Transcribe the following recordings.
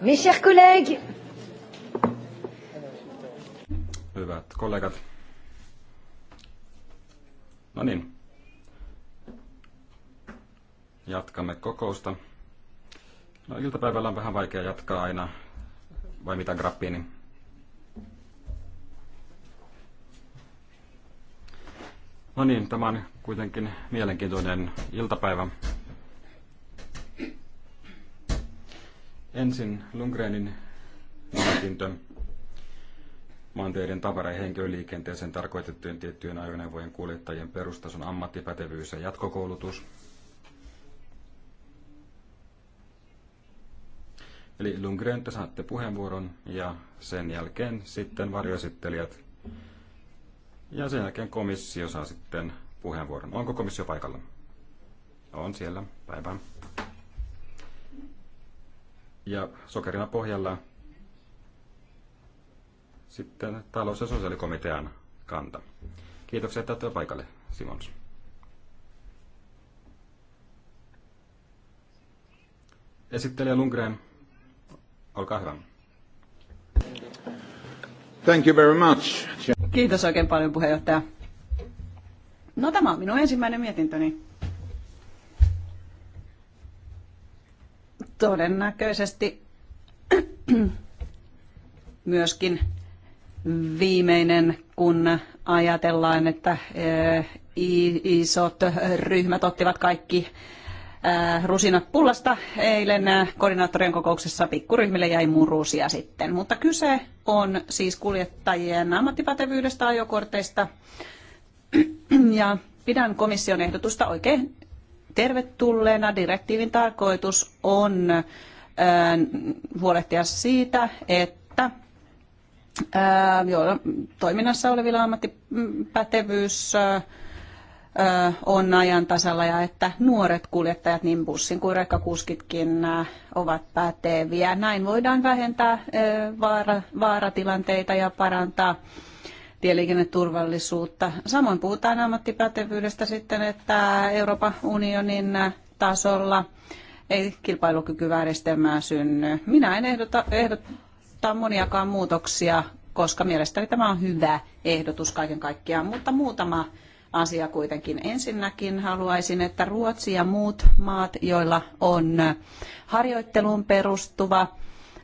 Mes chers collègues. Hyvät kollegat. No niin. Jatkamme kokousta. No, iltapäivällä on vähän vaikea jatkaa aina, vai mitä grappiini? No niin, tämä on kuitenkin mielenkiintoinen iltapäivä. Ensin Lundgrenin mietintö maanteiden tavara- ja henkilöliikenteeseen tarkoitettujen tiettyjen ajoneuvojen kuljettajien perustason ammattipätevyys ja jatkokoulutus. Eli Lundgren, te saatte puheenvuoron ja sen jälkeen sitten varjoesittelijät. Ja sen jälkeen komissio saa sitten puheenvuoron. Onko komissio paikalla? On siellä. Päivää. Ja sokerina pohjalla sitten talous- ja sosiaalikomitean kanta. Kiitoksia, että olette paikalle, Simons. Esittelijä Lundgren, olkaa hyvä. Thank you very much. Kiitos oikein paljon puheenjohtaja. No tämä on minun ensimmäinen mietintöni todennäköisesti myöskin viimeinen, kun ajatellaan, että eh, isot ryhmät ottivat kaikki eh, rusinat pullasta. Eilen eh, koordinaattorien kokouksessa pikkuryhmille jäi murusia sitten. Mutta kyse on siis kuljettajien ammattipätevyydestä, ajokorteista. Ja pidän komission ehdotusta oikein tervetulleena. Direktiivin tarkoitus on äh, huolehtia siitä, että äh, toiminnassa olevilla ammattipätevyys äh, on ajan tasalla ja että nuoret kuljettajat, niin bussin kuin rekkakuskitkin, ovat päteviä. Näin voidaan vähentää vaaratilanteita ja parantaa tieliikenneturvallisuutta. Samoin puhutaan ammattipätevyydestä sitten, että Euroopan unionin tasolla ei kilpailukykyvääristelmää synny. Minä en ehdota, ehdottaa moniakaan muutoksia, koska mielestäni tämä on hyvä ehdotus kaiken kaikkiaan, mutta muutama asia kuitenkin. Ensinnäkin haluaisin, että Ruotsi ja muut maat, joilla on harjoitteluun perustuva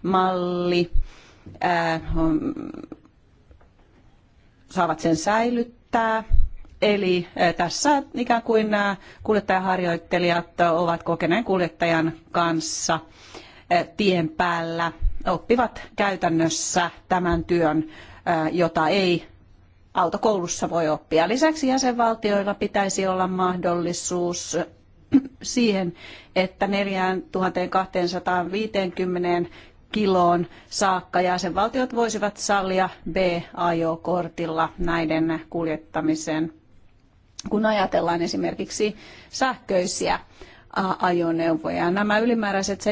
malli, saavat sen säilyttää. Eli eh, tässä ikään kuin nämä eh, kuljettajaharjoittelijat ovat kokeneen kuljettajan kanssa eh, tien päällä, oppivat käytännössä tämän työn, jota ei autokoulussa voi oppia. Lisäksi jäsenvaltioilla pitäisi olla mahdollisuus siihen, että 4250 kiloon saakka. Jäsenvaltiot voisivat sallia B-ajokortilla näiden kuljettamisen, kun ajatellaan esimerkiksi sähköisiä ajoneuvoja. Nämä ylimääräiset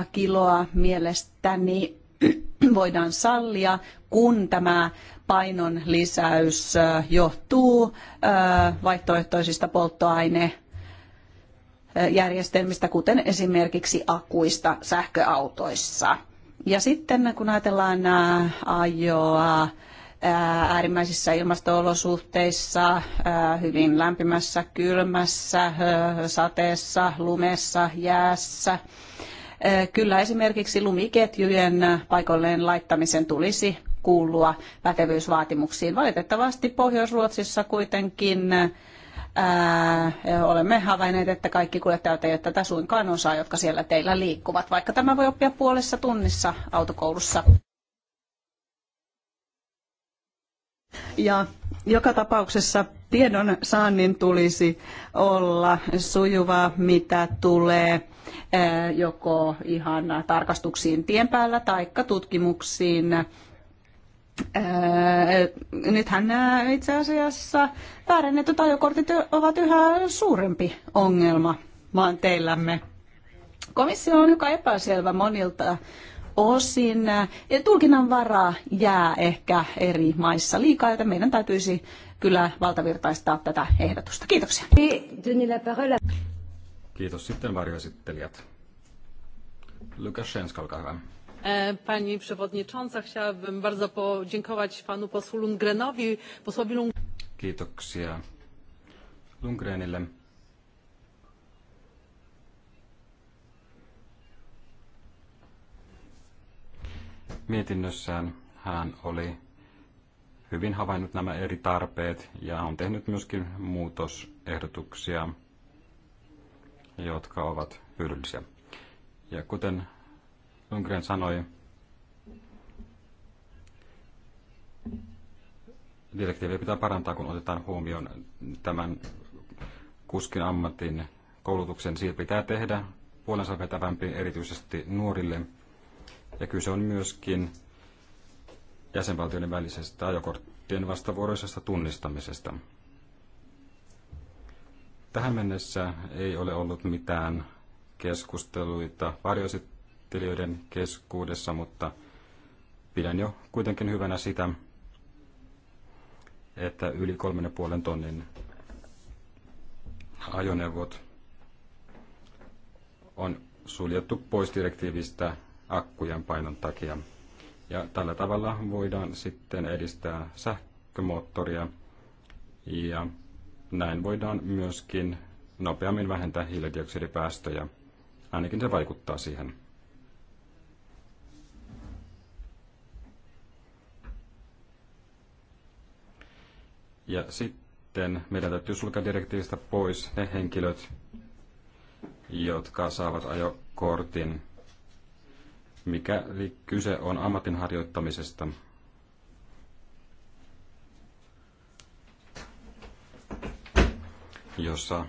7,5 kiloa mielestäni voidaan sallia, kun tämä painon lisäys johtuu vaihtoehtoisista polttoaine järjestelmistä, kuten esimerkiksi akuista sähköautoissa. Ja sitten kun ajatellaan ajoa äärimmäisissä ilmastoolosuhteissa, hyvin lämpimässä, kylmässä, sateessa, lumessa, jäässä, Kyllä esimerkiksi lumiketjujen paikalleen laittamisen tulisi kuulua pätevyysvaatimuksiin. Valitettavasti Pohjois-Ruotsissa kuitenkin ää, eh, olemme havainneet, että kaikki kuljettajat eivät tätä suinkaan osaa, jotka siellä teillä liikkuvat, vaikka tämä voi oppia puolessa tunnissa autokoulussa. Ja joka tapauksessa tiedon saannin tulisi olla sujuvaa, mitä tulee eh, joko ihan tarkastuksiin tien päällä tai tutkimuksiin Öö, nythän nämä itse asiassa väärennetyt ajokortit ovat yhä suurempi ongelma maan teillämme. Komissio on joka epäselvä monilta osin. Ja tulkinnan varaa jää ehkä eri maissa liikaa, joten meidän täytyisi kyllä valtavirtaistaa tätä ehdotusta. Kiitoksia. Kiitos sitten varjoesittelijät. Lukas Schenska, olkaa hyvä. E, pani przewodnicząca, chciałabym bardzo podziękować panu posłu Lundgrenowi. Posłowi Lund... Kiitoksia Lundgrenille. Mietinnössään hän oli hyvin havainnut nämä eri tarpeet ja on tehnyt myöskin muutosehdotuksia, jotka ovat hyödyllisiä. Ja kuten Lundgren sanoi, direktiiviä pitää parantaa, kun otetaan huomioon tämän kuskin ammatin koulutuksen. Siitä pitää tehdä puolensa vetävämpi erityisesti nuorille. Ja kyse on myöskin jäsenvaltioiden välisestä ajokorttien vastavuoroisesta tunnistamisesta. Tähän mennessä ei ole ollut mitään keskusteluita varjoisittain varjoesittelijöiden keskuudessa, mutta pidän jo kuitenkin hyvänä sitä, että yli kolmen puolen tonnin ajoneuvot on suljettu pois direktiivistä akkujen painon takia. Ja tällä tavalla voidaan sitten edistää sähkömoottoria ja näin voidaan myöskin nopeammin vähentää hiilidioksidipäästöjä. Ainakin se vaikuttaa siihen. Ja sitten meidän täytyy sulkea direktiivistä pois ne henkilöt, jotka saavat ajokortin, mikä kyse on ammatin harjoittamisesta. jossa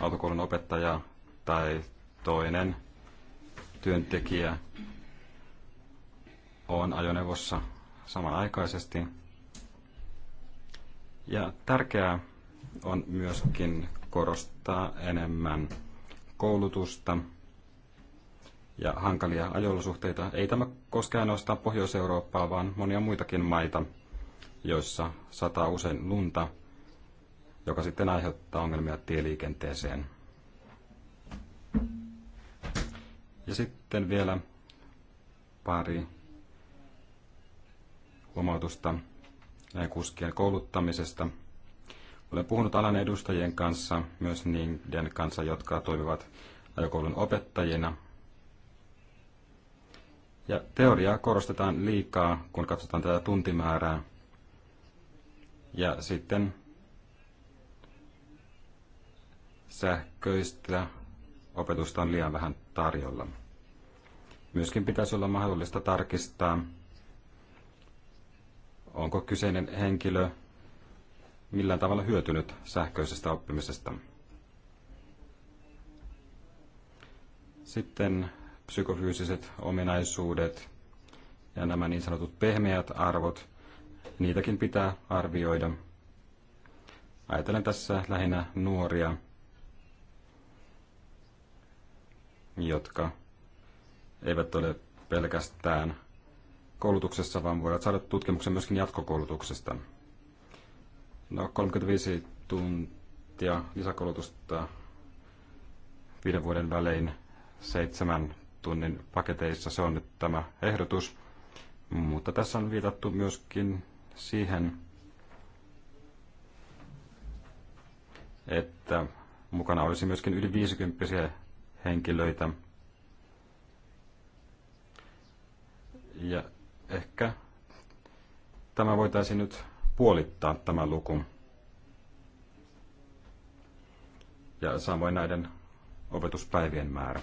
autokoulun opettaja tai toinen työntekijä on ajoneuvossa samanaikaisesti ja tärkeää on myöskin korostaa enemmän koulutusta ja hankalia ajolosuhteita. Ei tämä koske ainoastaan Pohjois-Eurooppaa, vaan monia muitakin maita, joissa sataa usein lunta, joka sitten aiheuttaa ongelmia tieliikenteeseen. Ja sitten vielä pari huomautusta näin kuskien kouluttamisesta. Olen puhunut alan edustajien kanssa, myös niiden kanssa, jotka toimivat ajokoulun opettajina. Ja teoriaa korostetaan liikaa, kun katsotaan tätä tuntimäärää. Ja sitten sähköistä opetusta on liian vähän tarjolla. Myöskin pitäisi olla mahdollista tarkistaa, onko kyseinen henkilö millään tavalla hyötynyt sähköisestä oppimisesta. Sitten psykofyysiset ominaisuudet ja nämä niin sanotut pehmeät arvot, niitäkin pitää arvioida. Ajattelen tässä lähinnä nuoria, jotka eivät ole pelkästään koulutuksessa, vaan voivat saada tutkimuksen myöskin jatkokoulutuksesta. No, 35 tuntia lisäkoulutusta viiden vuoden välein seitsemän tunnin paketeissa, se on nyt tämä ehdotus. Mutta tässä on viitattu myöskin siihen, että mukana olisi myöskin yli 50 henkilöitä. Ja ehkä tämä voitaisiin nyt puolittaa tämä luku. Ja samoin näiden opetuspäivien määrä.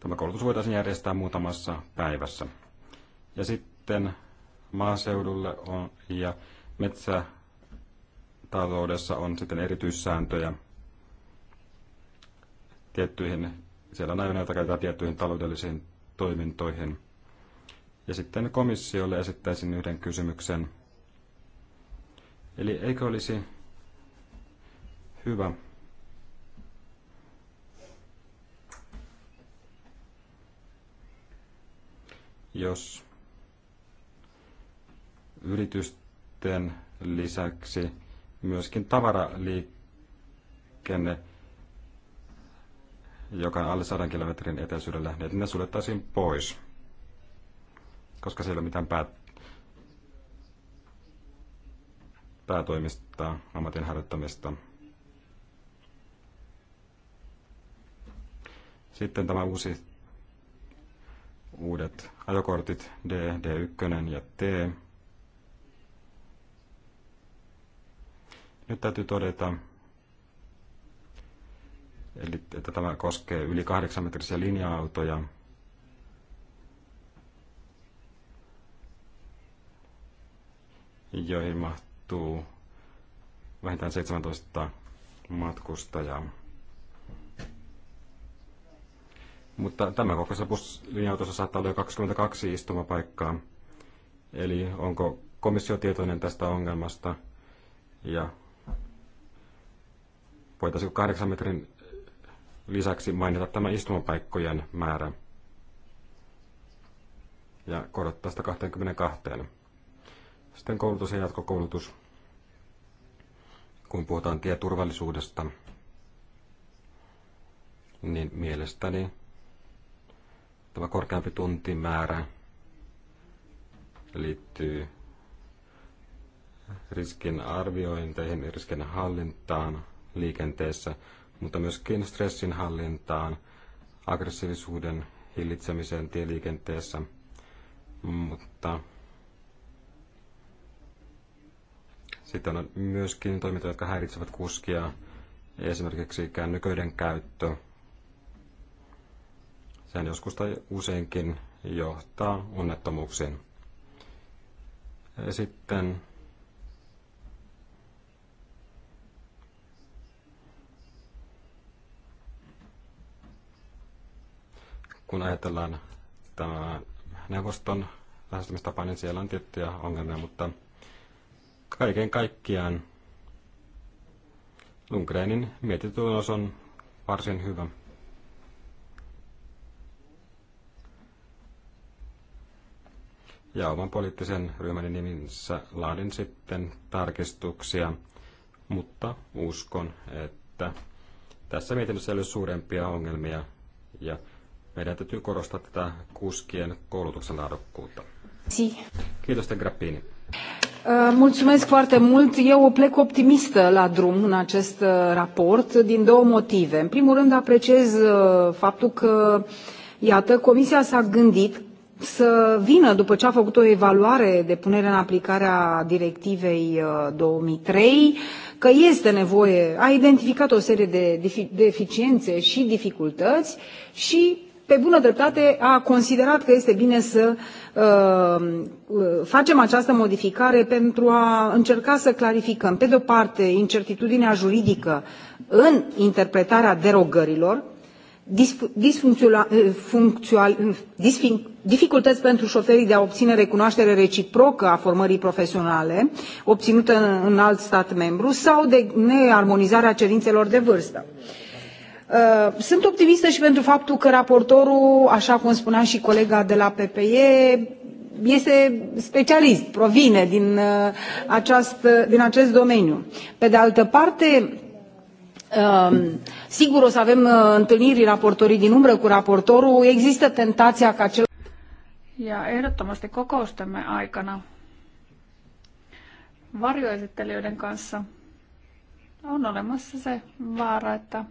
Tämä koulutus voitaisiin järjestää muutamassa päivässä. Ja sitten maaseudulle on, ja metsätaloudessa on sitten erityissääntöjä tiettyihin siellä on aina, jota käytetään tiettyihin taloudellisiin toimintoihin. Ja sitten komissiolle esittäisin yhden kysymyksen. Eli eikö olisi hyvä jos yritysten lisäksi myöskin tavaraliikenne joka on alle 100 kilometrin etäisyydellä, niin ne suljettaisiin pois, koska siellä ei ole mitään päät- päätoimista, ammatin harjoittamista. Sitten tämä uusi uudet ajokortit D, D1 ja T. Nyt täytyy todeta, Eli että tämä koskee yli 8-metrisiä linja-autoja. joihin mahtuu vähintään 17 matkustajaa. Mutta tämä kokoisessa bussilinja-autossa saattaa olla jo 22 istumapaikkaa. Eli onko komissio tietoinen tästä ongelmasta ja voitaisiinko kahdeksan metrin lisäksi mainita tämä istumapaikkojen määrä ja korottaa sitä 22. Sitten koulutus ja jatkokoulutus, kun puhutaan tieturvallisuudesta, niin mielestäni tämä korkeampi tuntimäärä liittyy riskin arviointeihin, riskin hallintaan liikenteessä, mutta myöskin stressin hallintaan, aggressiivisuuden hillitsemiseen tieliikenteessä, mutta sitten on myöskin toimintoja, jotka häiritsevät kuskia, esimerkiksi kännyköiden käyttö. Sehän joskus tai useinkin johtaa onnettomuuksiin. Ja sitten kun ajatellaan tämä neuvoston lähestymistapa, niin siellä on tiettyjä ongelmia, mutta kaiken kaikkiaan Lundgrenin mietitulos on varsin hyvä. Ja oman poliittisen ryhmän nimissä laadin sitten tarkistuksia, mutta uskon, että tässä mietinnössä ei ole suurempia ongelmia ja meidän täytyy korostaa tätä kuskien koulutuksen laadukkuutta. Si. Kiitos, Grappini. Mulțumesc foarte mult. Eu plec optimistă la drum în acest uh, raport din două motive. În primul rând apreciez uh, faptul că, iată, Comisia s-a gândit să vină după ce a făcut o evaluare de punere în aplicare a directivei 2003, uh, că este nevoie, a identificat o serie de deficiențe și dificultăți și pe bună dreptate, a considerat că este bine să uh, facem această modificare pentru a încerca să clarificăm, pe de-o parte, incertitudinea juridică în interpretarea derogărilor, dificultăți pentru șoferii de a obține recunoaștere reciprocă a formării profesionale obținută în alt stat membru sau de nearmonizarea cerințelor de vârstă. Uh, Uh, sunt optimistă și pentru faptul că raportorul, așa cum spunea și colega de la PPE, este specialist, provine din, uh, aceast, din acest domeniu. Pe de altă parte, um, sigur o să avem uh, întâlniri raportorii din umbră cu raportorul, există tentația ca cel... Ja ehdottomasti kokoustemme aikana varjoesittelijöiden kanssa on olemassa se vaara, että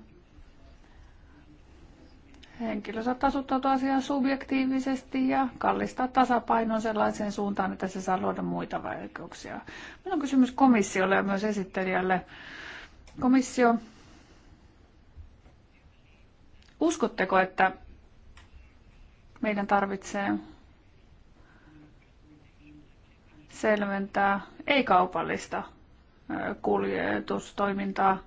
Henkilö saattaa suhtautua asiaan subjektiivisesti ja kallistaa tasapainon sellaiseen suuntaan, että se saa luoda muita vaikeuksia. Minun on kysymys komissiolle ja myös esittelijälle. Komissio, uskotteko, että meidän tarvitsee selventää ei-kaupallista kuljetustoimintaa –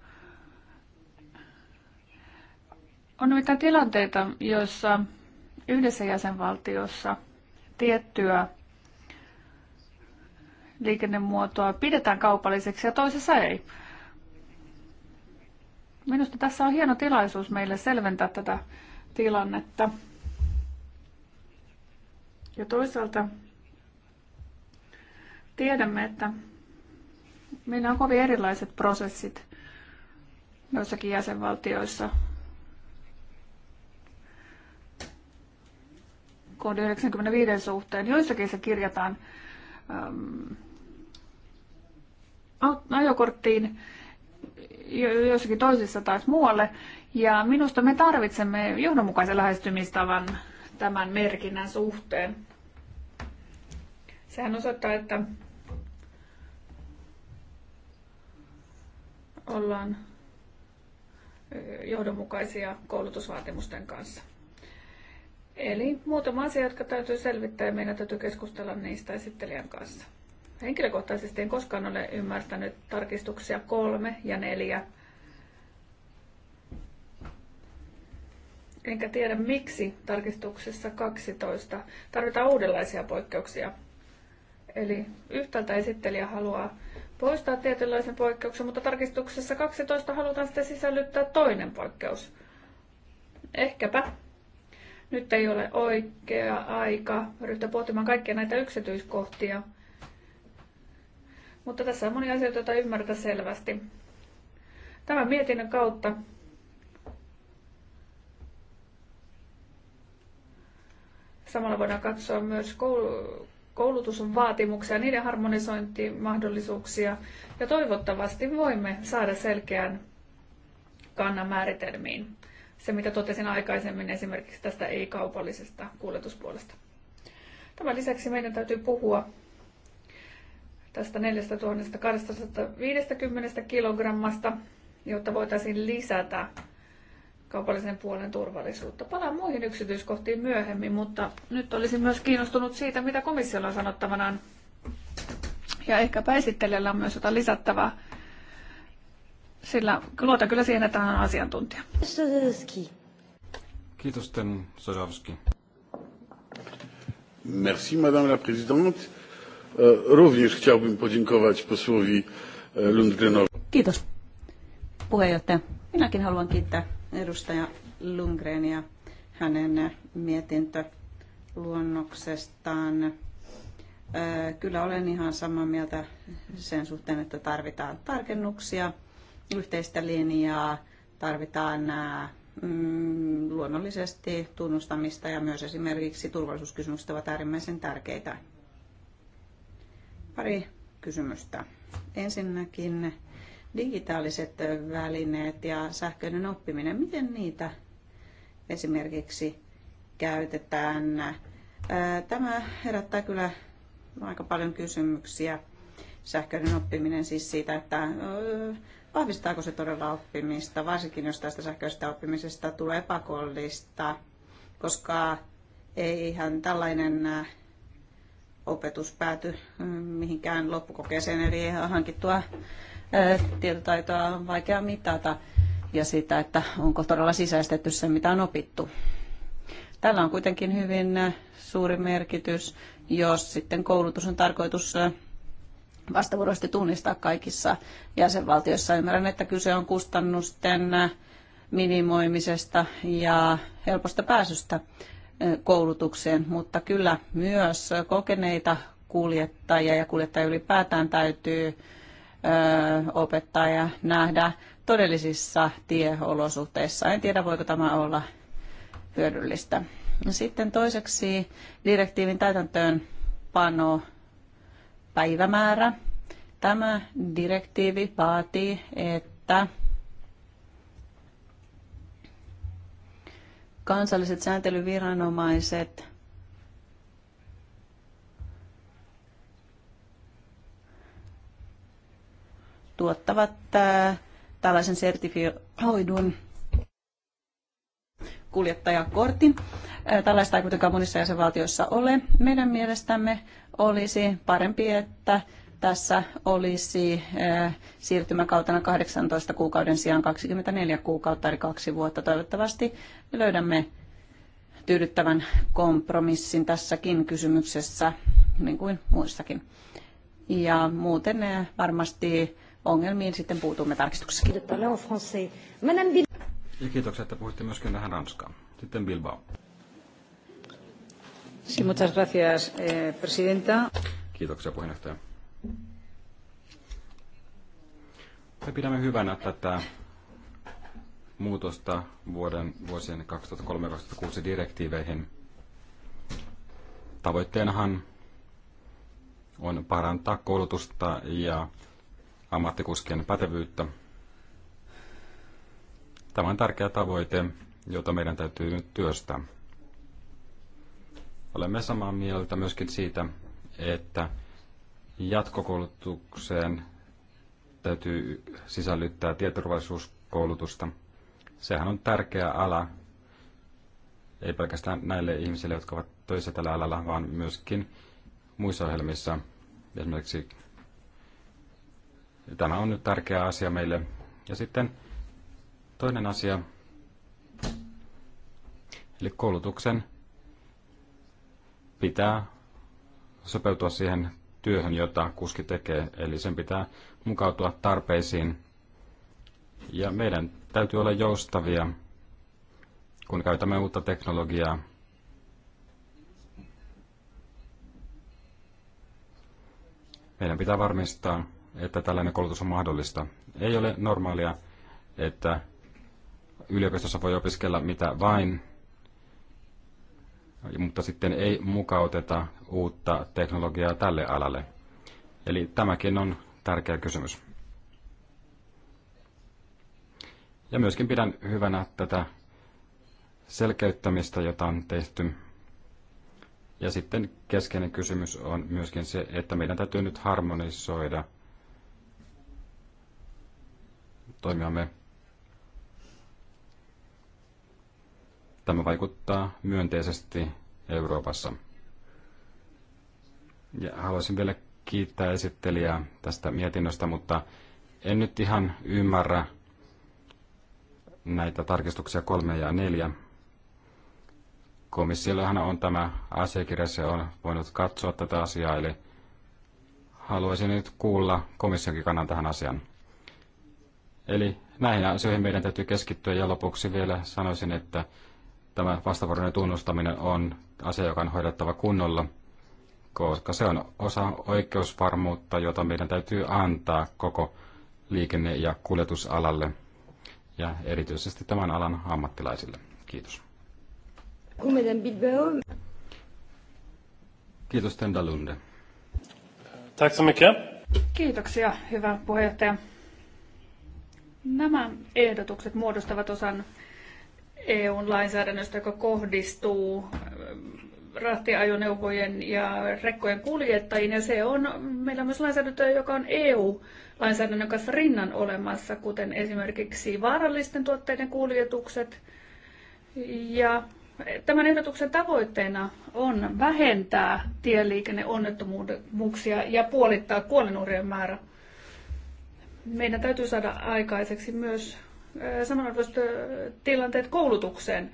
On nimittäin tilanteita, joissa yhdessä jäsenvaltiossa tiettyä liikennemuotoa pidetään kaupalliseksi ja toisessa ei. Minusta tässä on hieno tilaisuus meille selventää tätä tilannetta. Ja toisaalta tiedämme, että meillä on kovin erilaiset prosessit joissakin jäsenvaltioissa koodi 95 suhteen. Joissakin se kirjataan ähm, ajokorttiin, joissakin toisissa taas muualle. Ja minusta me tarvitsemme johdonmukaisen lähestymistavan tämän merkinnän suhteen. Sehän osoittaa, että ollaan äh, johdonmukaisia koulutusvaatimusten kanssa. Eli muutama asia, jotka täytyy selvittää ja meidän täytyy keskustella niistä esittelijän kanssa. Henkilökohtaisesti en koskaan ole ymmärtänyt tarkistuksia kolme ja neljä. Enkä tiedä miksi tarkistuksessa 12 tarvitaan uudenlaisia poikkeuksia. Eli yhtäältä esittelijä haluaa poistaa tietynlaisen poikkeuksen, mutta tarkistuksessa 12 halutaan sitten sisällyttää toinen poikkeus. Ehkäpä nyt ei ole oikea aika ryhtyä pohtimaan kaikkia näitä yksityiskohtia. Mutta tässä on monia asioita, joita ymmärtää selvästi. Tämän mietinnön kautta samalla voidaan katsoa myös koulutusvaatimuksia, niiden harmonisointimahdollisuuksia ja toivottavasti voimme saada selkeän kannan määritelmiin se, mitä totesin aikaisemmin esimerkiksi tästä ei-kaupallisesta kuljetuspuolesta. Tämän lisäksi meidän täytyy puhua tästä 4250 kilogrammasta, jotta voitaisiin lisätä kaupallisen puolen turvallisuutta. Palaan muihin yksityiskohtiin myöhemmin, mutta nyt olisin myös kiinnostunut siitä, mitä komissiolla on sanottavanaan. Ja ehkäpä esittelijällä on myös jotain lisättävää sillä luotan kyllä siihen, että hän on asiantuntija. Kiitos, Ten Sojavski. Merci, Madame la Présidente. Euh, również chciałbym podziękować posłowi e, Lundgrenowi. Kiitos, puheenjohtaja. Minäkin haluan kiittää edustaja Lundgrenia hänen mietintöluonnoksestaan. Kyllä olen ihan samaa mieltä sen suhteen, että tarvitaan tarkennuksia – yhteistä linjaa, tarvitaan äh, mm, luonnollisesti tunnustamista ja myös esimerkiksi turvallisuuskysymykset ovat äärimmäisen tärkeitä. Pari kysymystä. Ensinnäkin digitaaliset välineet ja sähköinen oppiminen, miten niitä esimerkiksi käytetään? Äh, tämä herättää kyllä aika paljon kysymyksiä. Sähköinen oppiminen siis siitä, että äh, vahvistaako se todella oppimista, varsinkin jos tästä sähköistä oppimisesta tulee pakollista, koska ei ihan tällainen äh, opetus pääty mm, mihinkään loppukokeeseen, eli hankittua äh, tietotaitoa on vaikea mitata ja sitä, että onko todella sisäistetty se, mitä on opittu. Tällä on kuitenkin hyvin äh, suuri merkitys, jos sitten koulutus on tarkoitus vastavuoroisesti tunnistaa kaikissa jäsenvaltioissa. Ymmärrän, että kyse on kustannusten minimoimisesta ja helposta pääsystä koulutukseen, mutta kyllä myös kokeneita kuljettajia ja kuljettajia ylipäätään täytyy opettaa ja nähdä todellisissa tieolosuhteissa. En tiedä, voiko tämä olla hyödyllistä. Sitten toiseksi direktiivin täytäntöönpano päivämäärä. Tämä direktiivi vaatii, että kansalliset sääntelyviranomaiset tuottavat äh, tällaisen sertifioidun kuljettajakortin. Äh, tällaista ei kuitenkaan monissa jäsenvaltioissa ole. Meidän mielestämme olisi parempi, että tässä olisi eh, siirtymäkautena 18 kuukauden sijaan 24 kuukautta eli kaksi vuotta. Toivottavasti löydämme tyydyttävän kompromissin tässäkin kysymyksessä, niin kuin muissakin. Ja muuten eh, varmasti ongelmiin sitten puutumme tarkistuksessa. Kiitoksia, että puhuitte myöskin tähän Ranskaan. Sitten Bilbao. Eh, Kiitoksia puheenjohtaja. Me pidämme hyvänä tätä muutosta vuoden, vuosien 2003-2006 direktiiveihin. Tavoitteenahan on parantaa koulutusta ja ammattikuskien pätevyyttä. Tämä on tärkeä tavoite, jota meidän täytyy nyt työstää. Olemme samaa mieltä myöskin siitä, että jatkokoulutukseen täytyy sisällyttää tietoturvallisuuskoulutusta. Sehän on tärkeä ala, ei pelkästään näille ihmisille, jotka ovat töissä tällä alalla, vaan myöskin muissa ohjelmissa. Esimerkiksi tämä on nyt tärkeä asia meille. Ja sitten toinen asia, eli koulutuksen pitää sopeutua siihen työhön, jota kuski tekee, eli sen pitää mukautua tarpeisiin. Ja meidän täytyy olla joustavia, kun käytämme uutta teknologiaa. Meidän pitää varmistaa, että tällainen koulutus on mahdollista. Ei ole normaalia, että yliopistossa voi opiskella mitä vain, mutta sitten ei mukauteta uutta teknologiaa tälle alalle. Eli tämäkin on tärkeä kysymys. Ja myöskin pidän hyvänä tätä selkeyttämistä, jota on tehty. Ja sitten keskeinen kysymys on myöskin se, että meidän täytyy nyt harmonisoida toimiamme Tämä vaikuttaa myönteisesti Euroopassa. Ja haluaisin vielä kiittää esittelijää tästä mietinnöstä, mutta en nyt ihan ymmärrä näitä tarkistuksia kolme ja neljä. Komissiollahan on tämä asiakirja, se on voinut katsoa tätä asiaa, eli haluaisin nyt kuulla komissionkin kannan tähän asiaan. Eli näihin asioihin meidän täytyy keskittyä ja lopuksi vielä sanoisin, että tämä vastavuoroinen tunnustaminen on asia, joka on hoidettava kunnolla, koska se on osa oikeusvarmuutta, jota meidän täytyy antaa koko liikenne- ja kuljetusalalle ja erityisesti tämän alan ammattilaisille. Kiitos. Kiitos Tenda Lunde. Kiitoksia, hyvä puheenjohtaja. Nämä ehdotukset muodostavat osan eu lainsäädännöstä, joka kohdistuu ähm, rahtiajoneuvojen ja rekkojen kuljettajiin. Ja se on, mm, meillä on myös lainsäädäntö, joka on EU-lainsäädännön kanssa rinnan olemassa, kuten esimerkiksi vaarallisten tuotteiden kuljetukset. Ja tämän ehdotuksen tavoitteena on vähentää tieliikenneonnettomuuksia ja puolittaa kuolinuhrien määrä. Meidän täytyy saada aikaiseksi myös samanarvoiset tilanteet koulutukseen.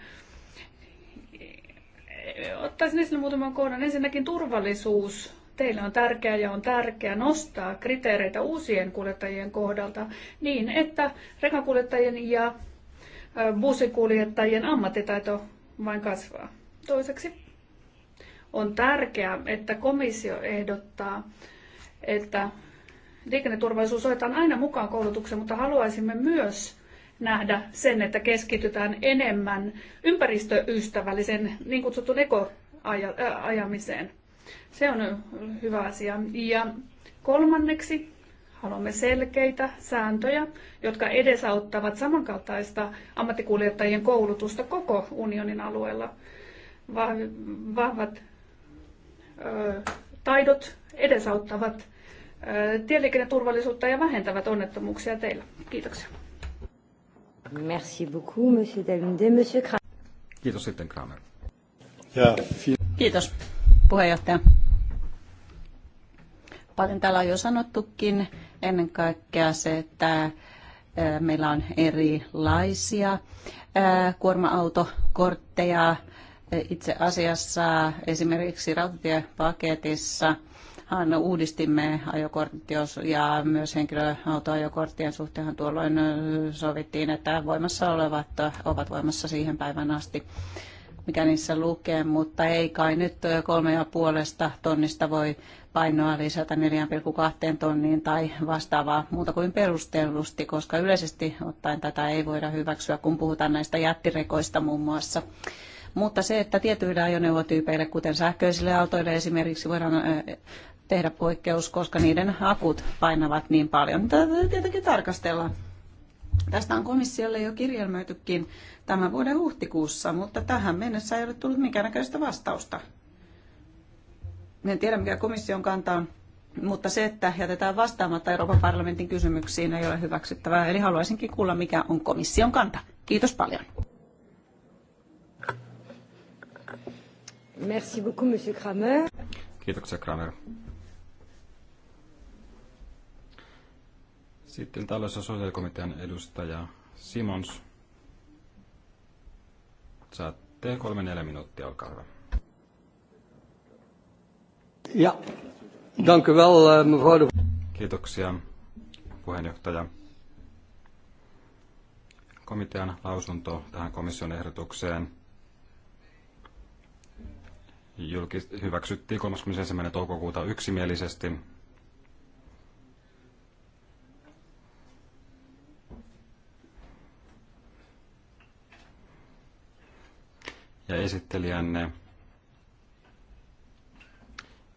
Ottaisin esille muutaman kohdan. Ensinnäkin turvallisuus. Teille on tärkeää ja on tärkeää nostaa kriteereitä uusien kuljettajien kohdalta niin, että rekakuljettajien ja bussikuljettajien ammattitaito vain kasvaa. Toiseksi on tärkeää, että komissio ehdottaa, että liikenneturvallisuus otetaan aina mukaan koulutukseen, mutta haluaisimme myös nähdä sen, että keskitytään enemmän ympäristöystävällisen niin kutsutun ekoajamiseen. Se on hyvä asia. Ja kolmanneksi haluamme selkeitä sääntöjä, jotka edesauttavat samankaltaista ammattikuljettajien koulutusta koko unionin alueella. Vahvat taidot edesauttavat tieliikenneturvallisuutta ja vähentävät onnettomuuksia teillä. Kiitoksia. Merci beaucoup, Monsieur Monsieur Kramer. Kiitos sitten Kramer. Ja, Kiitos puheenjohtaja. Paljon täällä on jo sanottukin ennen kaikkea se, että meillä on erilaisia kuorma-autokortteja. Itse asiassa esimerkiksi rautatiepaketissa – uudistimme ajokortit ja myös henkilöautoajokorttien suhteen tuolloin sovittiin, että voimassa olevat ovat voimassa siihen päivän asti mikä niissä lukee, mutta ei kai nyt kolme ja puolesta tonnista voi painoa lisätä 4,2 tonniin tai vastaavaa muuta kuin perustellusti, koska yleisesti ottaen tätä ei voida hyväksyä, kun puhutaan näistä jättirekoista muun muassa. Mutta se, että tietyille ajoneuvotyypeille, kuten sähköisille autoille esimerkiksi, voidaan tehdä poikkeus, koska niiden akut painavat niin paljon. Tätä tietenkin tarkastella. Tästä on komissiolle jo kirjelmöitykin tämän vuoden huhtikuussa, mutta tähän mennessä ei ole tullut minkäännäköistä vastausta. En tiedä, mikä komission kanta on, mutta se, että jätetään vastaamatta Euroopan parlamentin kysymyksiin, ei ole hyväksyttävää. Eli haluaisinkin kuulla, mikä on komission kanta. Kiitos paljon. Merci beaucoup, Monsieur Kramer. Kiitoksia, Kramer. Sitten talossa sosiaalikomitean edustaja Simons. Saatte kolme neljä minuuttia, olkaa hyvä. Ja, dank u wel, eh, mevrouw de... Kiitoksia, puheenjohtaja. Komitean lausunto tähän komission ehdotukseen julkis- hyväksyttiin 31. toukokuuta yksimielisesti ja esittelijänne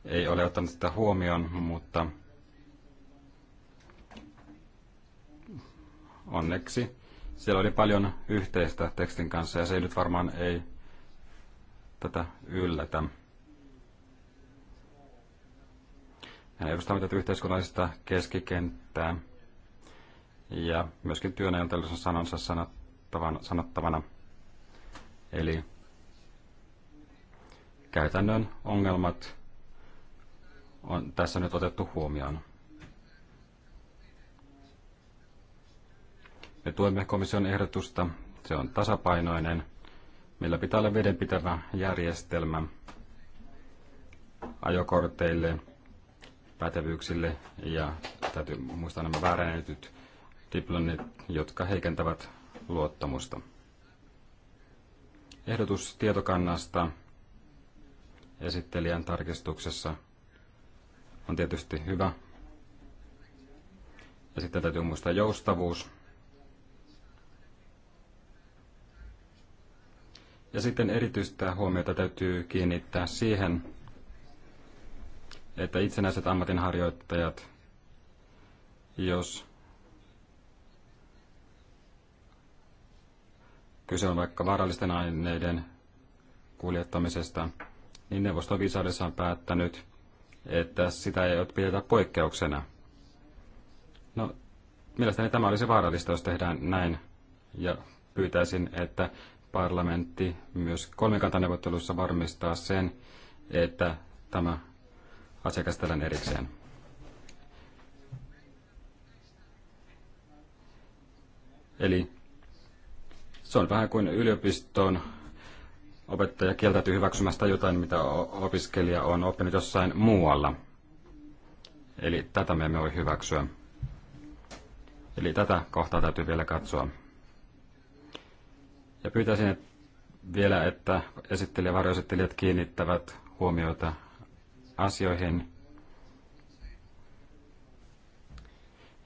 ei ole ottanut sitä huomioon, mutta onneksi siellä oli paljon yhteistä tekstin kanssa ja se ei nyt varmaan ei tätä yllätä. Hän edustaa tätä yhteiskunnallista keskikenttää ja myöskin työnäjän sanonsa sanottavana. Eli käytännön ongelmat on tässä nyt otettu huomioon. Me tuemme komission ehdotusta. Se on tasapainoinen. Meillä pitää olla vedenpitävä järjestelmä ajokorteille, pätevyyksille ja täytyy muistaa nämä väärennetyt diplomit, jotka heikentävät luottamusta. Ehdotus tietokannasta esittelijän tarkistuksessa on tietysti hyvä. Ja sitten täytyy muistaa joustavuus. Ja sitten erityistä huomiota täytyy kiinnittää siihen, että itsenäiset ammatinharjoittajat, jos kyse on vaikka vaarallisten aineiden kuljettamisesta, niin neuvosto viisaudessa on päättänyt, että sitä ei pidetä poikkeuksena. No, mielestäni tämä olisi vaarallista, jos tehdään näin, ja pyytäisin, että parlamentti myös kolmikantaneuvottelussa varmistaa sen, että tämä asia käsitellään erikseen. Eli se on vähän kuin yliopiston opettaja kieltäytyy hyväksymästä jotain, mitä opiskelija on oppinut jossain muualla. Eli tätä me emme voi hyväksyä. Eli tätä kohtaa täytyy vielä katsoa. Ja pyytäisin että vielä, että esittelijä ja varjoesittelijät kiinnittävät huomiota asioihin,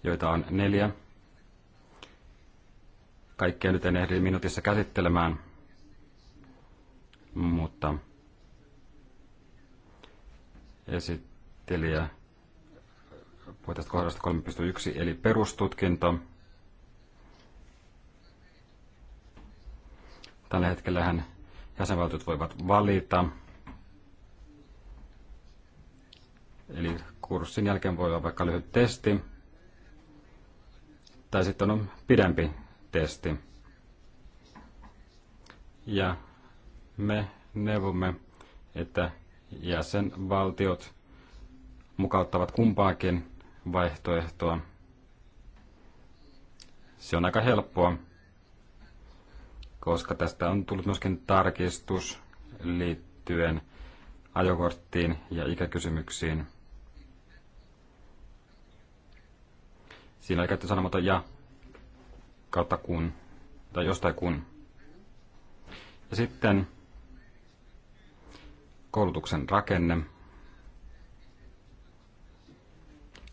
joita on neljä. Kaikkea nyt en ehdi minuutissa käsittelemään, mutta esittelijä puhui tästä kohdasta 3.1, eli perustutkinto. Tällä hetkellähän jäsenvaltiot voivat valita. Eli kurssin jälkeen voi olla vaikka lyhyt testi, tai sitten on pidempi testi. Ja me neuvomme, että jäsenvaltiot mukauttavat kumpaakin vaihtoehtoa. Se on aika helppoa, koska tästä on tullut myöskin tarkistus liittyen ajokorttiin ja ikäkysymyksiin. Siinä oli käytetty sanomata ja kautta kun, tai jostain kun. Ja sitten koulutuksen rakenne.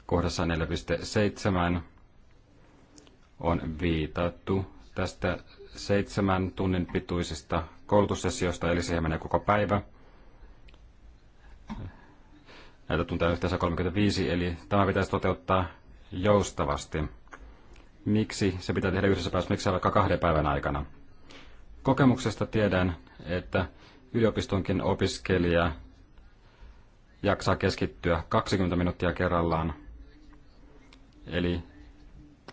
Kohdassa 4.7 on viitattu tästä seitsemän tunnin pituisesta koulutussessiosta, eli siihen menee koko päivä. Näitä tunteja yhteensä 35, eli tämä pitäisi toteuttaa joustavasti. Miksi se pitää tehdä yhdessä päivässä, miksi vaikka kahden päivän aikana? Kokemuksesta tiedän, että yliopistonkin opiskelija jaksaa keskittyä 20 minuuttia kerrallaan. Eli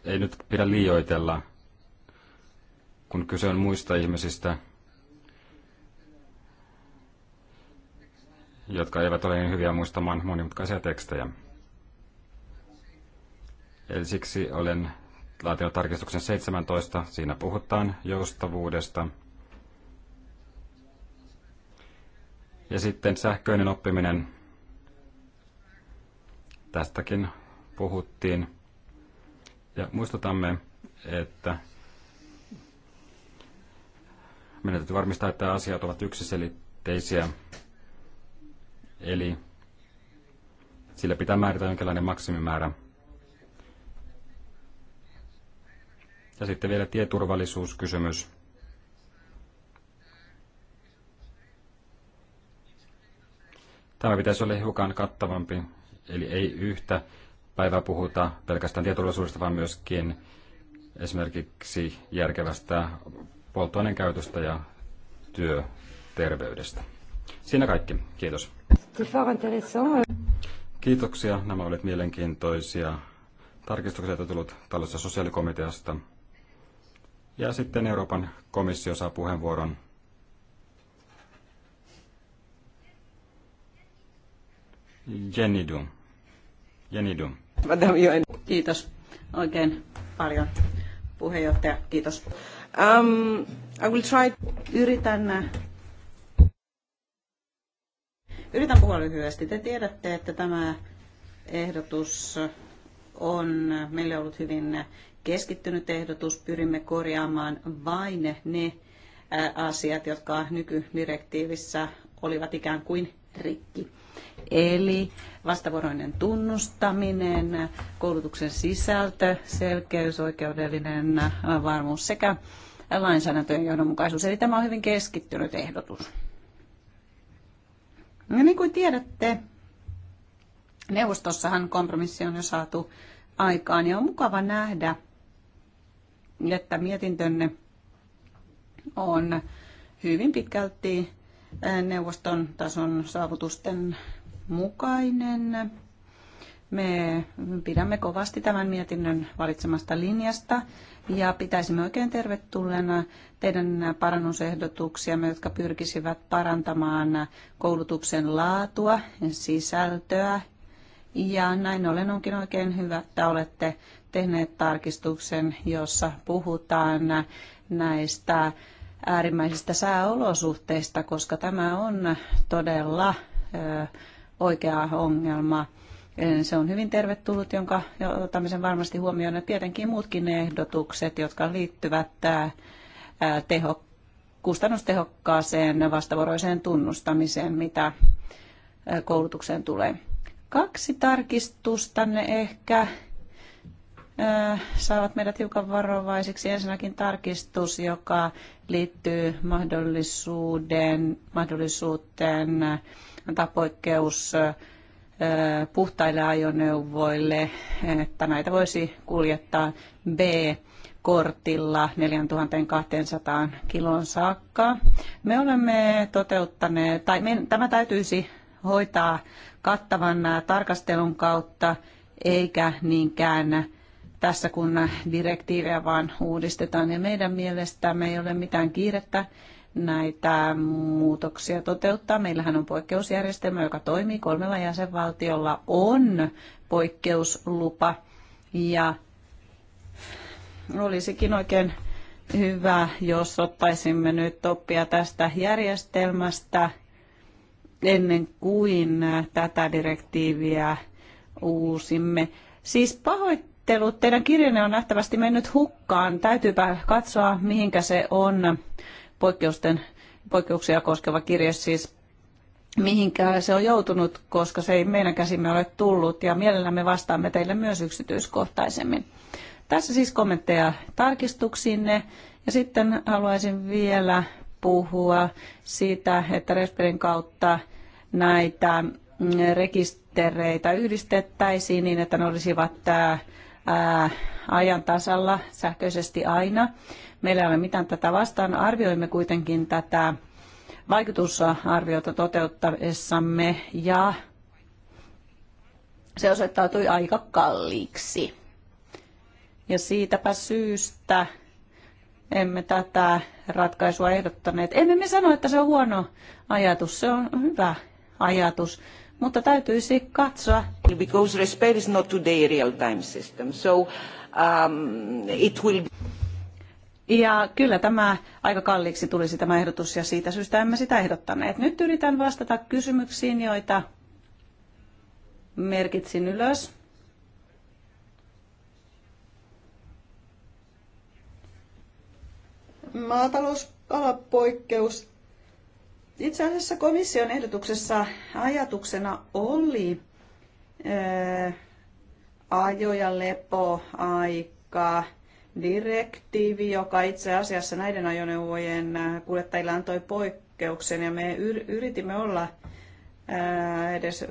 ei nyt pidä liioitella, kun kyse on muista ihmisistä, jotka eivät ole niin hyviä muistamaan monimutkaisia tekstejä. Eli siksi olen laatinut tarkistuksen 17. Siinä puhutaan joustavuudesta – Ja sitten sähköinen oppiminen. Tästäkin puhuttiin. Ja muistutamme, että meidän täytyy varmistaa, että asiat ovat yksiselitteisiä. Eli sillä pitää määritellä jonkinlainen maksimimäärä. Ja sitten vielä tieturvallisuuskysymys. Tämä pitäisi olla hiukan kattavampi, eli ei yhtä päivää puhuta pelkästään tieturvallisuudesta, vaan myöskin esimerkiksi järkevästä polttoaineen käytöstä ja työterveydestä. Siinä kaikki. Kiitos. Kiitoksia. Nämä olivat mielenkiintoisia tarkistuksia, joita tullut tällaisesta sosiaalikomiteasta. Ja sitten Euroopan komissio saa puheenvuoron. Jenidum. Jenidum. Kiitos oikein paljon puheenjohtaja. Kiitos. Um, I will try. Yritän, äh, yritän puhua lyhyesti. Te tiedätte, että tämä ehdotus on meille ollut hyvin keskittynyt ehdotus. Pyrimme korjaamaan vain ne äh, asiat, jotka nykydirektiivissä olivat ikään kuin rikki. Eli vastavuoroinen tunnustaminen, koulutuksen sisältö, selkeys, oikeudellinen varmuus sekä lainsäädäntöjen johdonmukaisuus. Eli tämä on hyvin keskittynyt ehdotus. Ja niin kuin tiedätte, neuvostossahan kompromissi on jo saatu aikaan ja on mukava nähdä, että mietintönne on hyvin pitkälti neuvoston tason saavutusten mukainen. Me pidämme kovasti tämän mietinnön valitsemasta linjasta ja pitäisimme oikein tervetulleena teidän parannusehdotuksia, jotka pyrkisivät parantamaan koulutuksen laatua, sisältöä ja näin ollen onkin oikein hyvä, että olette tehneet tarkistuksen, jossa puhutaan näistä äärimmäisistä sääolosuhteista, koska tämä on todella oikea ongelma. E, se on hyvin tervetullut, jonka otamisen varmasti huomioon ja tietenkin muutkin ehdotukset, jotka liittyvät teho, kustannustehokkaaseen vastavuoroiseen tunnustamiseen, mitä koulutukseen tulee. Kaksi ne ehkä saavat meidät hiukan varovaisiksi. Ensinnäkin tarkistus, joka liittyy mahdollisuuden, mahdollisuuteen antaa poikkeus puhtaille ajoneuvoille, että näitä voisi kuljettaa B-kortilla 4200 kilon saakka. Me olemme toteuttaneet, tai me, tämä täytyisi hoitaa kattavan tarkastelun kautta, eikä niinkään tässä, kun direktiivejä vaan uudistetaan. Ja meidän mielestämme ei ole mitään kiirettä näitä muutoksia toteuttaa. Meillähän on poikkeusjärjestelmä, joka toimii. Kolmella jäsenvaltiolla on poikkeuslupa ja olisikin oikein hyvä, jos ottaisimme nyt oppia tästä järjestelmästä ennen kuin tätä direktiiviä uusimme. Siis pahoittaa onnittelut. Teidän kirjanne on nähtävästi mennyt hukkaan. Täytyypä katsoa, mihinkä se on poikkeusten, poikkeuksia koskeva kirje siis mihin se on joutunut, koska se ei meidän käsimme ole tullut ja mielellämme vastaamme teille myös yksityiskohtaisemmin. Tässä siis kommentteja tarkistuksinne ja sitten haluaisin vielä puhua siitä, että Resperin kautta näitä rekistereitä yhdistettäisiin niin, että ne olisivat äh, ajan tasalla sähköisesti aina. Meillä ei ole mitään tätä vastaan. Arvioimme kuitenkin tätä vaikutusarviota toteuttaessamme ja se osoittautui aika kalliiksi. Ja siitäpä syystä emme tätä ratkaisua ehdottaneet. Emme me sano, että se on huono ajatus, se on hyvä ajatus mutta täytyisi katsoa. Because respect is not today real time system, so um, it will ja kyllä tämä aika kalliiksi tulisi tämä ehdotus ja siitä syystä emme sitä ehdottaneet. Nyt yritän vastata kysymyksiin, joita merkitsin ylös. maatalousalapoikkeus itse asiassa komission ehdotuksessa ajatuksena oli ää, ajo- ja lepoaika direktiivi, joka itse asiassa näiden ajoneuvojen kuljettajille antoi poikkeuksen ja me yritimme olla ää, edes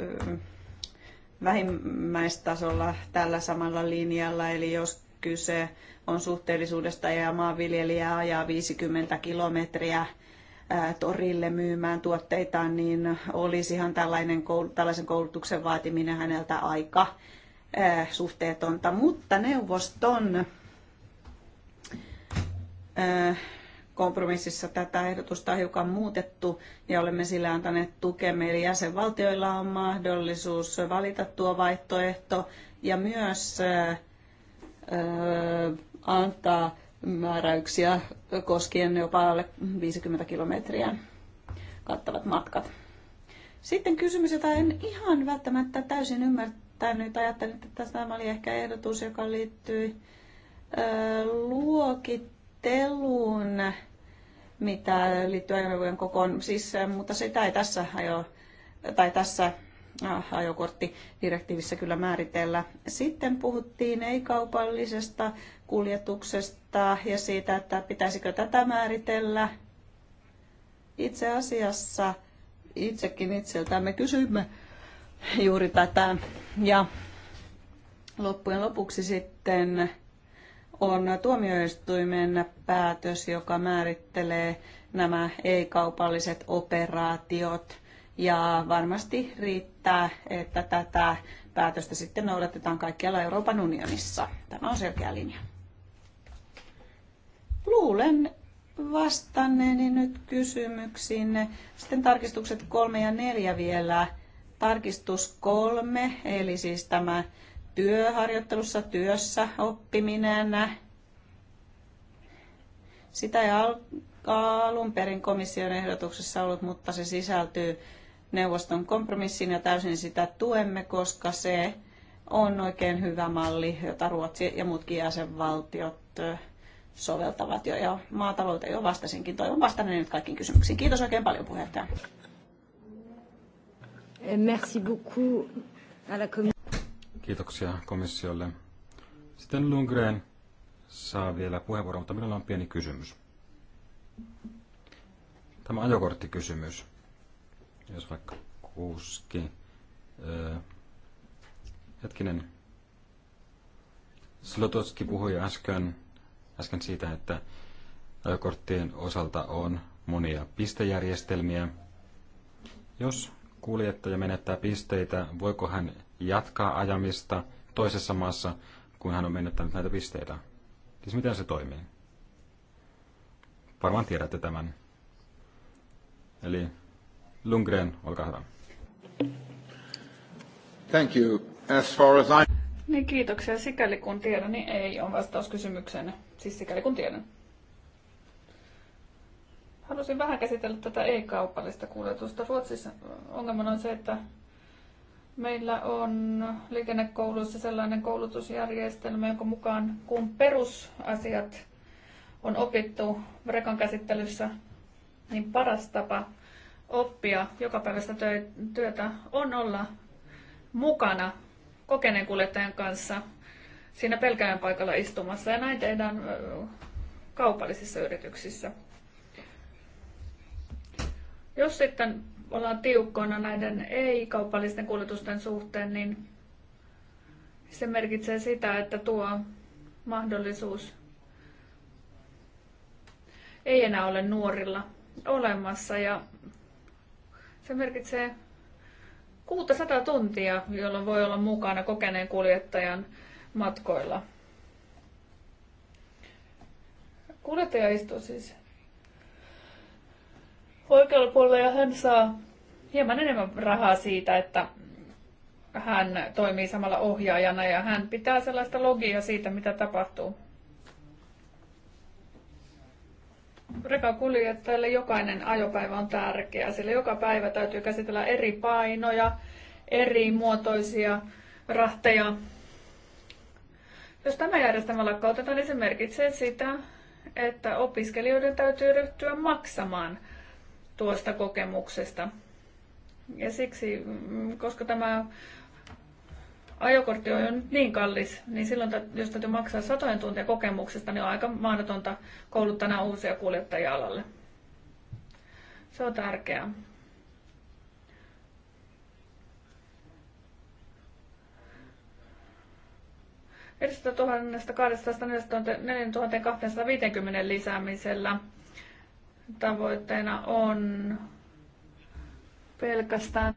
vähimmäistasolla tällä samalla linjalla, eli jos kyse on suhteellisuudesta ja maanviljelijä ajaa 50 kilometriä torille myymään tuotteitaan, niin olisihan tällainen, tällaisen koulutuksen vaatiminen häneltä aika eh, suhteetonta. Mutta neuvoston eh, kompromississa tätä ehdotusta on hiukan muutettu ja olemme sille antaneet tukemme. Eli jäsenvaltioilla on mahdollisuus valita tuo vaihtoehto ja myös eh, antaa määräyksiä koskien jopa alle 50 kilometriä kattavat matkat. Sitten kysymys, jota en ihan välttämättä täysin ymmärtänyt. Ajattelin, että tämä oli ehkä ehdotus, joka liittyy luokitteluun, mitä liittyy ajoneuvojen kokoon. Siis, mutta sitä ei tässä ajo, tai tässä ajokorttidirektiivissä kyllä määritellä. Sitten puhuttiin ei-kaupallisesta kuljetuksesta ja siitä, että pitäisikö tätä määritellä. Itse asiassa itsekin itseltään me kysymme juuri tätä. Ja loppujen lopuksi sitten on tuomioistuimen päätös, joka määrittelee nämä ei-kaupalliset operaatiot. Ja varmasti riittää, että tätä päätöstä sitten noudatetaan kaikkialla Euroopan unionissa. Tämä on selkeä linja. Luulen vastanneeni nyt kysymyksiin. Sitten tarkistukset kolme ja neljä vielä. Tarkistus kolme, eli siis tämä työharjoittelussa, työssä oppiminen. Sitä ei alun perin komission ehdotuksessa ollut, mutta se sisältyy neuvoston kompromissiin ja täysin sitä tuemme, koska se on oikein hyvä malli, jota Ruotsi ja muutkin jäsenvaltiot soveltavat jo ja maatalouteen jo vastasinkin. Toivon vastanneen nyt kaikkiin kysymyksiin. Kiitos oikein paljon puheenjohtaja. Eh, merci beaucoup à la Kiitoksia komissiolle. Sitten Lundgren saa vielä puheenvuoron, mutta minulla on pieni kysymys. Tämä ajokorttikysymys. Jos vaikka kuski. Öö, hetkinen. Slotoski puhui äsken äsken siitä, että ajokorttien osalta on monia pistejärjestelmiä. Jos kuljettaja menettää pisteitä, voiko hän jatkaa ajamista toisessa maassa, kun hän on menettänyt näitä pisteitä? Siis miten se toimii? Varmaan tiedätte tämän. Eli Lundgren, olkaa hyvä. Thank you. As far as I... Niin, kiitoksia. Sikäli kun tiedän, niin ei on vastaus kysymykseen. Siis sikäli kun tiedän. Halusin vähän käsitellä tätä ei-kaupallista kuljetusta. Ruotsissa ongelmana on se, että meillä on liikennekouluissa sellainen koulutusjärjestelmä, jonka mukaan kun perusasiat on opittu rekan käsittelyssä, niin paras tapa oppia jokapäiväistä työtä on olla mukana kokeneen kuljettajan kanssa siinä pelkäjän paikalla istumassa ja näin tehdään kaupallisissa yrityksissä. Jos sitten ollaan tiukkoina näiden ei-kaupallisten kuljetusten suhteen, niin se merkitsee sitä, että tuo mahdollisuus ei enää ole nuorilla olemassa ja se merkitsee 600 tuntia, jolloin voi olla mukana kokeneen kuljettajan matkoilla. Kuljettaja istuu siis oikealla puolella ja hän saa hieman enemmän rahaa siitä, että hän toimii samalla ohjaajana ja hän pitää sellaista logia siitä, mitä tapahtuu. Rekakuljettajalle jokainen ajopäivä on tärkeä, sillä joka päivä täytyy käsitellä eri painoja, eri muotoisia rahteja, jos tämä järjestelmä lakkautetaan, niin se merkitsee sitä, että opiskelijoiden täytyy ryhtyä maksamaan tuosta kokemuksesta. Ja siksi, mm, koska tämä ajokortti on jo nyt niin kallis, niin silloin jos täytyy maksaa satojen tuntia kokemuksesta, niin on aika mahdotonta kouluttaa uusia kuljettajia alalle. Se on tärkeää. 4250 lisäämisellä tavoitteena on pelkästään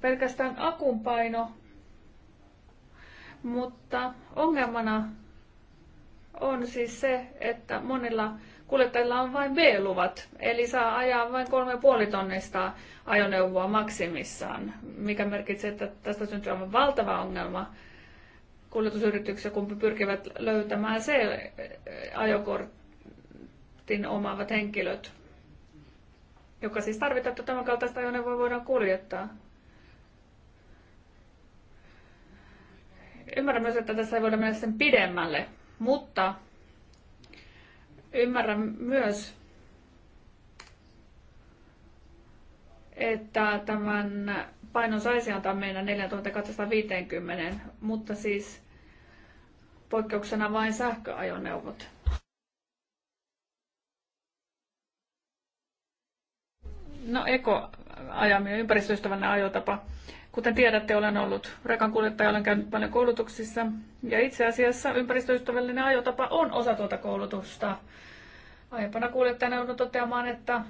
pelkästään akun paino, mutta ongelmana on siis se, että monilla kuljettajilla on vain B-luvat, eli saa ajaa vain 3,5 tonnista ajoneuvoa maksimissaan, mikä merkitsee, että tästä syntyy aivan valtava ongelma kuljetusyrityksiä, kun pyrkivät löytämään se eh, ajokortin omaavat henkilöt, joka siis tarvitaan, että tämän kaltaista ajoneuvoa voidaan kuljettaa. Ymmärrän myös, että tässä ei voida mennä sen pidemmälle, mutta Ymmärrän myös, että tämän painon saisi antaa meidän 4250, mutta siis poikkeuksena vain sähköajoneuvot. No ekoajaminen, ympäristöystävällinen ajotapa. Kuten tiedätte, olen ollut rekankuljettaja, olen käynyt paljon koulutuksissa ja itse asiassa ympäristöystävällinen ajotapa on osa tuota koulutusta. Aiempana kuljettajana joudun toteamaan, että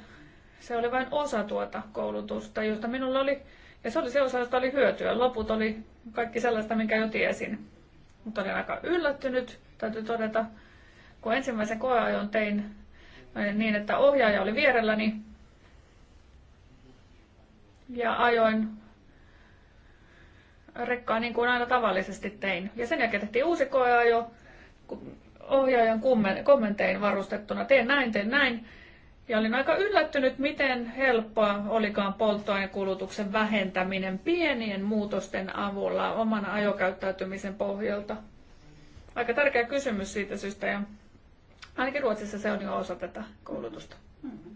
se oli vain osa tuota koulutusta, josta minulla oli, ja se oli se osa, josta oli hyötyä. Loput oli kaikki sellaista, minkä jo tiesin. Mutta olin aika yllättynyt, täytyy todeta, kun ensimmäisen koeajon tein niin, että ohjaaja oli vierelläni ja ajoin rekkaa niin kuin aina tavallisesti tein. Ja sen jälkeen tehtiin uusi koeajo ohjaajan kommentein varustettuna. Teen näin, teen näin. Ja olin aika yllättynyt, miten helppoa olikaan polttoainekulutuksen vähentäminen pienien muutosten avulla oman ajokäyttäytymisen pohjalta. Aika tärkeä kysymys siitä syystä ja ainakin Ruotsissa se on jo osa tätä koulutusta. Mm-hmm.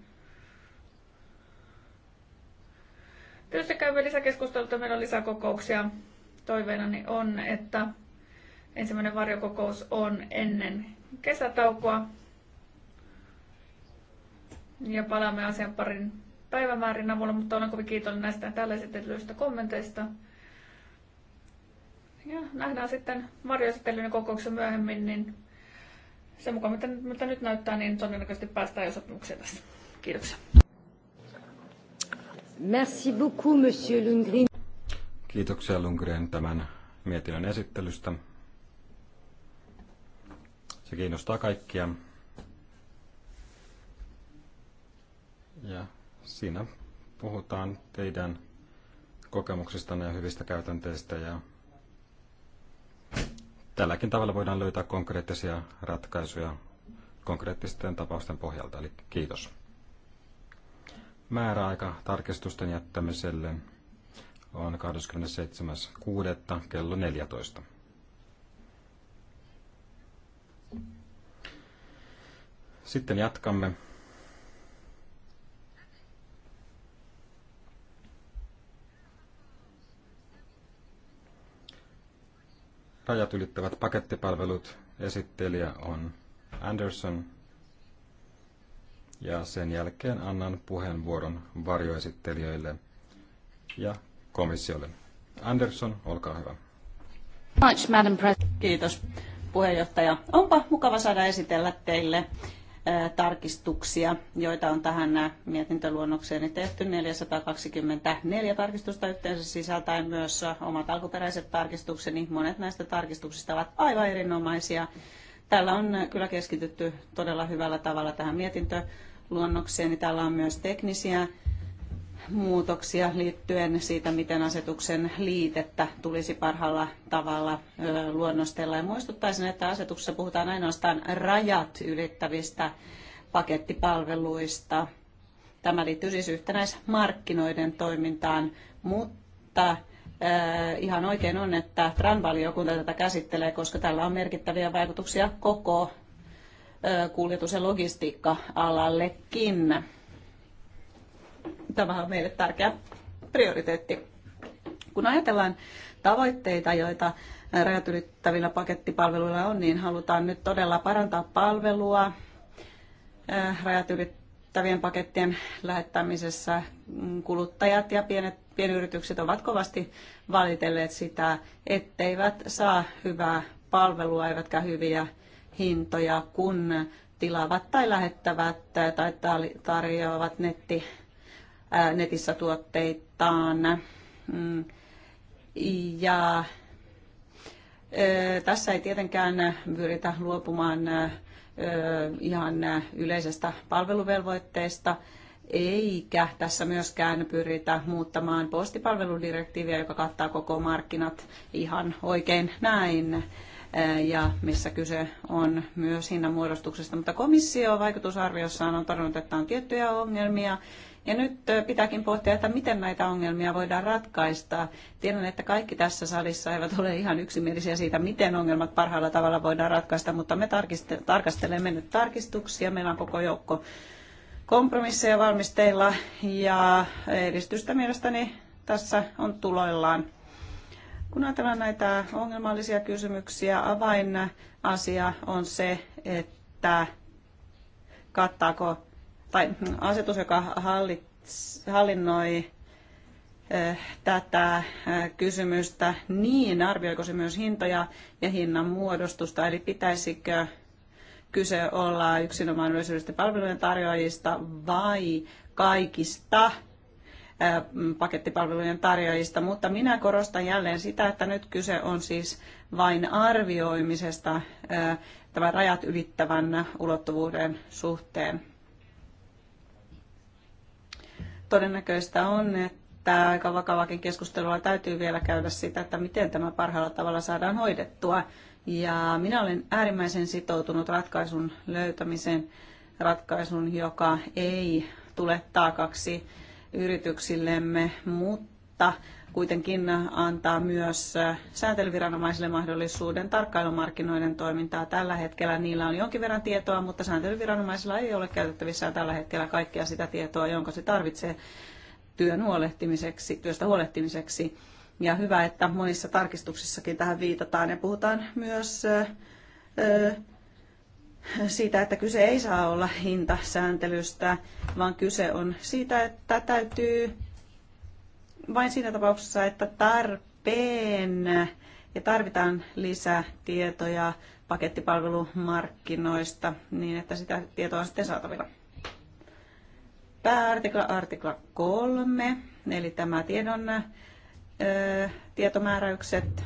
Työstä käymme lisäkeskustelua, meillä on lisäkokouksia. Toiveenani niin on, että ensimmäinen varjokokous on ennen kesätaukoa. Ja palaamme asian parin päivämäärin avulla, mutta olen kovin kiitollinen näistä tällä esitellyistä kommenteista. Ja nähdään sitten varjoesittelyyn kokouksen myöhemmin, niin sen mukaan mitä, mitä nyt näyttää, niin todennäköisesti päästään jo sopimukseen tässä. Kiitoksia. Merci beaucoup, monsieur Lundgren. Kiitoksia Lundgren tämän mietinnön esittelystä. Se kiinnostaa kaikkia. Ja siinä puhutaan teidän kokemuksistanne ja hyvistä käytänteistä ja tälläkin tavalla voidaan löytää konkreettisia ratkaisuja konkreettisten tapausten pohjalta. Eli kiitos. Määräaika tarkistusten jättämiselle on 27.6. kello 14. Sitten jatkamme. Rajat ylittävät pakettipalvelut. Esittelijä on Anderson ja sen jälkeen annan puheenvuoron varjoesittelijöille ja komissiolle. Anderson, olkaa hyvä. Kiitos puheenjohtaja. Onpa mukava saada esitellä teille tarkistuksia, joita on tähän mietintöluonnokseen tehty. 424 tarkistusta yhteensä sisältäen myös omat alkuperäiset tarkistukseni. Monet näistä tarkistuksista ovat aivan erinomaisia. Täällä on kyllä keskitytty todella hyvällä tavalla tähän mietintöön luonnokseen, niin täällä on myös teknisiä muutoksia liittyen siitä, miten asetuksen liitettä tulisi parhaalla tavalla luonnostella. Ja muistuttaisin, että asetuksessa puhutaan ainoastaan rajat ylittävistä pakettipalveluista. Tämä liittyy siis yhtenäismarkkinoiden toimintaan, mutta ihan oikein on, että TRAN-valiokunta tätä käsittelee, koska tällä on merkittäviä vaikutuksia koko kuljetus- ja logistiikka-alallekin. Tämä on meille tärkeä prioriteetti. Kun ajatellaan tavoitteita, joita rajat ylittävillä pakettipalveluilla on, niin halutaan nyt todella parantaa palvelua rajat ylittävien pakettien lähettämisessä. Kuluttajat ja pienet, pienyritykset ovat kovasti valitelleet sitä, etteivät saa hyvää palvelua eivätkä hyviä hintoja, kun tilaavat tai lähettävät tai tarjoavat netti, netissä tuotteitaan. Mm. Ja tässä ei tietenkään pyritä luopumaan ihan yleisestä palveluvelvoitteesta, eikä tässä myöskään pyritä muuttamaan postipalveludirektiiviä, joka kattaa koko markkinat ihan oikein näin ja missä kyse on myös hinnanmuodostuksesta. Mutta komissio vaikutusarviossaan on todennut, että on tiettyjä ongelmia ja nyt pitääkin pohtia, että miten näitä ongelmia voidaan ratkaista. Tiedän, että kaikki tässä salissa eivät ole ihan yksimielisiä siitä, miten ongelmat parhaalla tavalla voidaan ratkaista, mutta me tarkastelemme nyt tarkistuksia. Meillä on koko joukko kompromisseja valmisteilla ja edistystä mielestäni tässä on tuloillaan. Kun ajatellaan näitä ongelmallisia kysymyksiä, avainasia on se, että kattaako, tai mm, asetus, joka hallits, hallinnoi tätä kysymystä, niin arvioiko se myös hintoja ja hinnan muodostusta, eli pitäisikö kyse olla yksinomaan yleisöllisten palvelujen tarjoajista vai kaikista pakettipalvelujen tarjoajista, mutta minä korostan jälleen sitä, että nyt kyse on siis vain arvioimisesta tämän rajat ylittävän ulottuvuuden suhteen. Todennäköistä on, että aika vakavakin keskustelua täytyy vielä käydä sitä, että miten tämä parhaalla tavalla saadaan hoidettua. Ja minä olen äärimmäisen sitoutunut ratkaisun löytämiseen, ratkaisun, joka ei tule taakaksi yrityksillemme, mutta kuitenkin antaa myös sääntelyviranomaisille mahdollisuuden tarkkailumarkkinoiden toimintaa. Tällä hetkellä niillä on jonkin verran tietoa, mutta sääntelyviranomaisilla ei ole käytettävissään tällä hetkellä kaikkea sitä tietoa, jonka se tarvitsee työn huolehtimiseksi, työstä huolehtimiseksi. Ja hyvä, että monissa tarkistuksissakin tähän viitataan ja puhutaan myös siitä, että kyse ei saa olla hintasääntelystä, vaan kyse on siitä, että täytyy vain siinä tapauksessa, että tarpeen ja tarvitaan lisätietoja pakettipalvelumarkkinoista, niin että sitä tietoa on sitten saatavilla. Pääartikla artikla 3, eli tämä tiedon ö, tietomääräykset,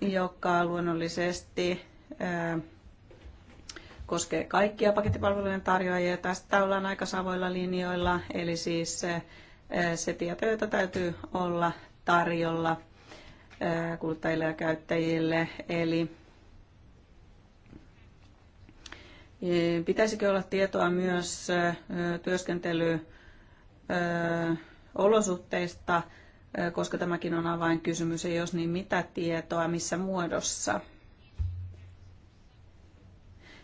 joka luonnollisesti ö, koskee kaikkia pakettipalvelujen tarjoajia. Tästä ollaan aika samoilla linjoilla, eli siis se, e, se tieto, jota täytyy olla tarjolla e, kuluttajille ja käyttäjille. Eli e, pitäisikö olla tietoa myös työskentelyolosuhteista, koska tämäkin on avainkysymys, ja jos niin mitä tietoa, missä muodossa –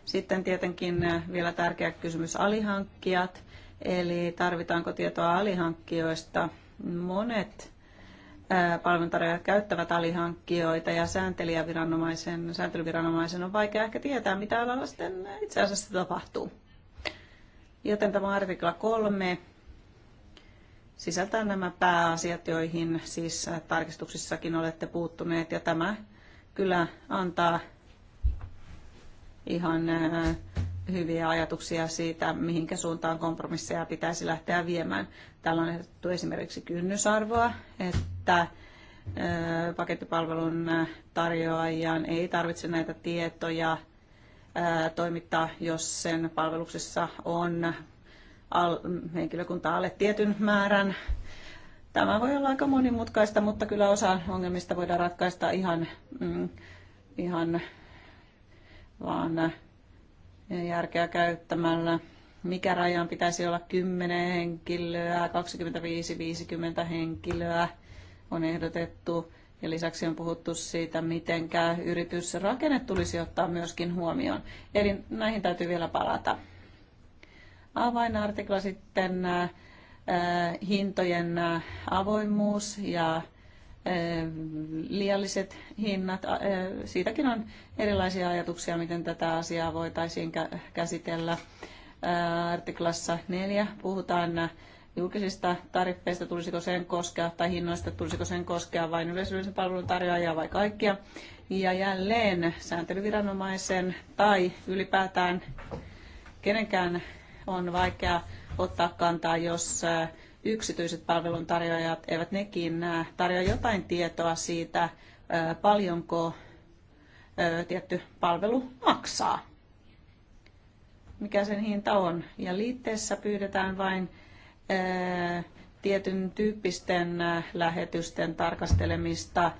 sitten tietenkin äh, vielä tärkeä kysymys alihankkijat, eli tarvitaanko tietoa alihankkijoista. Monet äh, palveluntarjoajat käyttävät alihankkijoita ja sääntelijäviranomaisen, sääntelyviranomaisen on vaikea ehkä tietää, mitä alalla sitten itse asiassa tapahtuu. Joten tämä artikla kolme sisältää nämä pääasiat, joihin siis äh, tarkistuksissakin olette puuttuneet ja tämä kyllä antaa ihan äh, hyviä ajatuksia siitä, mihinkä suuntaan kompromisseja pitäisi lähteä viemään. Täällä on ehdotettu esimerkiksi kynnysarvoa, että äh, pakettipalvelun äh, tarjoajan ei tarvitse näitä tietoja toimittaa, jos sen palveluksessa on henkilökunta alle tietyn määrän. Tämä voi olla aika monimutkaista, mutta kyllä osa ongelmista voidaan ratkaista ihan, mm, ihan vaan järkeä käyttämällä. Mikä rajan pitäisi olla 10 henkilöä, 25-50 henkilöä on ehdotettu. Ja lisäksi on puhuttu siitä, miten yritysrakenne tulisi ottaa myöskin huomioon. Eli näihin täytyy vielä palata. Avainartikla sitten äh, hintojen äh, avoimuus ja liialliset hinnat. Siitäkin on erilaisia ajatuksia, miten tätä asiaa voitaisiin käsitellä. Artiklassa 4 puhutaan julkisista tariffeista, tulisiko sen koskea, tai hinnoista, tulisiko sen koskea vain yleisöllisen palvelun tarjoajia vai kaikkia. Ja jälleen sääntelyviranomaisen tai ylipäätään kenenkään on vaikea ottaa kantaa, jos yksityiset palveluntarjoajat, eivät nekin äh, tarjoa jotain tietoa siitä, äh, paljonko äh, tietty palvelu maksaa, mikä sen hinta on. Ja liitteessä pyydetään vain tietyn tyyppisten lähetysten tarkastelemista,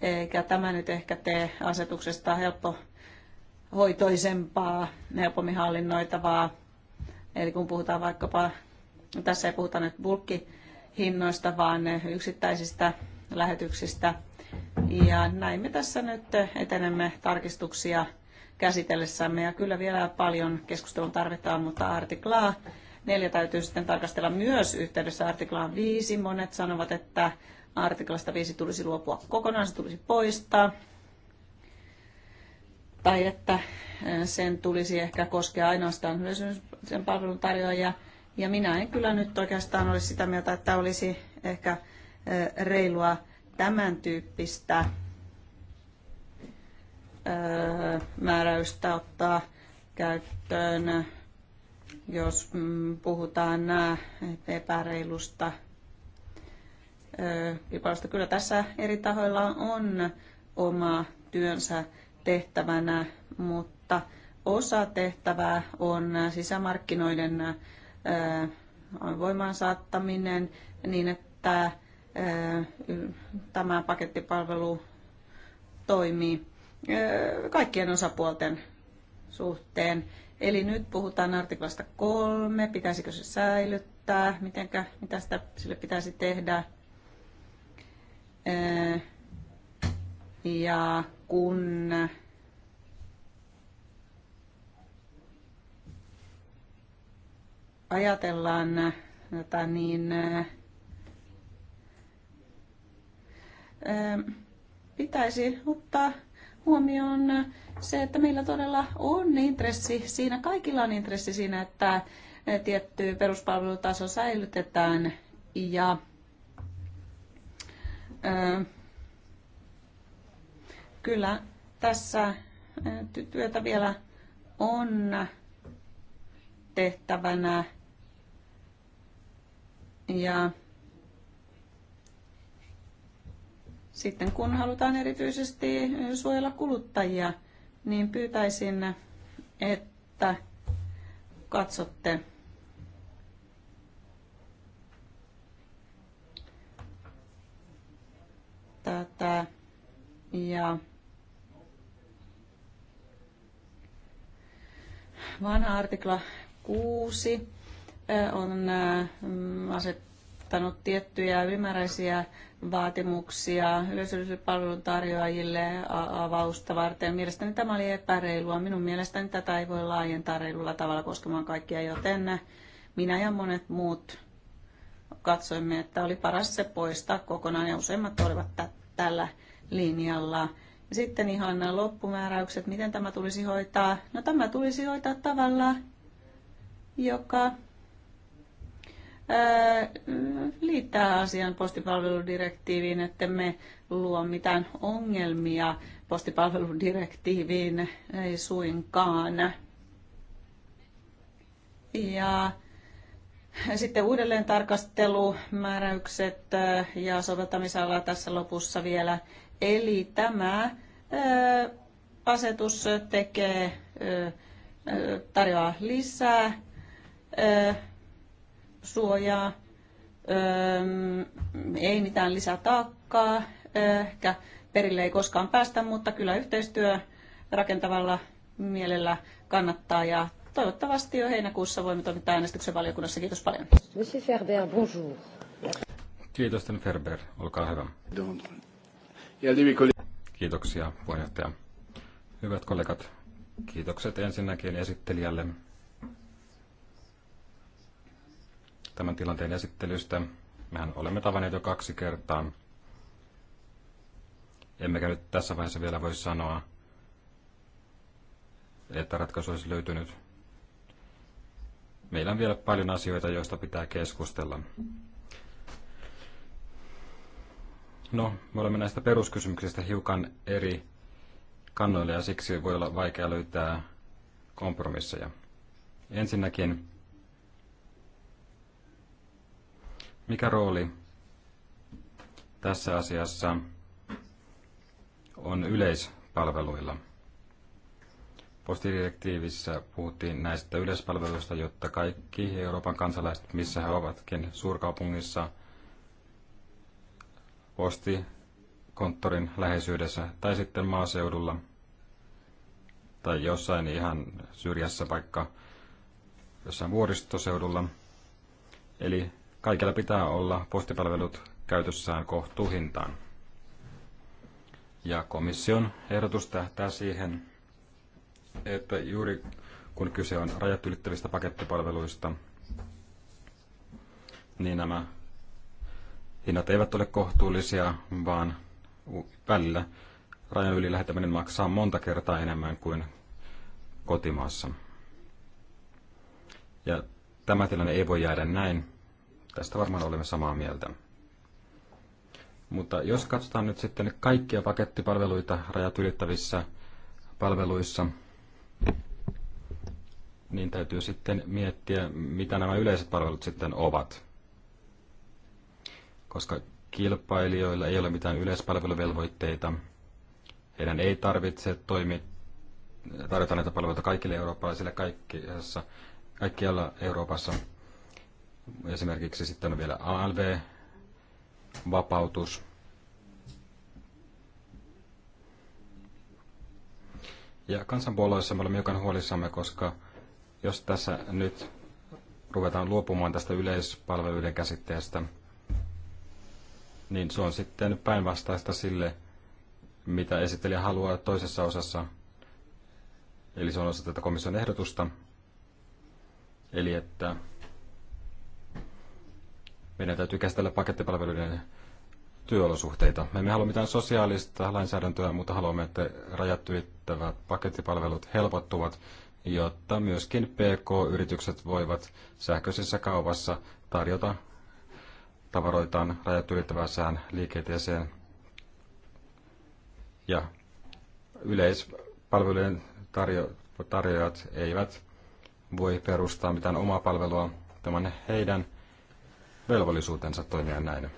eikä tämä nyt ehkä tee asetuksesta helppo hoitoisempaa, helpommin hallinnoitavaa. Eli kun puhutaan vaikkapa tässä ei puhuta nyt bulkkihinnoista, vaan yksittäisistä lähetyksistä. Ja näin me tässä nyt etenemme tarkistuksia käsitellessämme. Ja kyllä vielä paljon keskustelun tarvitaan, mutta artiklaa neljä täytyy sitten tarkastella myös yhteydessä artiklaan viisi. Monet sanovat, että artiklasta viisi tulisi luopua kokonaan, se tulisi poistaa. Tai että sen tulisi ehkä koskea ainoastaan yleisön palvelun tarjoajia. Ja minä en kyllä nyt oikeastaan ole sitä mieltä, että olisi ehkä reilua tämän tyyppistä määräystä ottaa käyttöön, jos mm, puhutaan epäreilusta kilpailusta. Kyllä tässä eri tahoilla on oma työnsä tehtävänä, mutta osa tehtävää on sisämarkkinoiden voimaan saattaminen niin, että tämä pakettipalvelu toimii kaikkien osapuolten suhteen. Eli nyt puhutaan artiklasta kolme, pitäisikö se säilyttää, mitenkä, mitä sitä, sille pitäisi tehdä. Ja kun ajatellaan tota niin pitäisi ottaa huomioon se, että meillä todella on intressi siinä, kaikilla on intressi siinä, että tietty peruspalvelutaso säilytetään ja kyllä tässä työtä vielä on tehtävänä ja sitten kun halutaan erityisesti suojella kuluttajia, niin pyytäisin, että katsotte tätä ja vanha artikla 6 on mm, asettanut tiettyjä ylimääräisiä vaatimuksia yleisöllisille palveluntarjoajille avausta varten. Mielestäni tämä oli epäreilua. Minun mielestäni tätä ei voi laajentaa reilulla tavalla koskemaan kaikkia, joten minä ja monet muut katsoimme, että oli paras se poistaa kokonaan ja useimmat olivat tällä linjalla. Sitten ihan nämä loppumääräykset, miten tämä tulisi hoitaa. No tämä tulisi hoitaa tavalla, joka liittää asian postipalveludirektiiviin, että me luo mitään ongelmia postipalveludirektiiviin, ei suinkaan. Ja sitten uudelleen tarkastelumääräykset ja soveltamisala tässä lopussa vielä. Eli tämä asetus tekee, tarjoaa lisää suojaa, ei mitään lisätaakkaa, ehkä perille ei koskaan päästä, mutta kyllä yhteistyö rakentavalla mielellä kannattaa ja toivottavasti jo heinäkuussa voimme toimittaa äänestyksen valiokunnassa. Kiitos paljon. Monsieur Ferber, bonjour. Kiitos, Ferber. Olkaa hyvä. Kiitoksia, puheenjohtaja. Hyvät kollegat, kiitokset ensinnäkin esittelijälle tämän tilanteen esittelystä. Mehän olemme tavanneet jo kaksi kertaa. Emmekä nyt tässä vaiheessa vielä voi sanoa, että ratkaisu olisi löytynyt. Meillä on vielä paljon asioita, joista pitää keskustella. No, me olemme näistä peruskysymyksistä hiukan eri kannoilla ja siksi voi olla vaikea löytää kompromisseja. Ensinnäkin Mikä rooli tässä asiassa on yleispalveluilla? Postidirektiivissä puhuttiin näistä yleispalveluista, jotta kaikki Euroopan kansalaiset, missä he ovatkin suurkaupungissa, postikonttorin läheisyydessä tai sitten maaseudulla tai jossain ihan syrjässä vaikka jossain vuoristoseudulla. Eli Kaikilla pitää olla postipalvelut käytössään kohtuuhintaan. Ja komission ehdotus tähtää siihen, että juuri kun kyse on rajat ylittävistä pakettipalveluista, niin nämä hinnat eivät ole kohtuullisia, vaan välillä rajan yli lähettäminen maksaa monta kertaa enemmän kuin kotimaassa. Ja tämä tilanne ei voi jäädä näin. Tästä varmaan olemme samaa mieltä. Mutta jos katsotaan nyt sitten kaikkia pakettipalveluita rajat ylittävissä palveluissa, niin täytyy sitten miettiä, mitä nämä yleiset palvelut sitten ovat. Koska kilpailijoilla ei ole mitään yleispalveluvelvoitteita, heidän ei tarvitse toimia, tarjota näitä palveluita kaikille eurooppalaisille kaikkialla Euroopassa. Esimerkiksi sitten on vielä ALV-vapautus. Ja kansanpuolueessa me olemme hiukan huolissamme, koska jos tässä nyt ruvetaan luopumaan tästä yleispalveluiden käsitteestä, niin se on sitten päinvastaista sille, mitä esittelijä haluaa toisessa osassa. Eli se on osa tätä komission ehdotusta. Eli että meidän täytyy käsitellä pakettipalveluiden työolosuhteita. Me emme halua mitään sosiaalista lainsäädäntöä, mutta haluamme, että rajat ylittävät pakettipalvelut helpottuvat, jotta myöskin PK-yritykset voivat sähköisessä kaupassa tarjota tavaroitaan rajat ylittävässään liikenteeseen. Ja yleispalvelujen tarjo- tarjoajat eivät voi perustaa mitään omaa palvelua. Tämän heidän velvollisuutensa toimia näin.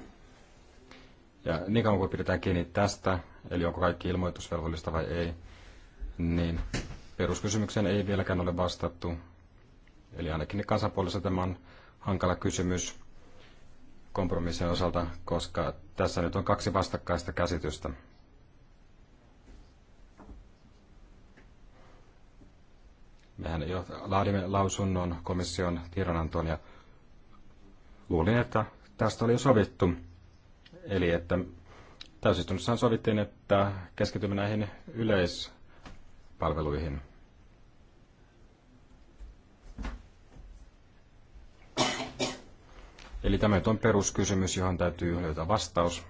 Ja niin kauan kuin pidetään kiinni tästä, eli onko kaikki ilmoitusvelvollista vai ei, niin peruskysymykseen ei vieläkään ole vastattu. Eli ainakin kansanpuolissa tämä on hankala kysymys kompromissien osalta, koska tässä nyt on kaksi vastakkaista käsitystä. Mehän jo laadimme lausunnon komission tiedonantoon ja Luulin, että tästä oli jo sovittu. Eli että täysistunnossahan sovittiin, että keskitymme näihin yleispalveluihin. Eli tämä nyt on peruskysymys, johon täytyy löytää vastaus.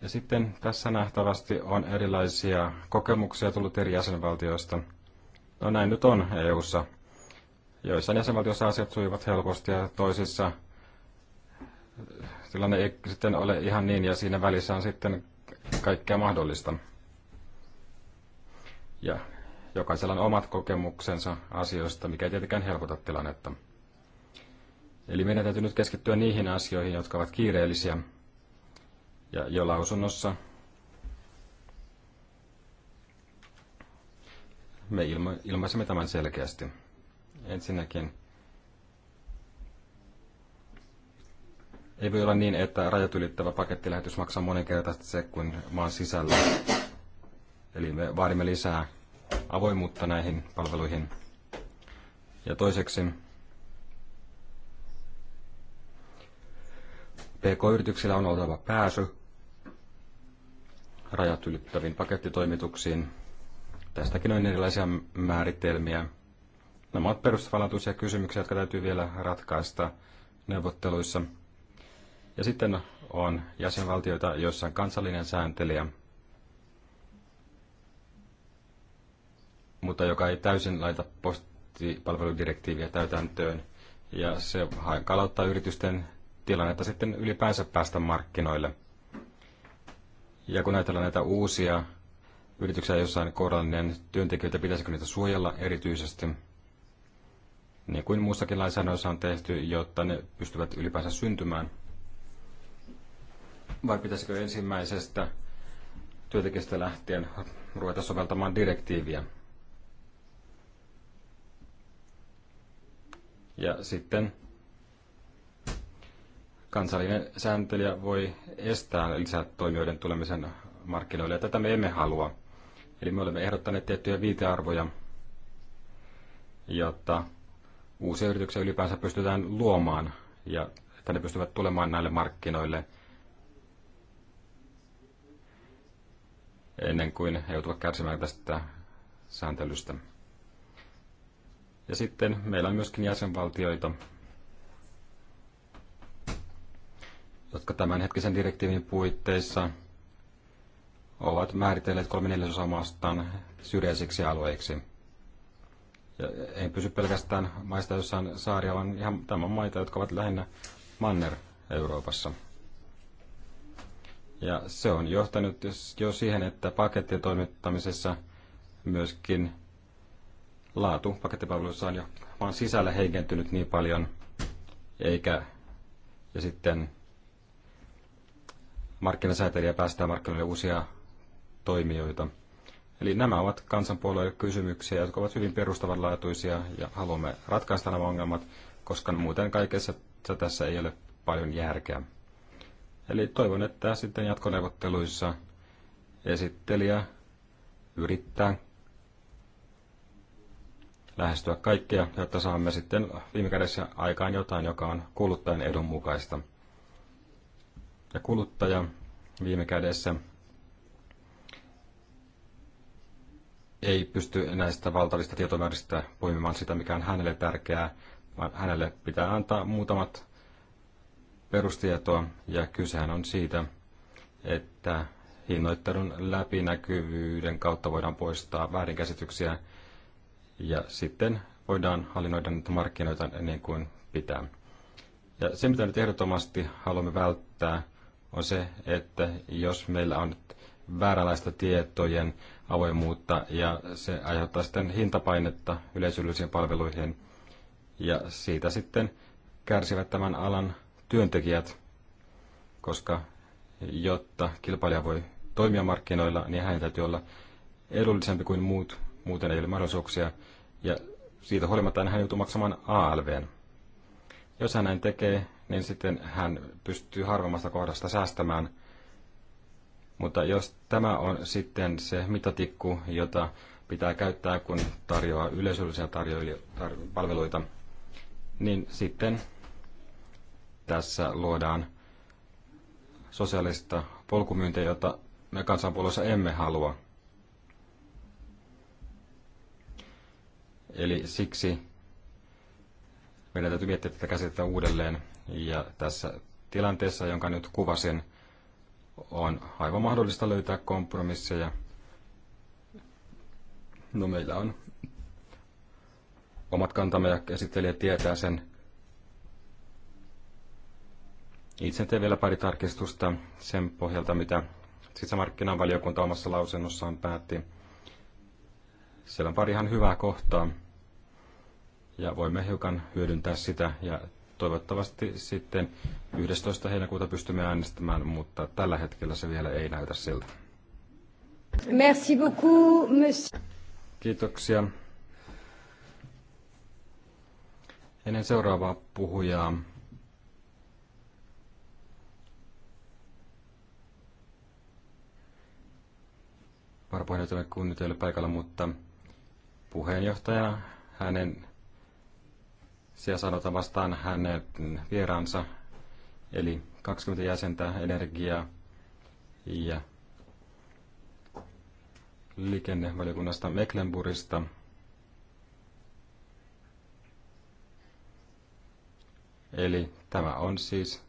Ja sitten tässä nähtävästi on erilaisia kokemuksia tullut eri jäsenvaltioista. No näin nyt on EU:ssa, Joissain jäsenvaltioissa asiat sujuvat helposti ja toisissa tilanne ei sitten ole ihan niin ja siinä välissä on sitten kaikkea mahdollista. Ja jokaisella on omat kokemuksensa asioista, mikä ei tietenkään helpota tilannetta. Eli meidän täytyy nyt keskittyä niihin asioihin, jotka ovat kiireellisiä. Ja jo lausunnossa me ilma- ilmaisemme tämän selkeästi. Ensinnäkin ei voi olla niin, että rajat ylittävä pakettilähetys maksaa moninkertaisesti se kuin maan sisällä. Eli me vaadimme lisää avoimuutta näihin palveluihin. Ja toiseksi PK-yrityksillä on oltava pääsy rajat ylittäviin pakettitoimituksiin. Tästäkin on erilaisia määritelmiä Nämä ovat perustavanlaatuisia kysymyksiä, jotka täytyy vielä ratkaista neuvotteluissa. Ja sitten on jäsenvaltioita, joissa on kansallinen sääntelijä, mutta joka ei täysin laita postipalveludirektiiviä täytäntöön. Ja se kalauttaa yritysten tilannetta sitten ylipäänsä päästä markkinoille. Ja kun ajatellaan näitä uusia yrityksiä, joissa on kourallinen työntekijöitä, pitäisikö niitä suojella erityisesti – niin kuin muissakin lainsäädännöissä on tehty, jotta ne pystyvät ylipäänsä syntymään? Vai pitäisikö ensimmäisestä työntekijästä lähtien ruveta soveltamaan direktiiviä? Ja sitten kansallinen sääntelijä voi estää lisätoimijoiden tulemisen markkinoille, ja tätä me emme halua. Eli me olemme ehdottaneet tiettyjä viitearvoja, jotta uusia yrityksiä ylipäänsä pystytään luomaan ja että ne pystyvät tulemaan näille markkinoille ennen kuin he joutuvat kärsimään tästä sääntelystä. Ja sitten meillä on myöskin jäsenvaltioita, jotka tämänhetkisen direktiivin puitteissa ovat määritelleet kolme neljäsosaa maastaan syrjäisiksi alueiksi – ja ei pysy pelkästään maista, joissa on saaria, vaan ihan tämän maita, jotka ovat lähinnä Manner-Euroopassa. Ja se on johtanut jo siihen, että pakettien toimittamisessa myöskin laatu pakettipalveluissa on jo maan sisällä heikentynyt niin paljon, eikä ja sitten markkinasäätelijä päästään markkinoille uusia toimijoita – Eli nämä ovat kansanpuolueen kysymyksiä, jotka ovat hyvin perustavanlaatuisia ja haluamme ratkaista nämä ongelmat, koska muuten kaikessa tässä ei ole paljon järkeä. Eli toivon, että sitten jatkoneuvotteluissa esittelijä yrittää lähestyä kaikkea, jotta saamme sitten viime kädessä aikaan jotain, joka on kuluttajan edun mukaista. Ja kuluttaja viime kädessä ei pysty näistä valtavista tietomääristä poimimaan sitä, mikä on hänelle tärkeää, vaan hänelle pitää antaa muutamat perustietoa, ja kysehän on siitä, että hinnoittelun läpinäkyvyyden kautta voidaan poistaa väärinkäsityksiä, ja sitten voidaan hallinnoida niitä markkinoita niin kuin pitää. Ja se, mitä nyt ehdottomasti haluamme välttää, on se, että jos meillä on vääränlaista tietojen avoimuutta ja se aiheuttaa sitten hintapainetta yleisöllisiin palveluihin ja siitä sitten kärsivät tämän alan työntekijät, koska jotta kilpailija voi toimia markkinoilla, niin hänen täytyy olla edullisempi kuin muut, muuten ei ole mahdollisuuksia ja siitä huolimatta hän joutuu maksamaan ALVn. Jos hän näin tekee, niin sitten hän pystyy harvemmasta kohdasta säästämään – mutta jos tämä on sitten se mitatikku, jota pitää käyttää, kun tarjoaa yleisöllisiä palveluita, niin sitten tässä luodaan sosiaalista polkumyyntiä, jota me kansanpuolueessa emme halua. Eli siksi meidän täytyy miettiä tätä käsitettä uudelleen. Ja tässä tilanteessa, jonka nyt kuvasin, on aivan mahdollista löytää kompromisseja. No meillä on omat kantamme ja käsittelijä tietää sen. Itse teen vielä pari tarkistusta sen pohjalta, mitä sisämarkkinavaliokunta omassa lausunnossaan päätti. Siellä on pari ihan hyvää kohtaa ja voimme hiukan hyödyntää sitä ja toivottavasti sitten 11. heinäkuuta pystymme äänestämään, mutta tällä hetkellä se vielä ei näytä siltä. Merci beaucoup, monsieur. Kiitoksia. Ennen seuraavaa puhujaa varapuheenjohtajalle kun nyt ei ole paikalla, mutta puheenjohtaja hänen siellä sanotaan vastaan hänen vieraansa, eli 20 jäsentä energiaa ja liikennevaliokunnasta Mecklenburgista. Eli tämä on siis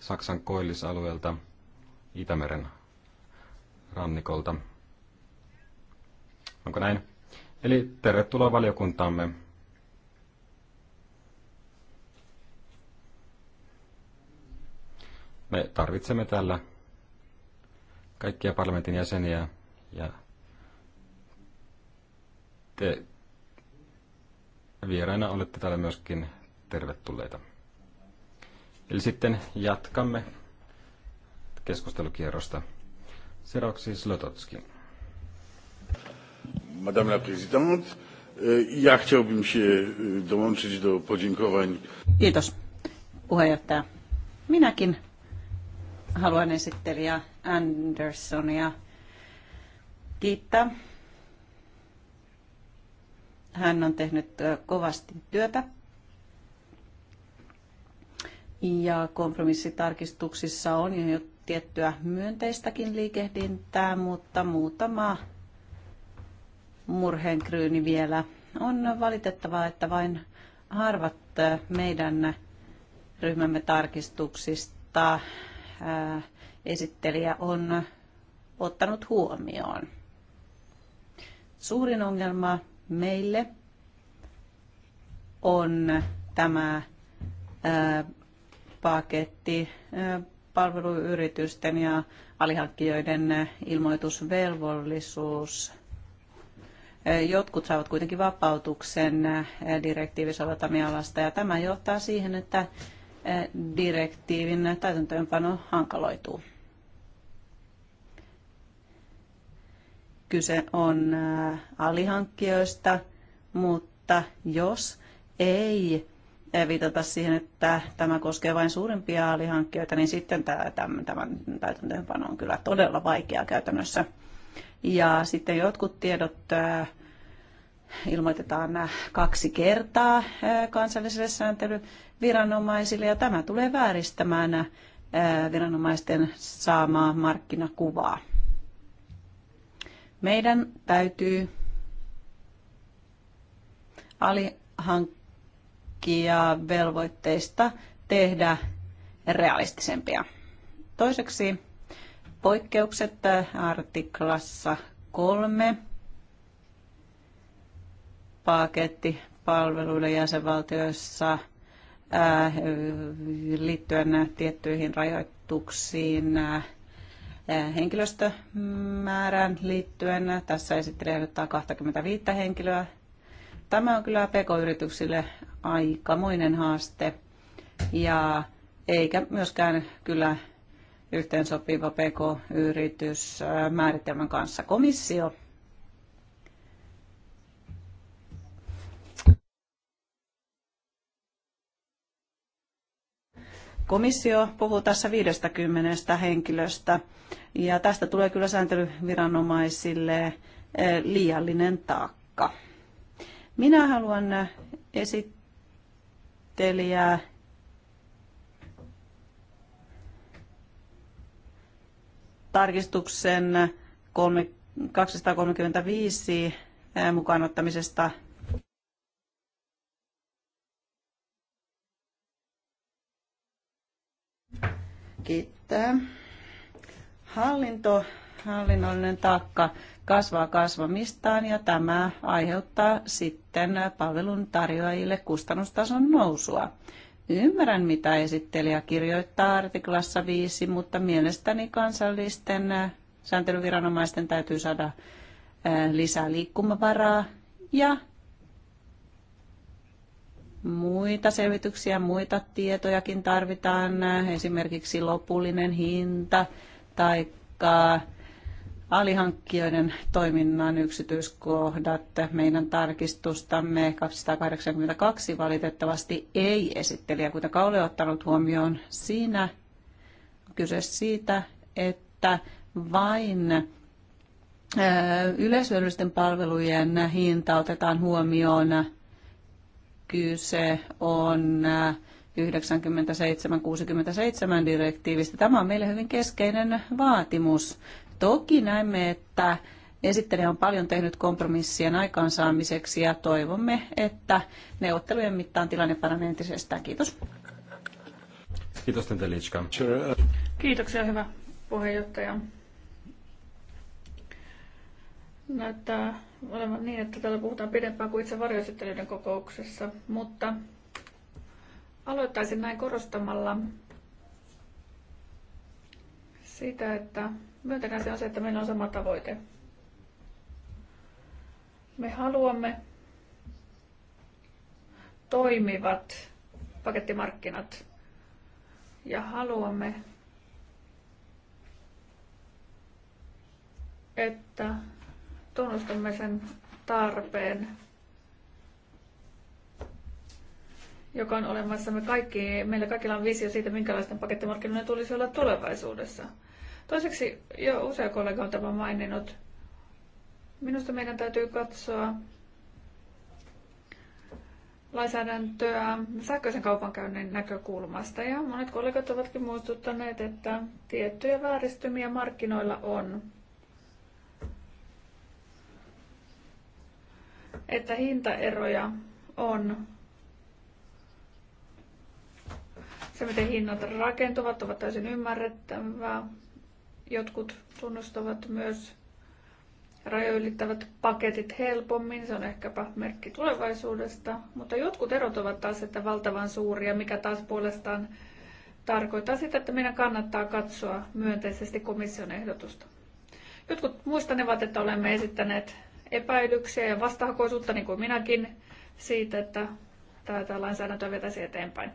Saksan koillisalueelta Itämeren rannikolta. Onko näin? Eli tervetuloa valiokuntaamme. Me tarvitsemme täällä kaikkia parlamentin jäseniä ja te vieraina olette täällä myöskin tervetulleita. Eli sitten jatkamme keskustelukierrosta. Seuraavaksi Slototski. Madame la Présidente, ja chciałbym się dołączyć do podziękowań. Kiitos, puheenjohtaja. Minäkin haluan esittelijä Anderssonia kiittää. Hän on tehnyt kovasti työtä ja kompromissitarkistuksissa on jo tiettyä myönteistäkin liikehdintää, mutta muutama murheenkryyni vielä. On valitettavaa, että vain harvat meidän ryhmämme tarkistuksista Äh, esittelijä on ottanut huomioon. Suurin ongelma meille on tämä äh, paketti äh, palveluyritysten ja alihankkijoiden ilmoitusvelvollisuus. Jotkut saavat kuitenkin vapautuksen direktiivisoveltamialasta ja tämä johtaa siihen, että direktiivin täytäntöönpano hankaloituu. Kyse on äh, alihankkijoista, mutta jos ei viitata siihen, että tämä koskee vain suurimpia alihankkijoita, niin sitten tämä täytäntöönpano on kyllä todella vaikeaa käytännössä. Ja sitten jotkut tiedot äh, ilmoitetaan kaksi kertaa kansalliselle sääntelyviranomaisille ja tämä tulee vääristämään viranomaisten saamaa markkinakuvaa. Meidän täytyy alihankkia velvoitteista tehdä realistisempia. Toiseksi poikkeukset artiklassa kolme paketti palveluille jäsenvaltioissa äh, liittyen tiettyihin rajoituksiin äh, henkilöstömäärään liittyen. Tässä esittelijä ehdottaa 25 henkilöä. Tämä on kyllä pk-yrityksille aikamoinen haaste ja eikä myöskään kyllä yhteensopiva pk-yritys äh, määritelmän kanssa. Komissio Komissio puhuu tässä 50 henkilöstä ja tästä tulee kyllä sääntelyviranomaisille eh, liiallinen taakka. Minä haluan eh, esittelijää tarkistuksen 235 mukaan ottamisesta kiittää. Hallinto, hallinnollinen taakka kasvaa kasvamistaan ja tämä aiheuttaa sitten palvelun tarjoajille kustannustason nousua. Ymmärrän, mitä esittelijä kirjoittaa artiklassa 5, mutta mielestäni kansallisten sääntelyviranomaisten täytyy saada lisää liikkumavaraa ja muita selvityksiä, muita tietojakin tarvitaan, esimerkiksi lopullinen hinta tai alihankkijoiden toiminnan yksityiskohdat meidän tarkistustamme 282 valitettavasti ei esittelijä kuitenkaan ole ottanut huomioon. Siinä kyse siitä, että vain yleishyödyllisten palvelujen hinta otetaan huomioon kyse on 97-67 äh, direktiivistä. Tämä on meille hyvin keskeinen vaatimus. Toki näemme, että esittelijä on paljon tehnyt kompromissien aikaansaamiseksi ja toivomme, että neuvottelujen mittaan tilanne paranee entisestään. Kiitos. Kiitos, Tente Kiitoksia, hyvä puheenjohtaja näyttää olevan niin, että täällä puhutaan pidempään kuin itse varjoesittelyiden kokouksessa, mutta aloittaisin näin korostamalla sitä, että myönteinen asia on se, että meillä on sama tavoite. Me haluamme toimivat pakettimarkkinat ja haluamme, että tunnustamme sen tarpeen, joka on olemassa. Me kaikki, meillä kaikilla on visio siitä, minkälaisten pakettimarkkinoiden tulisi olla tulevaisuudessa. Toiseksi jo usea kollega on tämän maininnut. Minusta meidän täytyy katsoa lainsäädäntöä sähköisen kaupankäynnin näkökulmasta. Ja monet kollegat ovatkin muistuttaneet, että tiettyjä vääristymiä markkinoilla on. että hintaeroja on. Se, miten hinnat rakentuvat, ovat täysin ymmärrettävää. Jotkut tunnustavat myös rajoylittävät paketit helpommin, se on ehkäpä merkki tulevaisuudesta, mutta jotkut erot ovat taas että valtavan suuria, mikä taas puolestaan tarkoittaa sitä, että meidän kannattaa katsoa myönteisesti komission ehdotusta. Jotkut muistanevat, että olemme esittäneet epäilyksiä ja vastahakoisuutta, niin kuin minäkin, siitä, että tätä lainsäädäntöä vetäisi eteenpäin.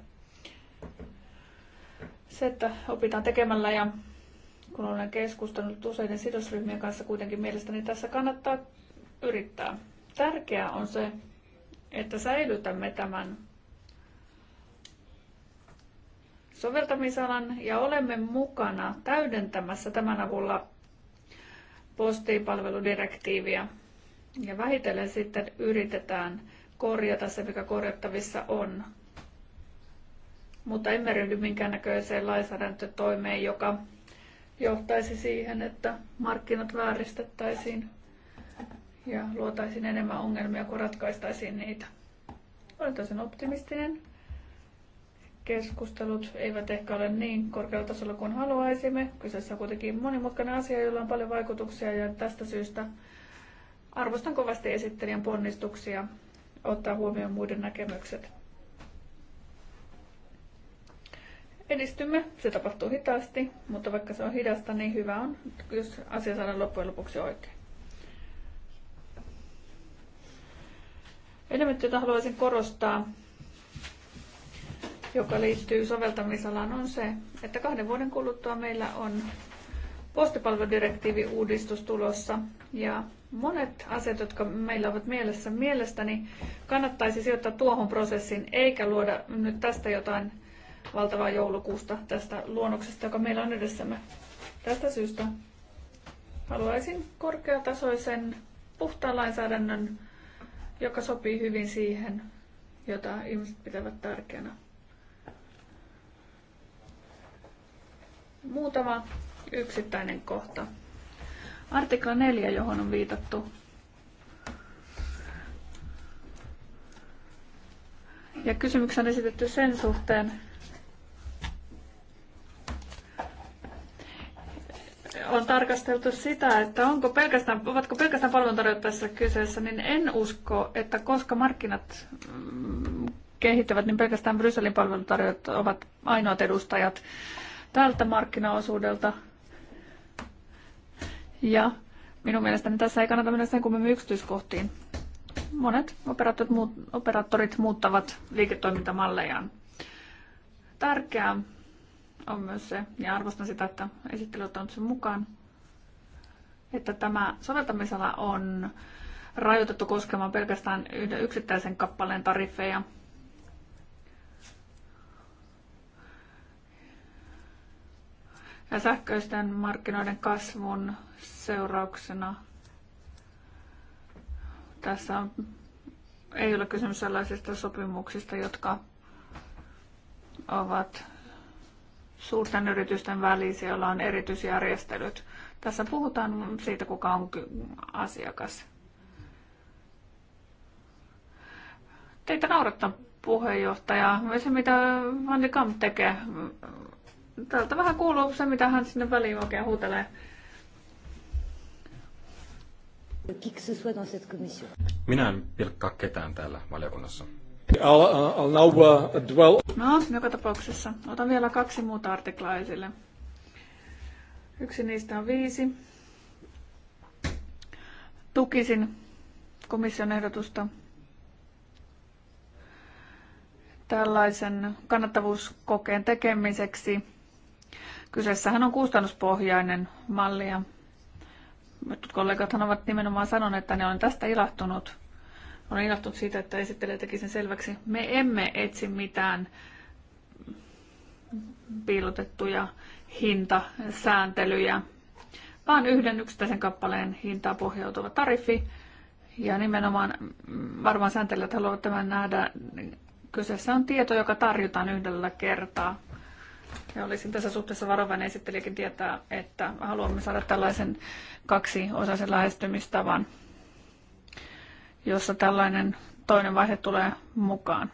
Se, että opitaan tekemällä ja kun olen keskustellut useiden sidosryhmien kanssa kuitenkin mielestäni tässä kannattaa yrittää. Tärkeää on se, että säilytämme tämän soveltamisalan ja olemme mukana täydentämässä tämän avulla postipalveludirektiiviä. Ja vähitellen sitten yritetään korjata se, mikä korjattavissa on. Mutta emme ryhdy minkäännäköiseen lainsäädäntötoimeen, joka johtaisi siihen, että markkinat vääristettäisiin ja luotaisiin enemmän ongelmia kuin ratkaistaisiin niitä. Olen tosin optimistinen. Keskustelut eivät ehkä ole niin korkealla tasolla kuin haluaisimme. Kyseessä on kuitenkin monimutkainen asia, jolla on paljon vaikutuksia ja tästä syystä Arvostan kovasti esittelijän ponnistuksia ottaa huomioon muiden näkemykset. Edistymme, se tapahtuu hitaasti, mutta vaikka se on hidasta, niin hyvä on, jos asia saadaan loppujen lopuksi oikein. Elementti, jota haluaisin korostaa, joka liittyy soveltamisalaan, on se, että kahden vuoden kuluttua meillä on postipalveludirektiivi uudistus tulossa ja Monet asiat, jotka meillä ovat mielessä mielestäni, kannattaisi sijoittaa tuohon prosessiin, eikä luoda nyt tästä jotain valtavaa joulukuusta tästä luonnoksesta, joka meillä on edessämme. Tästä syystä haluaisin korkeatasoisen puhtaan lainsäädännön, joka sopii hyvin siihen, jota ihmiset pitävät tärkeänä. Muutama yksittäinen kohta. Artikla 4, johon on viitattu. Ja kysymyksiä on esitetty sen suhteen, on tarkasteltu sitä, että onko pelkästään, ovatko pelkästään palveluntarjoajat kyseessä, niin en usko, että koska markkinat mm, kehittävät, niin pelkästään Brysselin palveluntarjoajat ovat ainoat edustajat tältä markkinaosuudelta – ja minun mielestäni tässä ei kannata mennä sen kummemmin yksityiskohtiin. Monet operaattorit, muut, operaattorit muuttavat liiketoimintamallejaan. Tärkeää on myös se, ja arvostan sitä, että esittely on sen mukaan, että tämä soveltamisala on rajoitettu koskemaan pelkästään yhden yksittäisen kappaleen tariffeja. Ja sähköisten markkinoiden kasvun seurauksena tässä on, ei ole kysymys sellaisista sopimuksista, jotka ovat suurten yritysten välisiä, joilla on erityisjärjestelyt. Tässä puhutaan siitä, kuka on asiakas. Teitä naurattaa puheenjohtaja. Se, mitä Van Kamp tekee. Täältä vähän kuuluu se, mitä hän sinne väliin oikein huutelee. Minä en pilkkaa ketään täällä valiokunnassa. Uh, uh, no, joka tapauksessa. Otan vielä kaksi muuta artiklaa esille. Yksi niistä on viisi. Tukisin komission ehdotusta tällaisen kannattavuuskokeen tekemiseksi. Kyseessähän on kustannuspohjainen malli ja Jotkut kollegathan ovat nimenomaan sanoneet, että ne on tästä ilahtunut. Olen ilahtunut siitä, että esittelijä teki sen selväksi. Me emme etsi mitään piilotettuja hintasääntelyjä, vaan yhden yksittäisen kappaleen hintaa pohjautuva tariffi. Ja nimenomaan varmaan sääntelijät haluavat tämän nähdä. Kyseessä on tieto, joka tarjotaan yhdellä kertaa. Ja olisin tässä suhteessa varovainen esittelijäkin tietää, että haluamme saada tällaisen kaksiosaisen lähestymistavan, jossa tällainen toinen vaihe tulee mukaan.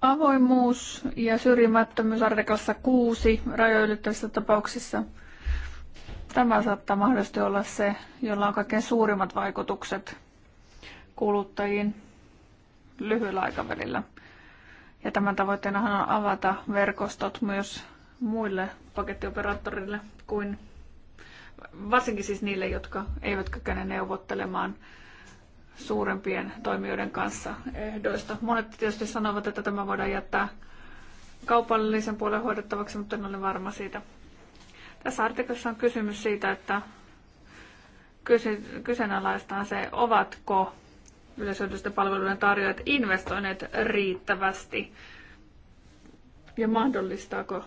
Avoimuus ja syrjimättömyys artiklassa 6 rajoilyttävissä tapauksissa. Tämä saattaa mahdollisesti olla se, jolla on kaikkein suurimmat vaikutukset kuluttajiin lyhyellä aikavälillä. Ja tämän tavoitteena on avata verkostot myös muille pakettioperaattorille kuin varsinkin siis niille, jotka eivät kykene neuvottelemaan suurempien toimijoiden kanssa ehdoista. Monet tietysti sanovat, että tämä voidaan jättää kaupallisen puolen hoidettavaksi, mutta en ole varma siitä. Tässä artikossa on kysymys siitä, että kyse, kyseenalaistaan se, ovatko yleisöllisten palveluiden tarjoajat investoineet riittävästi? Ja mahdollistaako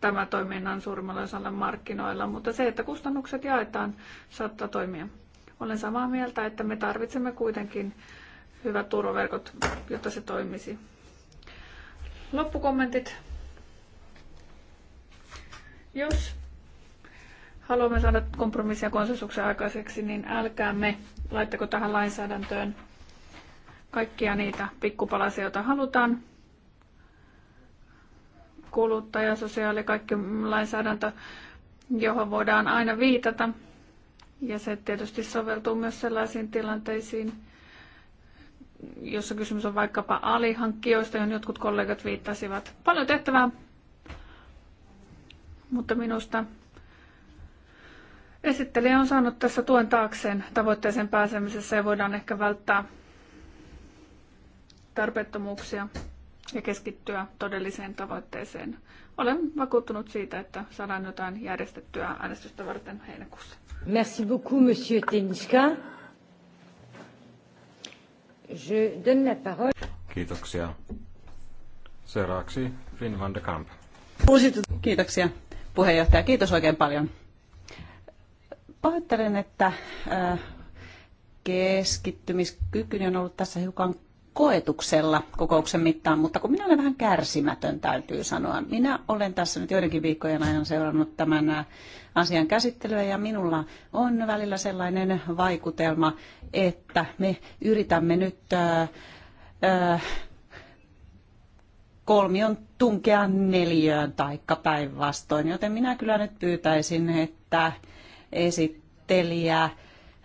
tämä toiminnan suurimmalla osalla markkinoilla, mutta se, että kustannukset jaetaan, saattaa toimia. Olen samaa mieltä, että me tarvitsemme kuitenkin hyvät turvaverkot, jotta se toimisi. Loppukommentit. Jos haluamme saada kompromissia konsensuksen aikaiseksi, niin älkäämme laittako tähän lainsäädäntöön kaikkia niitä pikkupalasia, joita halutaan. Kuluttaja, sosiaali, kaikki lainsäädäntö, johon voidaan aina viitata. Ja se tietysti soveltuu myös sellaisiin tilanteisiin, jossa kysymys on vaikkapa alihankkijoista, johon jotkut kollegat viittasivat. Paljon tehtävää, mutta minusta Esittelijä on saanut tässä tuen taakseen tavoitteeseen pääsemisessä ja voidaan ehkä välttää tarpeettomuuksia ja keskittyä todelliseen tavoitteeseen. Olen vakuuttunut siitä, että saadaan jotain järjestettyä äänestystä varten heinäkuussa. Merci beaucoup, monsieur Teniska. Je donne la parole. Kiitoksia. Seuraavaksi Finn van de Kamp. Kiitoksia puheenjohtaja. Kiitos oikein paljon. Pahoittelen, että äh, keskittymiskykyni on ollut tässä hiukan koetuksella kokouksen mittaan, mutta kun minä olen vähän kärsimätön, täytyy sanoa. Minä olen tässä nyt joidenkin viikkojen ajan seurannut tämän äh, asian käsittelyä ja minulla on välillä sellainen vaikutelma, että me yritämme nyt ää, äh, ää, kolmion tunkea neljöön taikka päinvastoin, joten minä kyllä nyt pyytäisin, että esittelijä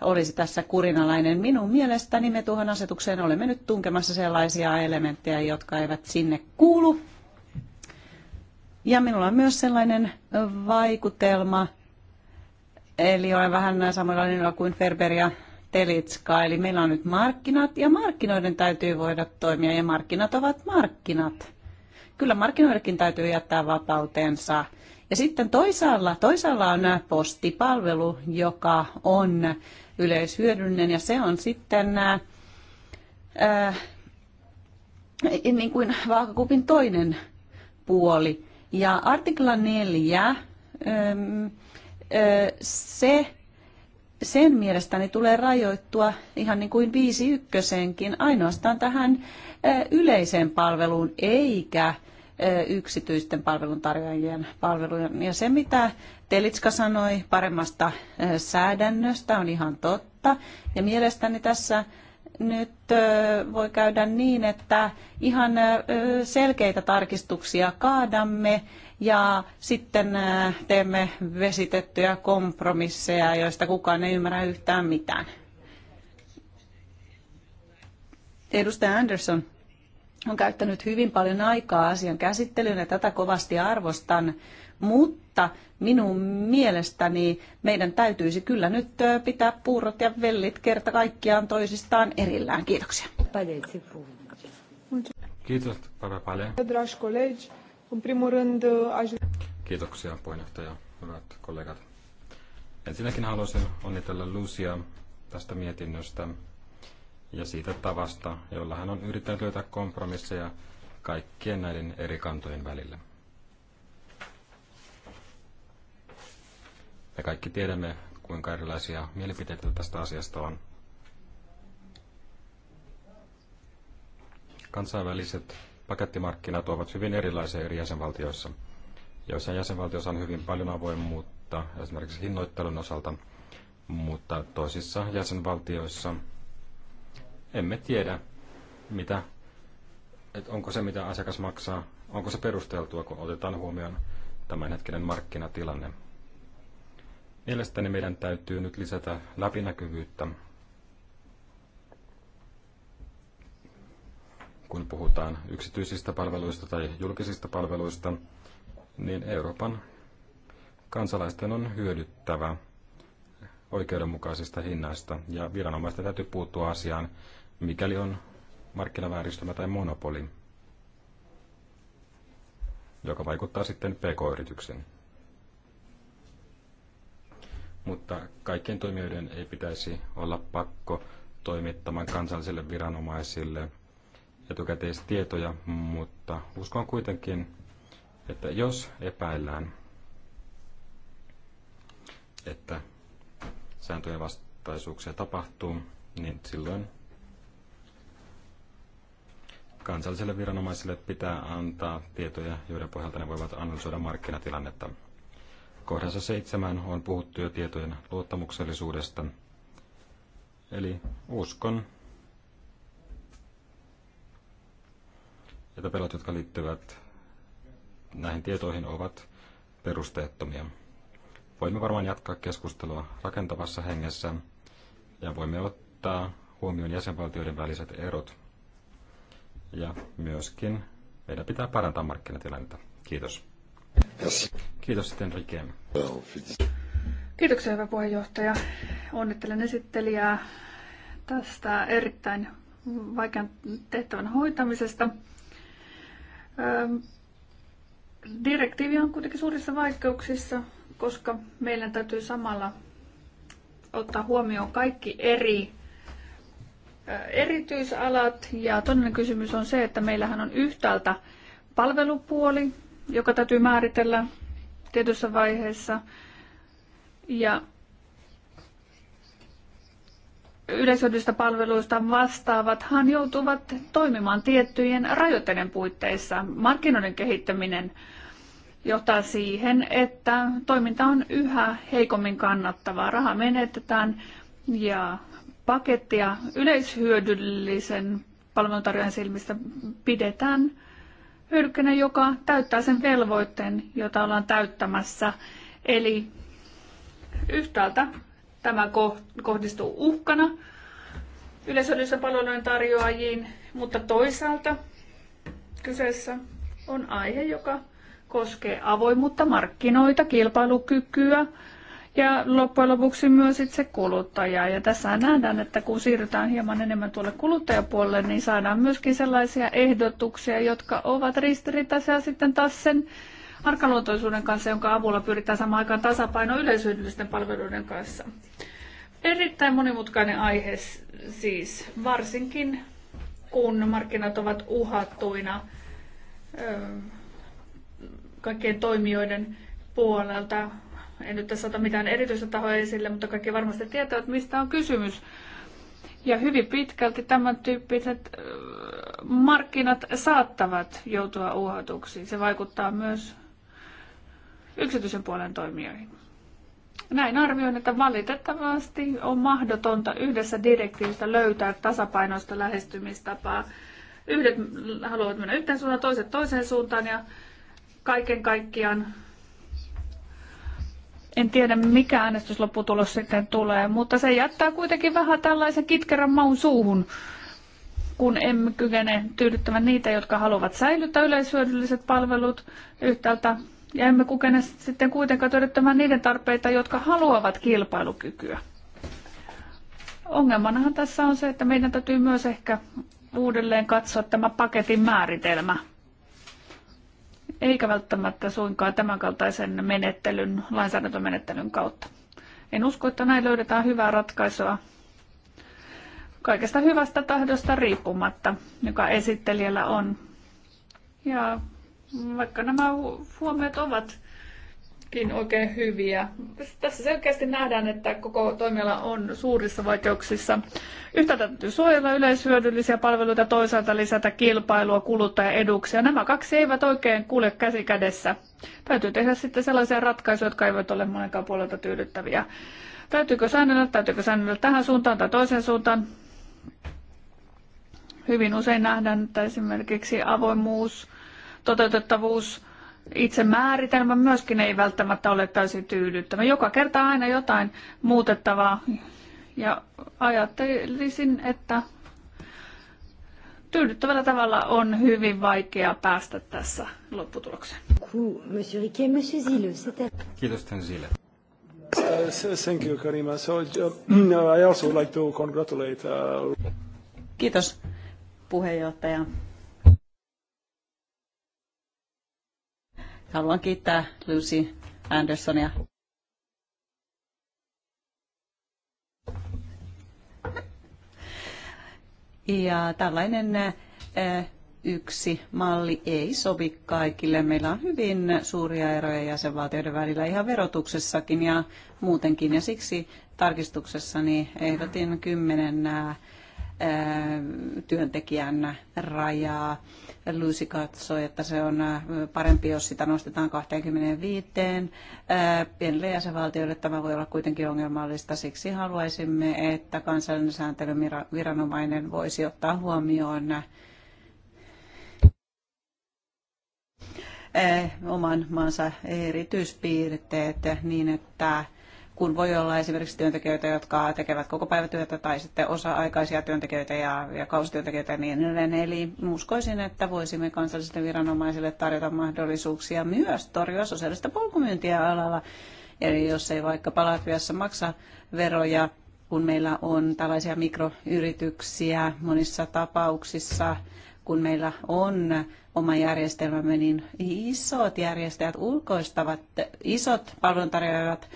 olisi tässä kurinalainen. Minun mielestäni me tuohon asetukseen olemme nyt tunkemassa sellaisia elementtejä, jotka eivät sinne kuulu. Ja minulla on myös sellainen vaikutelma, eli olen vähän samalla linjalla kuin Ferber ja Telitska, eli meillä on nyt markkinat ja markkinoiden täytyy voida toimia ja markkinat ovat markkinat. Kyllä markkinoidenkin täytyy jättää vapautensa ja sitten toisaalla, toisaalla on äh, postipalvelu, joka on yleishyödyllinen ja se on sitten ää, äh, äh, niin kuin vaakakupin toinen puoli. Ja artikla 4, ää, ähm, se sen mielestäni tulee rajoittua ihan niin kuin viisi ykkösenkin ainoastaan tähän yleiseen palveluun eikä Eh, yksityisten palveluntarjoajien palveluja Ja se, mitä Telitska sanoi paremmasta eh, säädännöstä, on ihan totta. Ja mielestäni tässä nyt eh, voi käydä niin, että ihan selkeitä tarkistuksia kaadamme ja sitten teemme vesitettyjä kompromisseja, joista kukaan ei ymmärrä yhtään mitään. Edustaja Anderson, on käyttänyt hyvin paljon aikaa asian käsittelyyn ja tätä kovasti arvostan, mutta minun mielestäni meidän täytyisi kyllä nyt pitää puurot ja vellit kerta kaikkiaan toisistaan erillään. Kiitoksia. Kiitos paljon. Kiitoksia puheenjohtaja, hyvät kollegat. Ensinnäkin haluaisin onnitella Lucia tästä mietinnöstä ja siitä tavasta, jolla hän on yrittänyt löytää kompromisseja kaikkien näiden eri kantojen välillä. Me kaikki tiedämme, kuinka erilaisia mielipiteitä tästä asiasta on. Kansainväliset pakettimarkkinat ovat hyvin erilaisia eri jäsenvaltioissa. Joissa jäsenvaltioissa on hyvin paljon avoimuutta, esimerkiksi hinnoittelun osalta, mutta toisissa jäsenvaltioissa emme tiedä, mitä, että onko se mitä asiakas maksaa, onko se perusteltua, kun otetaan huomioon tämänhetkinen markkinatilanne. Mielestäni meidän täytyy nyt lisätä läpinäkyvyyttä, kun puhutaan yksityisistä palveluista tai julkisista palveluista, niin Euroopan kansalaisten on hyödyttävä oikeudenmukaisista hinnaista ja viranomaisten täytyy puuttua asiaan mikäli on markkinavääristymä tai monopoli, joka vaikuttaa sitten pk yrityksen Mutta kaikkien toimijoiden ei pitäisi olla pakko toimittamaan kansallisille viranomaisille etukäteistietoja, mutta uskon kuitenkin, että jos epäillään, että sääntöjen vastaisuuksia tapahtuu, niin silloin kansalliselle viranomaisille pitää antaa tietoja, joiden pohjalta ne voivat analysoida markkinatilannetta. Kohdassa seitsemän on puhuttu jo tietojen luottamuksellisuudesta. Eli uskon, että pelot, jotka liittyvät näihin tietoihin, ovat perusteettomia. Voimme varmaan jatkaa keskustelua rakentavassa hengessä ja voimme ottaa huomioon jäsenvaltioiden väliset erot ja myöskin meidän pitää parantaa markkinatilannetta. Kiitos. Yes. Kiitos sitten Rike. Kiitoksia hyvä puheenjohtaja. Onnittelen esittelijää tästä erittäin vaikean tehtävän hoitamisesta. Direktiivi on kuitenkin suurissa vaikeuksissa, koska meidän täytyy samalla ottaa huomioon kaikki eri erityisalat. Ja toinen kysymys on se, että meillähän on yhtäältä palvelupuoli, joka täytyy määritellä tietyssä vaiheessa. Ja yleishyödyllisistä palveluista vastaavathan joutuvat toimimaan tiettyjen rajoitteiden puitteissa. Markkinoiden kehittäminen johtaa siihen, että toiminta on yhä heikommin kannattavaa. Raha menetetään ja pakettia yleishyödyllisen palveluntarjoajan silmistä pidetään hyödykkeenä, joka täyttää sen velvoitteen, jota ollaan täyttämässä. Eli yhtäältä tämä kohdistuu uhkana yleisöllisten palvelujen tarjoajiin, mutta toisaalta kyseessä on aihe, joka koskee avoimuutta, markkinoita, kilpailukykyä, ja loppujen lopuksi myös itse kuluttajaa. Ja tässä nähdään, että kun siirrytään hieman enemmän tuolle kuluttajapuolelle, niin saadaan myöskin sellaisia ehdotuksia, jotka ovat ristiriitaisia sitten taas sen arkaluontoisuuden kanssa, jonka avulla pyritään samaan aikaan tasapaino yleisyydellisten palveluiden kanssa. Erittäin monimutkainen aihe siis, varsinkin kun markkinat ovat uhattuina kaikkien toimijoiden puolelta en nyt tässä ota mitään erityistä tahoa esille, mutta kaikki varmasti tietävät, mistä on kysymys. Ja hyvin pitkälti tämän tyyppiset markkinat saattavat joutua uhatuksi. Se vaikuttaa myös yksityisen puolen toimijoihin. Näin arvioin, että valitettavasti on mahdotonta yhdessä direktiivistä löytää tasapainoista lähestymistapaa. Yhdet haluavat mennä yhteen suuntaan, toiset toiseen suuntaan ja kaiken kaikkiaan en tiedä, mikä äänestyslopputulos sitten tulee, mutta se jättää kuitenkin vähän tällaisen kitkerän maun suuhun, kun emme kykene tyydyttämään niitä, jotka haluavat säilyttää yleishyödylliset palvelut yhtäältä, ja emme kykene sitten kuitenkaan tyydyttämään niiden tarpeita, jotka haluavat kilpailukykyä. Ongelmanahan tässä on se, että meidän täytyy myös ehkä uudelleen katsoa tämä paketin määritelmä – eikä välttämättä suinkaan tämänkaltaisen menettelyn, lainsäädäntömenettelyn kautta. En usko, että näin löydetään hyvää ratkaisua kaikesta hyvästä tahdosta riippumatta, joka esittelijällä on. Ja vaikka nämä huomiot ovat oikein hyviä. Tässä selkeästi nähdään, että koko toimiala on suurissa vaikeuksissa. Yhtäältä täytyy suojella yleishyödyllisiä palveluita, toisaalta lisätä kilpailua, kuluttaja eduksia. Nämä kaksi eivät oikein kulje käsi kädessä. Täytyy tehdä sitten sellaisia ratkaisuja, jotka eivät ole monenkaan puolelta tyydyttäviä. Täytyykö säännellä, täytyykö säännellä tähän suuntaan tai toiseen suuntaan? Hyvin usein nähdään, että esimerkiksi avoimuus, toteutettavuus, itse määritelmä myöskin ei välttämättä ole täysin tyydyttävä. Joka kerta aina jotain muutettavaa. Ja ajattelisin, että tyydyttävällä tavalla on hyvin vaikea päästä tässä lopputulokseen. Kiitos, Zille. Uh, thank you, Karima. So, uh, I also like to congratulate. Uh, Kiitos, puheenjohtaja. Haluan kiittää Lucy Andersonia. Ja tällainen eh, yksi malli ei sovi kaikille. Meillä on hyvin suuria eroja jäsenvaltioiden välillä ihan verotuksessakin ja muutenkin. Ja siksi tarkistuksessani ehdotin kymmenen eh, työntekijän rajaa. Lucy katsoi, että se on parempi, jos sitä nostetaan 25. Pienille jäsenvaltioille tämä voi olla kuitenkin ongelmallista. Siksi haluaisimme, että kansallinen sääntelyviranomainen voisi ottaa huomioon oman maansa erityispiirteet niin, että kun voi olla esimerkiksi työntekijöitä, jotka tekevät koko päivätyötä tai sitten osa-aikaisia työntekijöitä ja, ja kausityöntekijöitä ja niin edelleen. Eli uskoisin, että voisimme kansallisille viranomaisille tarjota mahdollisuuksia myös torjua sosiaalista polkumyyntiä alalla. Eli jos ei vaikka Palatviassa maksa veroja, kun meillä on tällaisia mikroyrityksiä monissa tapauksissa, kun meillä on oma järjestelmämme, niin isot järjestäjät ulkoistavat, isot palveluntarjoajat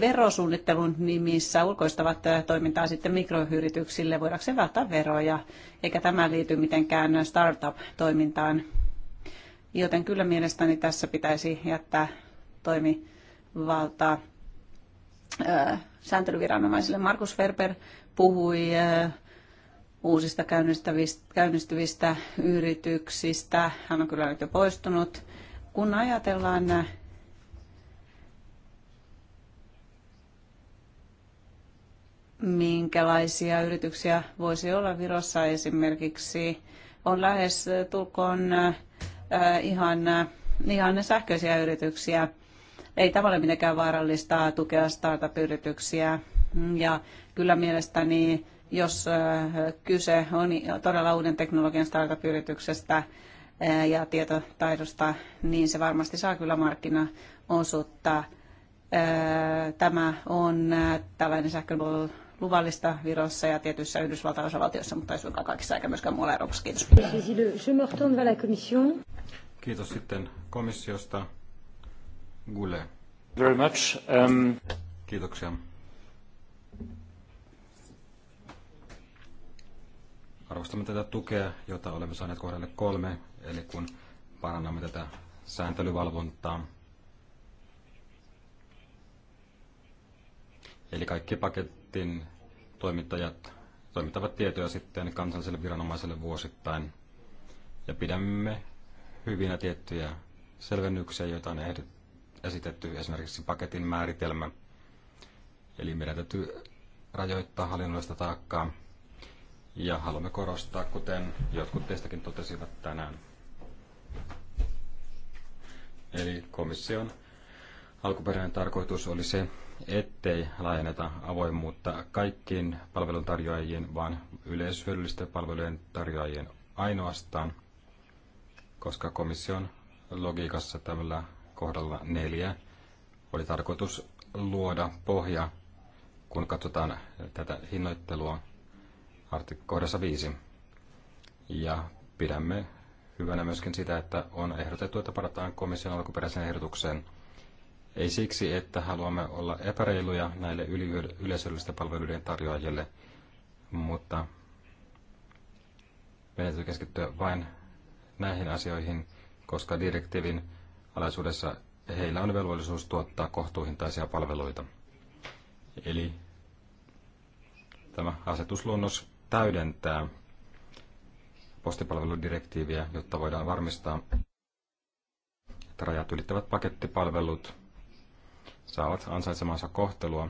verosuunnittelun nimissä ulkoistavat toimintaa sitten mikroyrityksille, voidaanko välttää veroja, eikä tämä liity mitenkään startup-toimintaan. Joten kyllä mielestäni tässä pitäisi jättää toimivaltaa sääntelyviranomaisille. Markus Ferber puhui uusista käynnistyvistä yrityksistä. Hän on kyllä nyt jo poistunut. Kun ajatellaan minkälaisia yrityksiä voisi olla Virossa esimerkiksi. On lähes äh, tulkoon äh, ihan, äh, ihan sähköisiä yrityksiä. Ei tavallaan mitenkään vaarallista tukea startup-yrityksiä. Ja kyllä mielestäni, jos kyse on todella uuden teknologian startup-yrityksestä, ja tietotaidosta, niin se varmasti saa kyllä markkinaosuutta. Tämä on tällainen sähköpalvelu luvallista Virossa ja tietyissä Yhdysvaltain osavaltioissa, mutta ei suinkaan kaikissa eikä myöskään muualla Euroopassa. Kiitos. Kiitos sitten komissiosta. Gule. Very much. Um... Kiitoksia. Arvostamme tätä tukea, jota olemme saaneet kohdalle kolme, eli kun parannamme tätä sääntelyvalvontaa. Eli kaikki paket, sitten toimittajat toimittavat tietoja sitten kansalliselle viranomaiselle vuosittain. Ja pidämme hyvinä tiettyjä selvennyksiä, joita on esitetty esimerkiksi paketin määritelmä. Eli meidän täytyy rajoittaa hallinnollista taakkaa. Ja haluamme korostaa, kuten jotkut teistäkin totesivat tänään. Eli komission alkuperäinen tarkoitus oli se, ettei laajenneta avoimuutta kaikkiin palveluntarjoajiin, vaan yleishyödyllisten palvelujen tarjoajien ainoastaan, koska komission logiikassa tällä kohdalla neljä oli tarkoitus luoda pohja, kun katsotaan tätä hinnoittelua kohdassa viisi. Ja pidämme hyvänä myöskin sitä, että on ehdotettu, että parataan komission alkuperäisen ehdotuksen – ei siksi, että haluamme olla epäreiluja näille yleisöllisten palveluiden tarjoajille, mutta meidän täytyy keskittyä vain näihin asioihin, koska direktiivin alaisuudessa heillä on velvollisuus tuottaa kohtuuhintaisia palveluita. Eli tämä asetusluonnos täydentää postipalveludirektiiviä, jotta voidaan varmistaa, että rajat ylittävät pakettipalvelut – saavat ansaitsemansa kohtelua.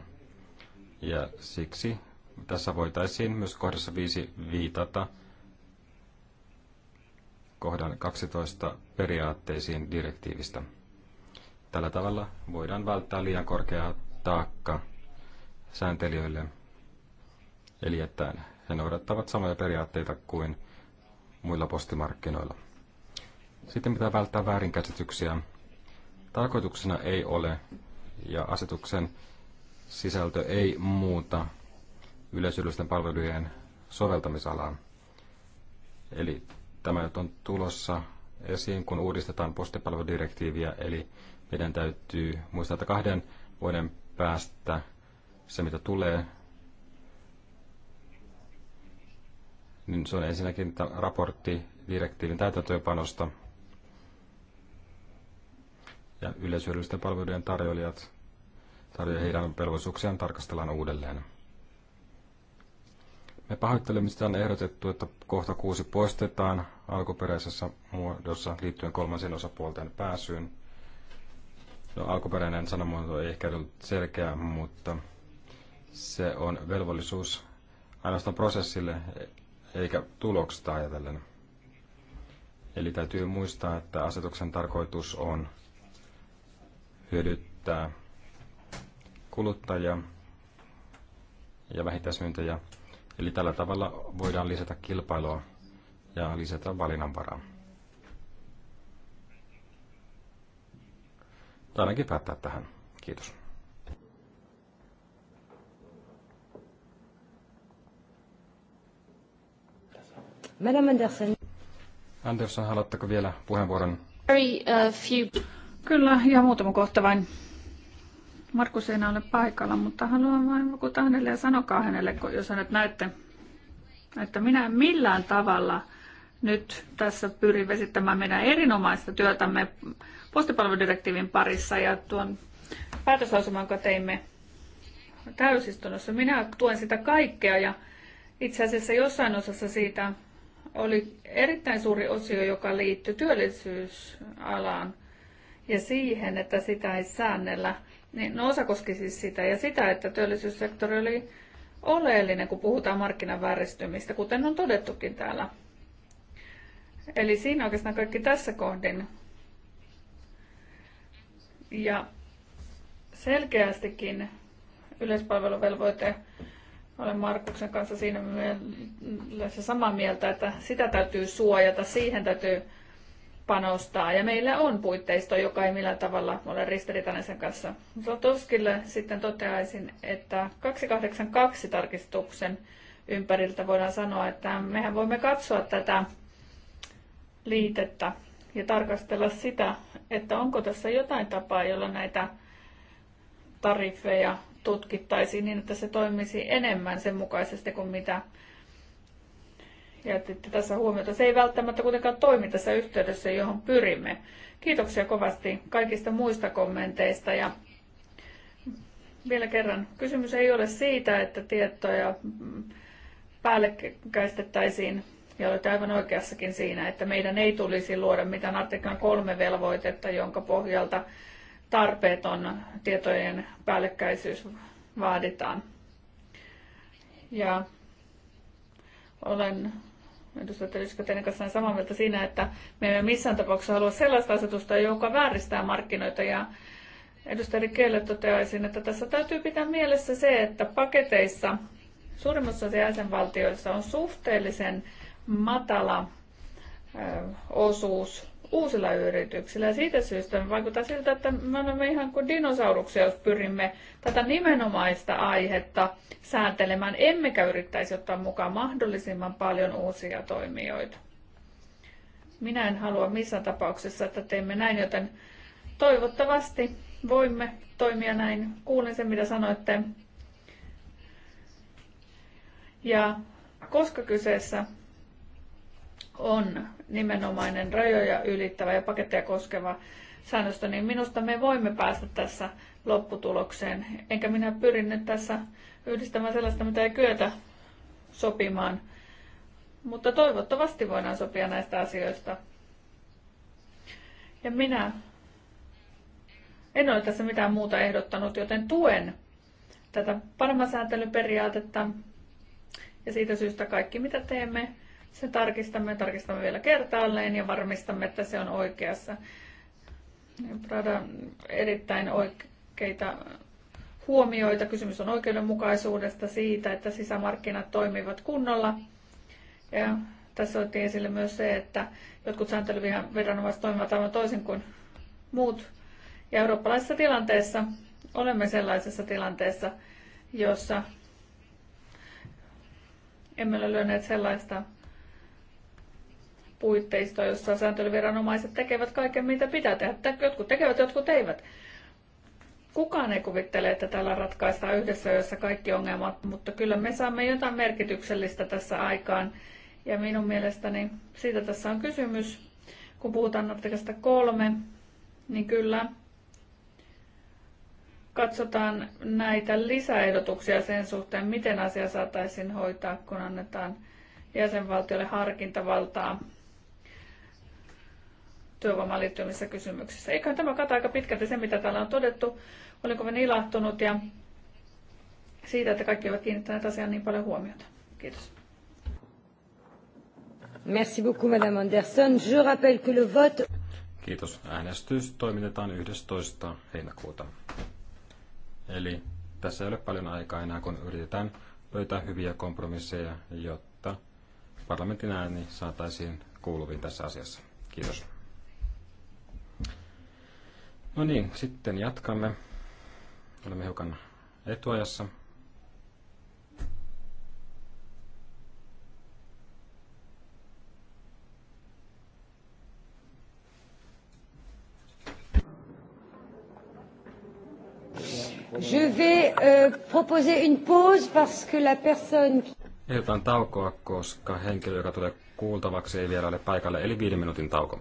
Ja siksi tässä voitaisiin myös kohdassa 5 viitata kohdan 12 periaatteisiin direktiivistä. Tällä tavalla voidaan välttää liian korkea taakka sääntelijöille, eli että he noudattavat samoja periaatteita kuin muilla postimarkkinoilla. Sitten pitää välttää väärinkäsityksiä. Tarkoituksena ei ole ja asetuksen sisältö ei muuta yleisöllisten palvelujen soveltamisalaa. Eli tämä nyt on tulossa esiin, kun uudistetaan postipalveludirektiiviä, eli meidän täytyy muistaa, että kahden vuoden päästä se, mitä tulee, niin se on ensinnäkin raportti direktiivin täytäntöönpanosta – ja yleisyydellisten palveluiden tarjoilijat tarjoavat heidän velvollisuuksiaan tarkastellaan uudelleen. Me pahoittelemme sitä on ehdotettu, että kohta kuusi poistetaan alkuperäisessä muodossa liittyen kolmansien osapuolten pääsyyn. No, alkuperäinen sanamuoto ei ehkä ollut selkeä, mutta se on velvollisuus ainoastaan prosessille eikä tuloksesta ajatellen. Eli täytyy muistaa, että asetuksen tarkoitus on hyödyttää kuluttajia ja vähittäismyyntejä. Eli tällä tavalla voidaan lisätä kilpailua ja lisätä valinnanvaraa. ainakin päättää tähän. Kiitos. Madame Anderson. Anderson, haluatteko vielä puheenvuoron? Very, uh, few. Kyllä, ja muutama kohta vain. Markus ei enää ole paikalla, mutta haluan vain vakuuttaa hänelle ja sanokaa hänelle, jos hänet näette, että minä en millään tavalla nyt tässä pyrin vesittämään meidän erinomaista työtämme postipalveludirektiivin parissa ja tuon päätöslausuman, jonka teimme täysistunnossa. Minä tuen sitä kaikkea ja itse asiassa jossain osassa siitä oli erittäin suuri osio, joka liittyi työllisyysalaan – ja siihen, että sitä ei säännellä, niin no osa koski siis sitä ja sitä, että työllisyyssektori oli oleellinen, kun puhutaan markkinan vääristymistä, kuten on todettukin täällä. Eli siinä oikeastaan kaikki tässä kohdin. Ja selkeästikin yleispalveluvelvoite, olen Markuksen kanssa siinä mielessä samaa mieltä, että sitä täytyy suojata, siihen täytyy panostaa. Ja meillä on puitteisto, joka ei millään tavalla ole ristiriitainen sen kanssa. Toskille sitten toteaisin, että 282 tarkistuksen ympäriltä voidaan sanoa, että mehän voimme katsoa tätä liitettä ja tarkastella sitä, että onko tässä jotain tapaa, jolla näitä tariffeja tutkittaisiin niin, että se toimisi enemmän sen mukaisesti kuin mitä ja jätitte tässä huomiota. Se ei välttämättä kuitenkaan toimi tässä yhteydessä, johon pyrimme. Kiitoksia kovasti kaikista muista kommenteista ja vielä kerran, kysymys ei ole siitä, että tietoja päällekkäistettäisiin ja olet aivan oikeassakin siinä, että meidän ei tulisi luoda mitään artiklan kolme velvoitetta, jonka pohjalta tarpeeton tietojen päällekkäisyys vaaditaan. Ja olen edustajat olisiko teidän kanssa samaa mieltä siinä, että me emme missään tapauksessa halua sellaista asetusta, joka vääristää markkinoita. Ja edustaja Rikeelle toteaisin, että tässä täytyy pitää mielessä se, että paketeissa suurimmassa jäsenvaltioissa on suhteellisen matala osuus uusilla yrityksillä. Ja siitä syystä vaikuttaa siltä, että me olemme ihan kuin dinosauruksia, jos pyrimme tätä nimenomaista aihetta sääntelemään, emmekä yrittäisi ottaa mukaan mahdollisimman paljon uusia toimijoita. Minä en halua missään tapauksessa, että teemme näin, joten toivottavasti voimme toimia näin. Kuulin sen, mitä sanoitte. Ja koska kyseessä on nimenomainen rajoja ylittävä ja paketteja koskeva säännöstö, niin minusta me voimme päästä tässä lopputulokseen. Enkä minä pyrin nyt tässä yhdistämään sellaista, mitä ei kyetä sopimaan. Mutta toivottavasti voidaan sopia näistä asioista. Ja minä en ole tässä mitään muuta ehdottanut, joten tuen tätä paremman periaatetta. Ja siitä syystä kaikki, mitä teemme, se tarkistamme, tarkistamme vielä kertaalleen ja varmistamme, että se on oikeassa. Prada erittäin oikeita huomioita. Kysymys on oikeudenmukaisuudesta siitä, että sisämarkkinat toimivat kunnolla. Ja tässä otettiin esille myös se, että jotkut viranomaiset toimivat aivan toisin kuin muut. Ja eurooppalaisessa tilanteessa olemme sellaisessa tilanteessa, jossa emme ole lyöneet sellaista puitteista, jossa sääntelyviranomaiset tekevät kaiken, mitä pitää tehdä. Jotkut tekevät, jotkut eivät. Kukaan ei kuvittele, että täällä ratkaistaan yhdessä yössä kaikki ongelmat, mutta kyllä me saamme jotain merkityksellistä tässä aikaan. Ja minun mielestäni siitä tässä on kysymys. Kun puhutaan Nattikasta kolme, niin kyllä katsotaan näitä lisäehdotuksia sen suhteen, miten asia saataisiin hoitaa, kun annetaan jäsenvaltiolle harkintavaltaa työvoimaan liittyvissä kysymyksissä. Eiköhän tämä kata aika pitkälti se, mitä täällä on todettu. Olinko minä ilahtunut ja siitä, että kaikki ovat kiinnittäneet asiaan niin paljon huomiota. Kiitos. Merci beaucoup, Madame Anderson. Je rappelle que le vote... Kiitos. Äänestys toimitetaan 11. heinäkuuta. Eli tässä ei ole paljon aikaa enää, kun yritetään löytää hyviä kompromisseja, jotta parlamentin ääni saataisiin kuuluviin tässä asiassa. Kiitos. No niin, sitten jatkamme. Olemme hiukan etuajassa. Je vais euh, proposer une pause parce que la personne... Ehdotan taukoa, koska henkilö, joka tulee kuultavaksi, ei vielä ole paikalla, eli viiden minuutin tauko.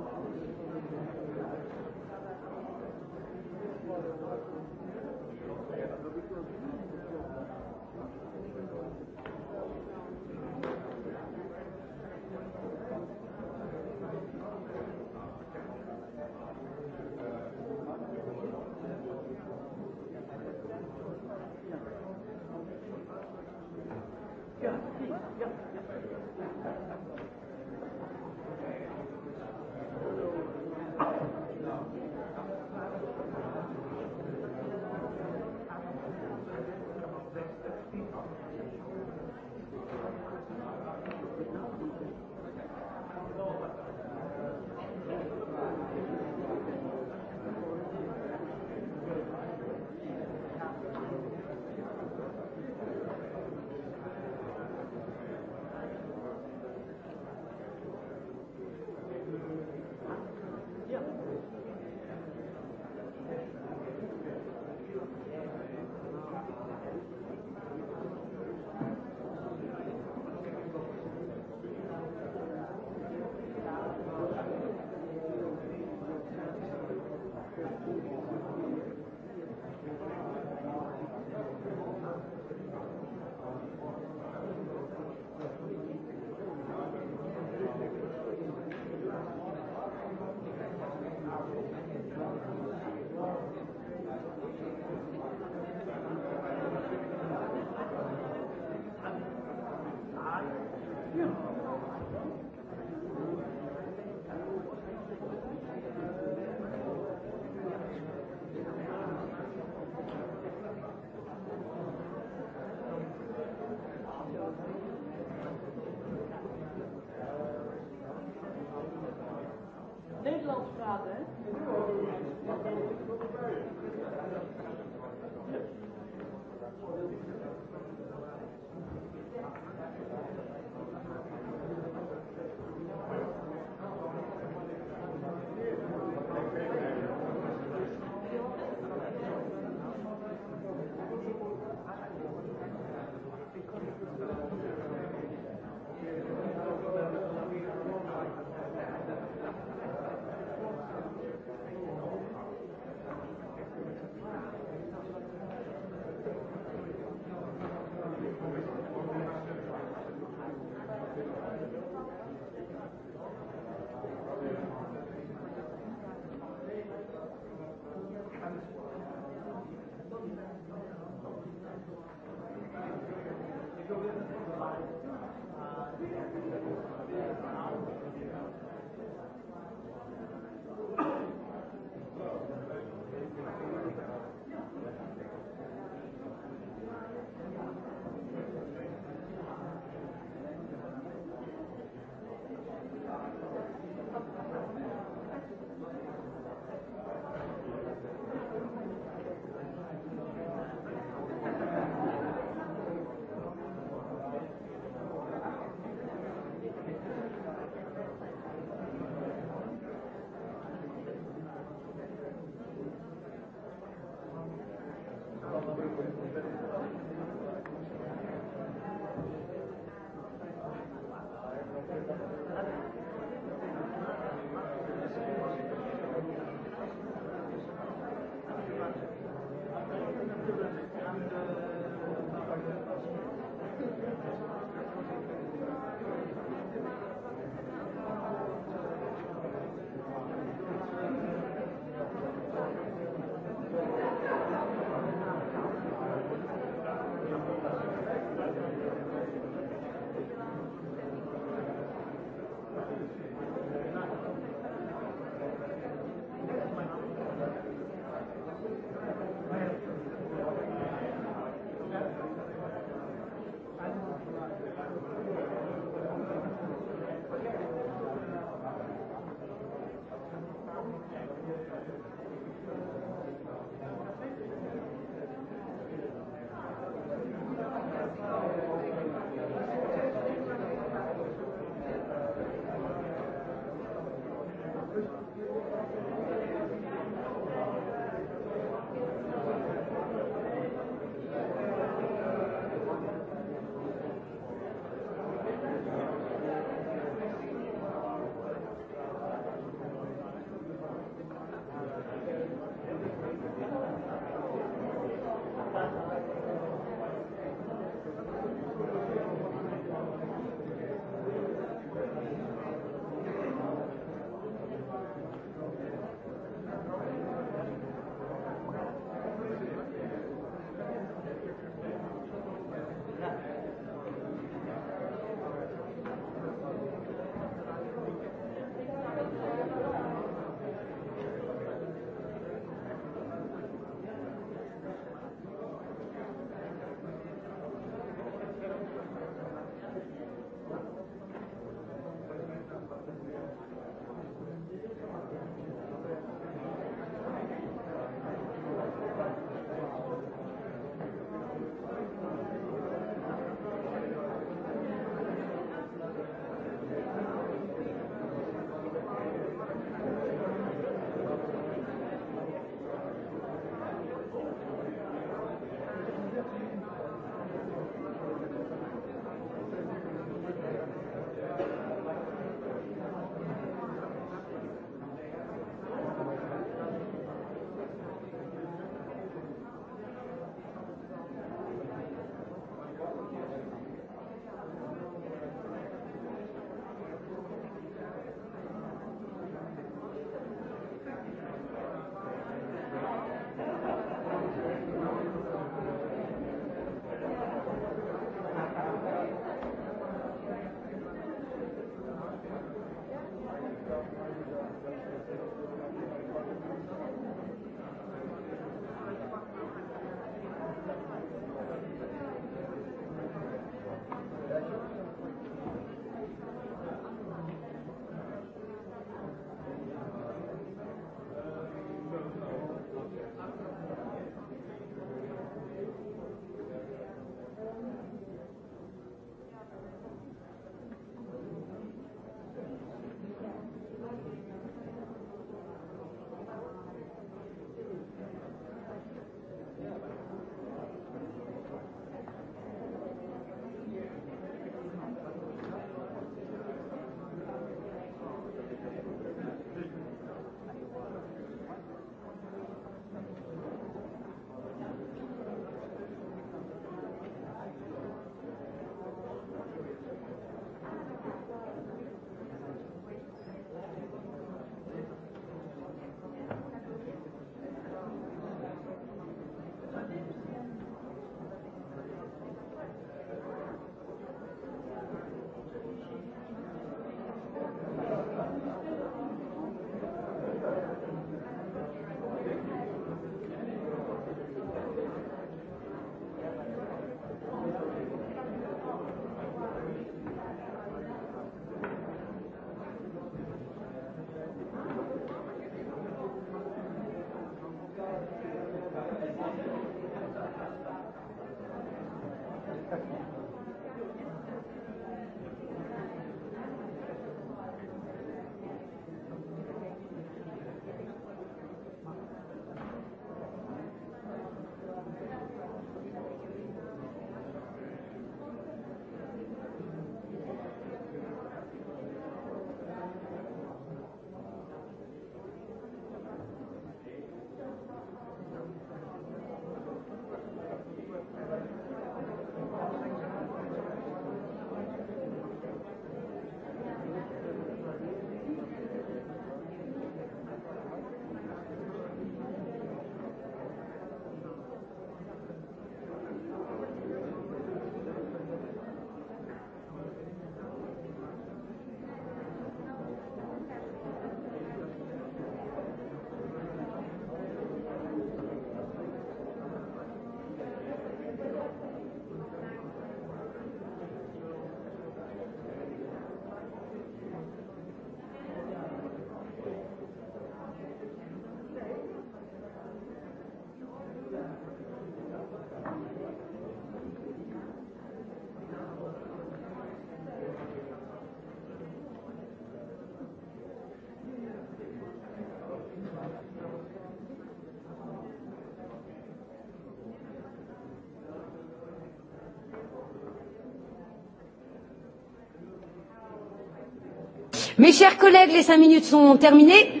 Mes chers collègues, les cinq minutes sont terminées.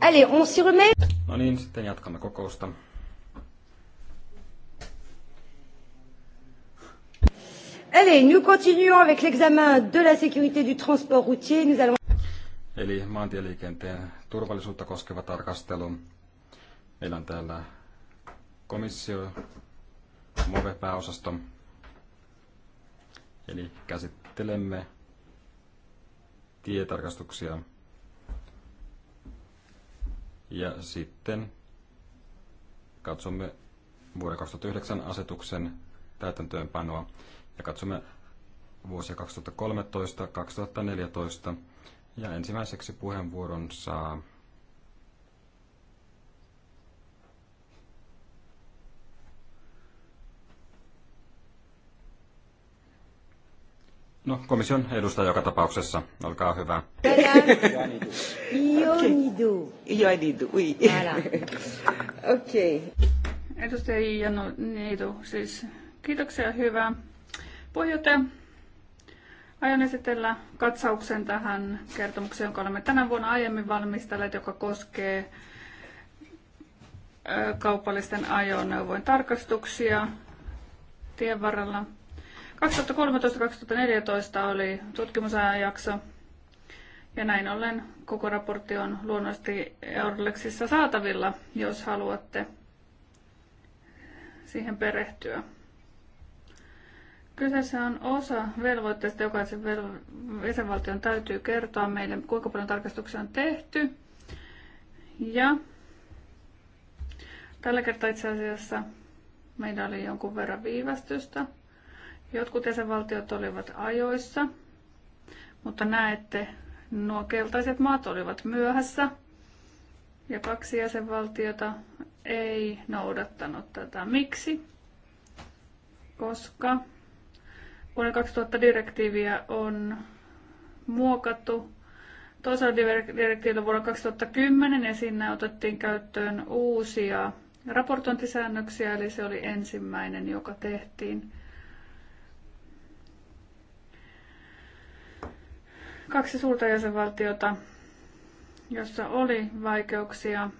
Allez, on s'y remet. No niin, sitten jatkamme kokousta. Allez, nous continuons avec l'examen de la sécurité du transport routier. Nous allons... Eli maantieliikenteen turvallisuutta koskeva tarkastelu. Meillä on täällä komissio, MOVE-pääosasto. Eli käsittelemme tietarkastuksia. Ja sitten katsomme vuoden 2009 asetuksen täytäntöönpanoa ja katsomme vuosia 2013-2014. Ja ensimmäiseksi puheenvuoron saa No, komission edustaja joka tapauksessa. Olkaa hyvä. Ionidu. Ionidu, oui. Okei. Edustaja Ionidu, siis kiitoksia, hyvä. Puheenjohtaja, aion esitellä katsauksen tähän kertomukseen, jonka olemme tänä vuonna aiemmin valmistelleet, joka koskee kaupallisten ajoneuvojen tarkastuksia tien varrella – 2013-2014 oli tutkimusajanjakso. Ja näin ollen koko raportti on luonnollisesti Eurolexissa saatavilla, jos haluatte siihen perehtyä. Kyseessä on osa velvoitteista, jokaisen vel- jäsenvaltion täytyy kertoa meille, kuinka paljon tarkastuksia on tehty. Ja tällä kertaa itse asiassa meillä oli jonkun verran viivästystä – Jotkut jäsenvaltiot olivat ajoissa, mutta näette, nuo keltaiset maat olivat myöhässä ja kaksi jäsenvaltiota ei noudattanut tätä. Miksi? Koska vuoden 2000 direktiiviä on muokattu toisella direktiivillä vuonna 2010 ja siinä otettiin käyttöön uusia raportointisäännöksiä, eli se oli ensimmäinen, joka tehtiin. kaksi suurta jäsenvaltiota, jossa oli vaikeuksia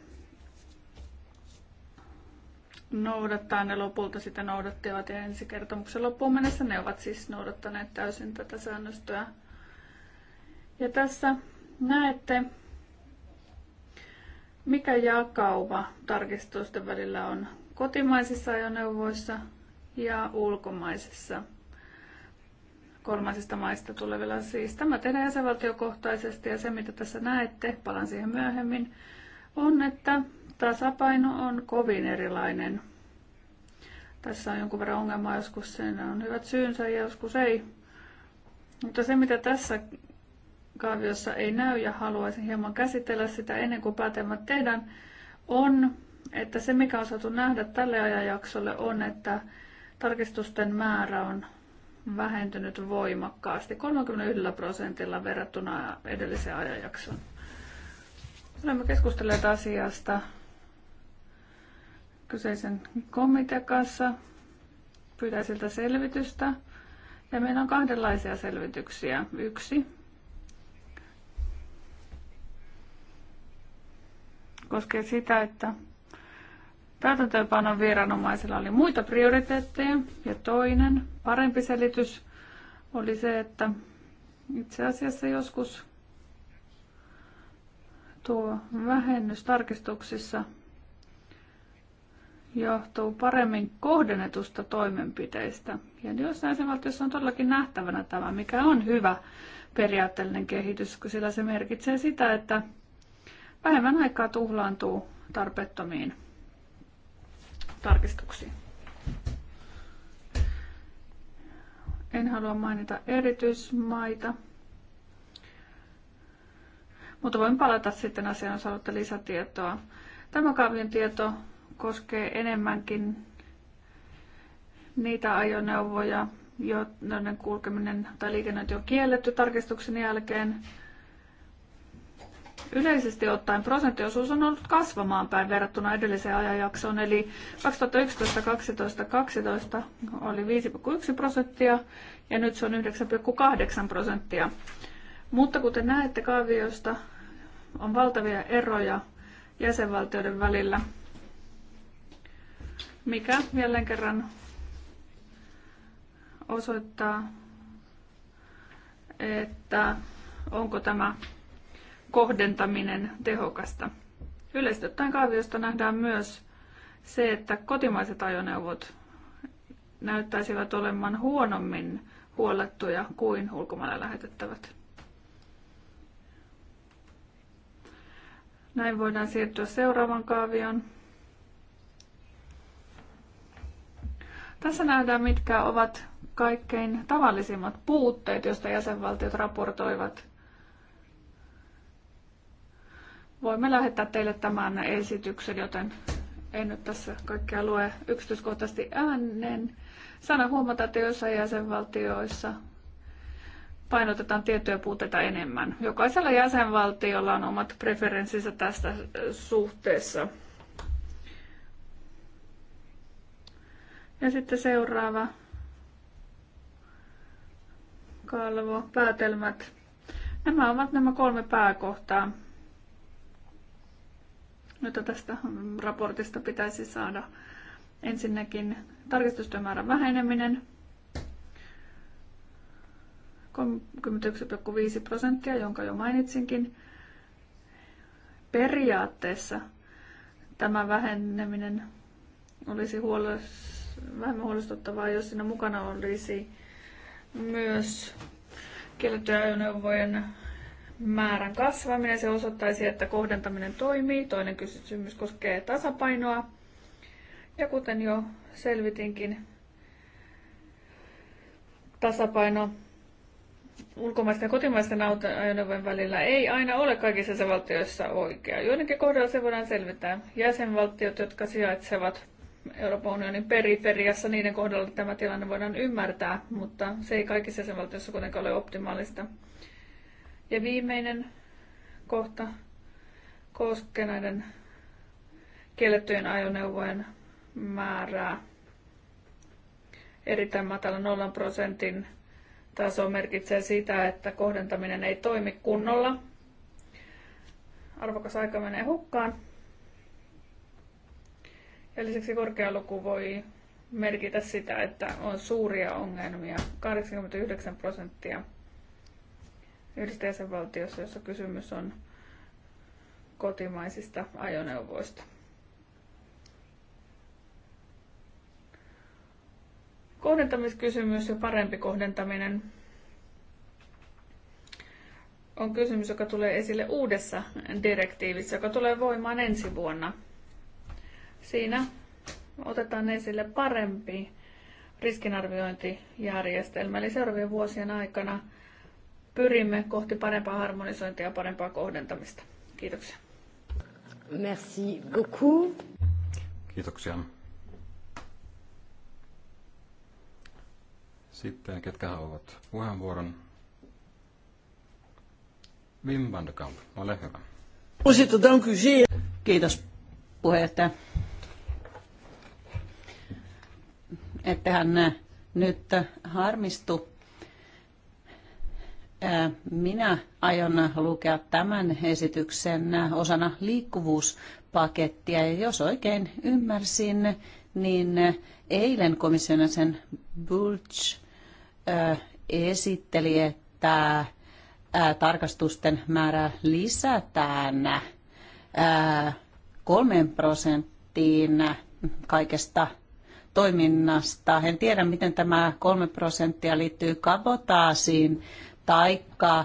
noudattaa. Ne lopulta sitä noudattivat ja ensi kertomuksen loppuun mennessä ne ovat siis noudattaneet täysin tätä säännöstöä. Ja tässä näette, mikä jakauma tarkistusten välillä on kotimaisissa ajoneuvoissa ja ulkomaisissa kolmansista maista tulevilla. Siis tämä tehdään jäsenvaltiokohtaisesti ja se, mitä tässä näette, palaan siihen myöhemmin, on, että tasapaino on kovin erilainen. Tässä on jonkun verran ongelmaa, joskus sen on hyvät syynsä ja joskus ei. Mutta se, mitä tässä kaaviossa ei näy ja haluaisin hieman käsitellä sitä ennen kuin päätelmät tehdään, on, että se mikä on saatu nähdä tälle ajanjaksolle on, että tarkistusten määrä on vähentynyt voimakkaasti 31 prosentilla verrattuna edelliseen ajanjaksoon. Olemme keskustelleet asiasta kyseisen komitean kanssa. Pyydän siltä selvitystä. Ja meillä on kahdenlaisia selvityksiä. Yksi koskee sitä, että Päätäntöönpanon viranomaisilla oli muita prioriteetteja ja toinen parempi selitys oli se, että itse asiassa joskus tuo vähennys tarkistuksissa johtuu paremmin kohdennetusta toimenpiteistä. Ja se valtiossa on todellakin nähtävänä tämä, mikä on hyvä periaatteellinen kehitys, sillä se merkitsee sitä, että vähemmän aikaa tuhlaantuu tarpeettomiin tarkistuksiin. En halua mainita erityismaita, mutta voin palata sitten asiaan, jos lisätietoa. Tämä kaavion tieto koskee enemmänkin niitä ajoneuvoja, joiden kulkeminen tai liikennöinti on kielletty tarkistuksen jälkeen. Yleisesti ottaen prosenttiosuus on ollut kasvamaan päin verrattuna edelliseen ajanjaksoon, eli 2011-2012 oli 5,1 prosenttia ja nyt se on 9,8 prosenttia. Mutta kuten näette kaaviosta, on valtavia eroja jäsenvaltioiden välillä, mikä jälleen kerran osoittaa, että onko tämä kohdentaminen tehokasta. Yleisesti ottaen kaaviosta nähdään myös se, että kotimaiset ajoneuvot näyttäisivät olemaan huonommin huollettuja kuin ulkomailla lähetettävät. Näin voidaan siirtyä seuraavan kaavioon. Tässä nähdään, mitkä ovat kaikkein tavallisimmat puutteet, joista jäsenvaltiot raportoivat Voimme lähettää teille tämän esityksen, joten en nyt tässä kaikkea lue yksityiskohtaisesti äänen. Sana huomata, että joissain jäsenvaltioissa painotetaan tiettyjä puutteita enemmän. Jokaisella jäsenvaltiolla on omat preferenssinsä tästä suhteessa. Ja sitten seuraava kalvo, päätelmät. Nämä ovat nämä kolme pääkohtaa jota tästä raportista pitäisi saada. Ensinnäkin tarkistustyömäärän väheneminen 31,5 prosenttia, jonka jo mainitsinkin. Periaatteessa tämä väheneminen olisi huolest... vähemmän huolestuttavaa, jos siinä mukana olisi myös kiellettyjen ajoneuvojen määrän kasvaminen, se osoittaisi, että kohdentaminen toimii. Toinen kysymys koskee tasapainoa. Ja kuten jo selvitinkin, tasapaino ulkomaisten ja kotimaisten ajoneuvojen välillä ei aina ole kaikissa jäsenvaltioissa oikea. Joidenkin kohdalla se voidaan selvittää. Jäsenvaltiot, jotka sijaitsevat Euroopan unionin periferiassa, niiden kohdalla tämä tilanne voidaan ymmärtää, mutta se ei kaikissa jäsenvaltioissa kuitenkaan ole optimaalista. Ja viimeinen kohta koskee näiden kiellettyjen ajoneuvojen määrää. Erittäin matala 0 prosentin taso merkitsee sitä, että kohdentaminen ei toimi kunnolla. Arvokas aika menee hukkaan. Ja lisäksi korkea luku voi merkitä sitä, että on suuria ongelmia, 89 prosenttia yhdestä jäsenvaltiossa, jossa kysymys on kotimaisista ajoneuvoista. Kohdentamiskysymys ja parempi kohdentaminen on kysymys, joka tulee esille uudessa direktiivissä, joka tulee voimaan ensi vuonna. Siinä otetaan esille parempi riskinarviointijärjestelmä, eli seuraavien vuosien aikana – pyrimme kohti parempaa harmonisointia ja parempaa kohdentamista. Kiitoksia. Merci beaucoup. Kiitoksia. Sitten ketkä haluavat puheenvuoron? Wim van de Kamp, ole hyvä. Kiitos puheenjohtaja. Ettehän eh, nyt harmistu minä aion lukea tämän esityksen osana liikkuvuuspakettia. Ja jos oikein ymmärsin, niin eilen komission sen Bulch esitteli, että tarkastusten määrää lisätään kolmen prosenttiin kaikesta toiminnasta. En tiedä, miten tämä kolme prosenttia liittyy kabotaasiin, taikka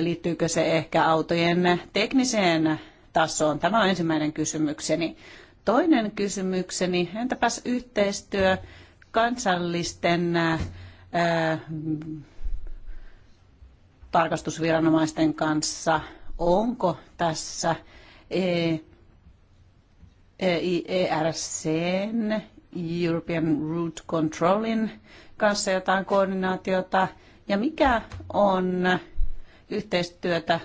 liittyykö se ehkä autojen tekniseen tasoon? Tämä on ensimmäinen kysymykseni. Toinen kysymykseni, entäpäs yhteistyö kansallisten ää, tarkastusviranomaisten kanssa? Onko tässä ERCn, e e European Route Controlin kanssa jotain koordinaatiota? Ja mikä on yhteistyötä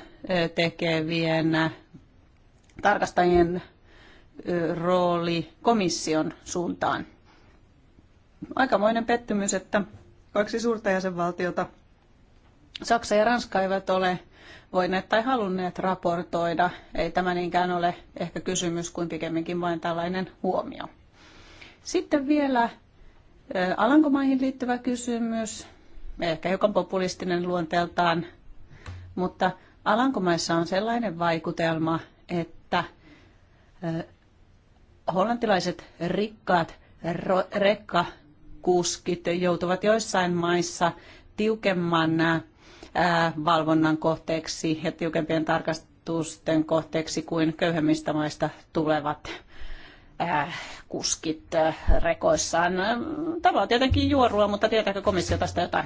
tekevien tarkastajien rooli komission suuntaan? Aikamoinen pettymys, että kaksi suurta jäsenvaltiota, Saksa ja Ranska, eivät ole voineet tai halunneet raportoida. Ei tämä niinkään ole ehkä kysymys kuin pikemminkin vain tällainen huomio. Sitten vielä Alankomaihin liittyvä kysymys ehkä hiukan populistinen luonteeltaan, mutta Alankomaissa on sellainen vaikutelma, että hollantilaiset rikkaat rekkakuskit joutuvat joissain maissa tiukemman valvonnan kohteeksi ja tiukempien tarkastusten kohteeksi kuin köyhemmistä maista tulevat Äh, kuskit äh, rekoissaan. Tämä on tietenkin juorua, mutta tietääkö komissio tästä jotain?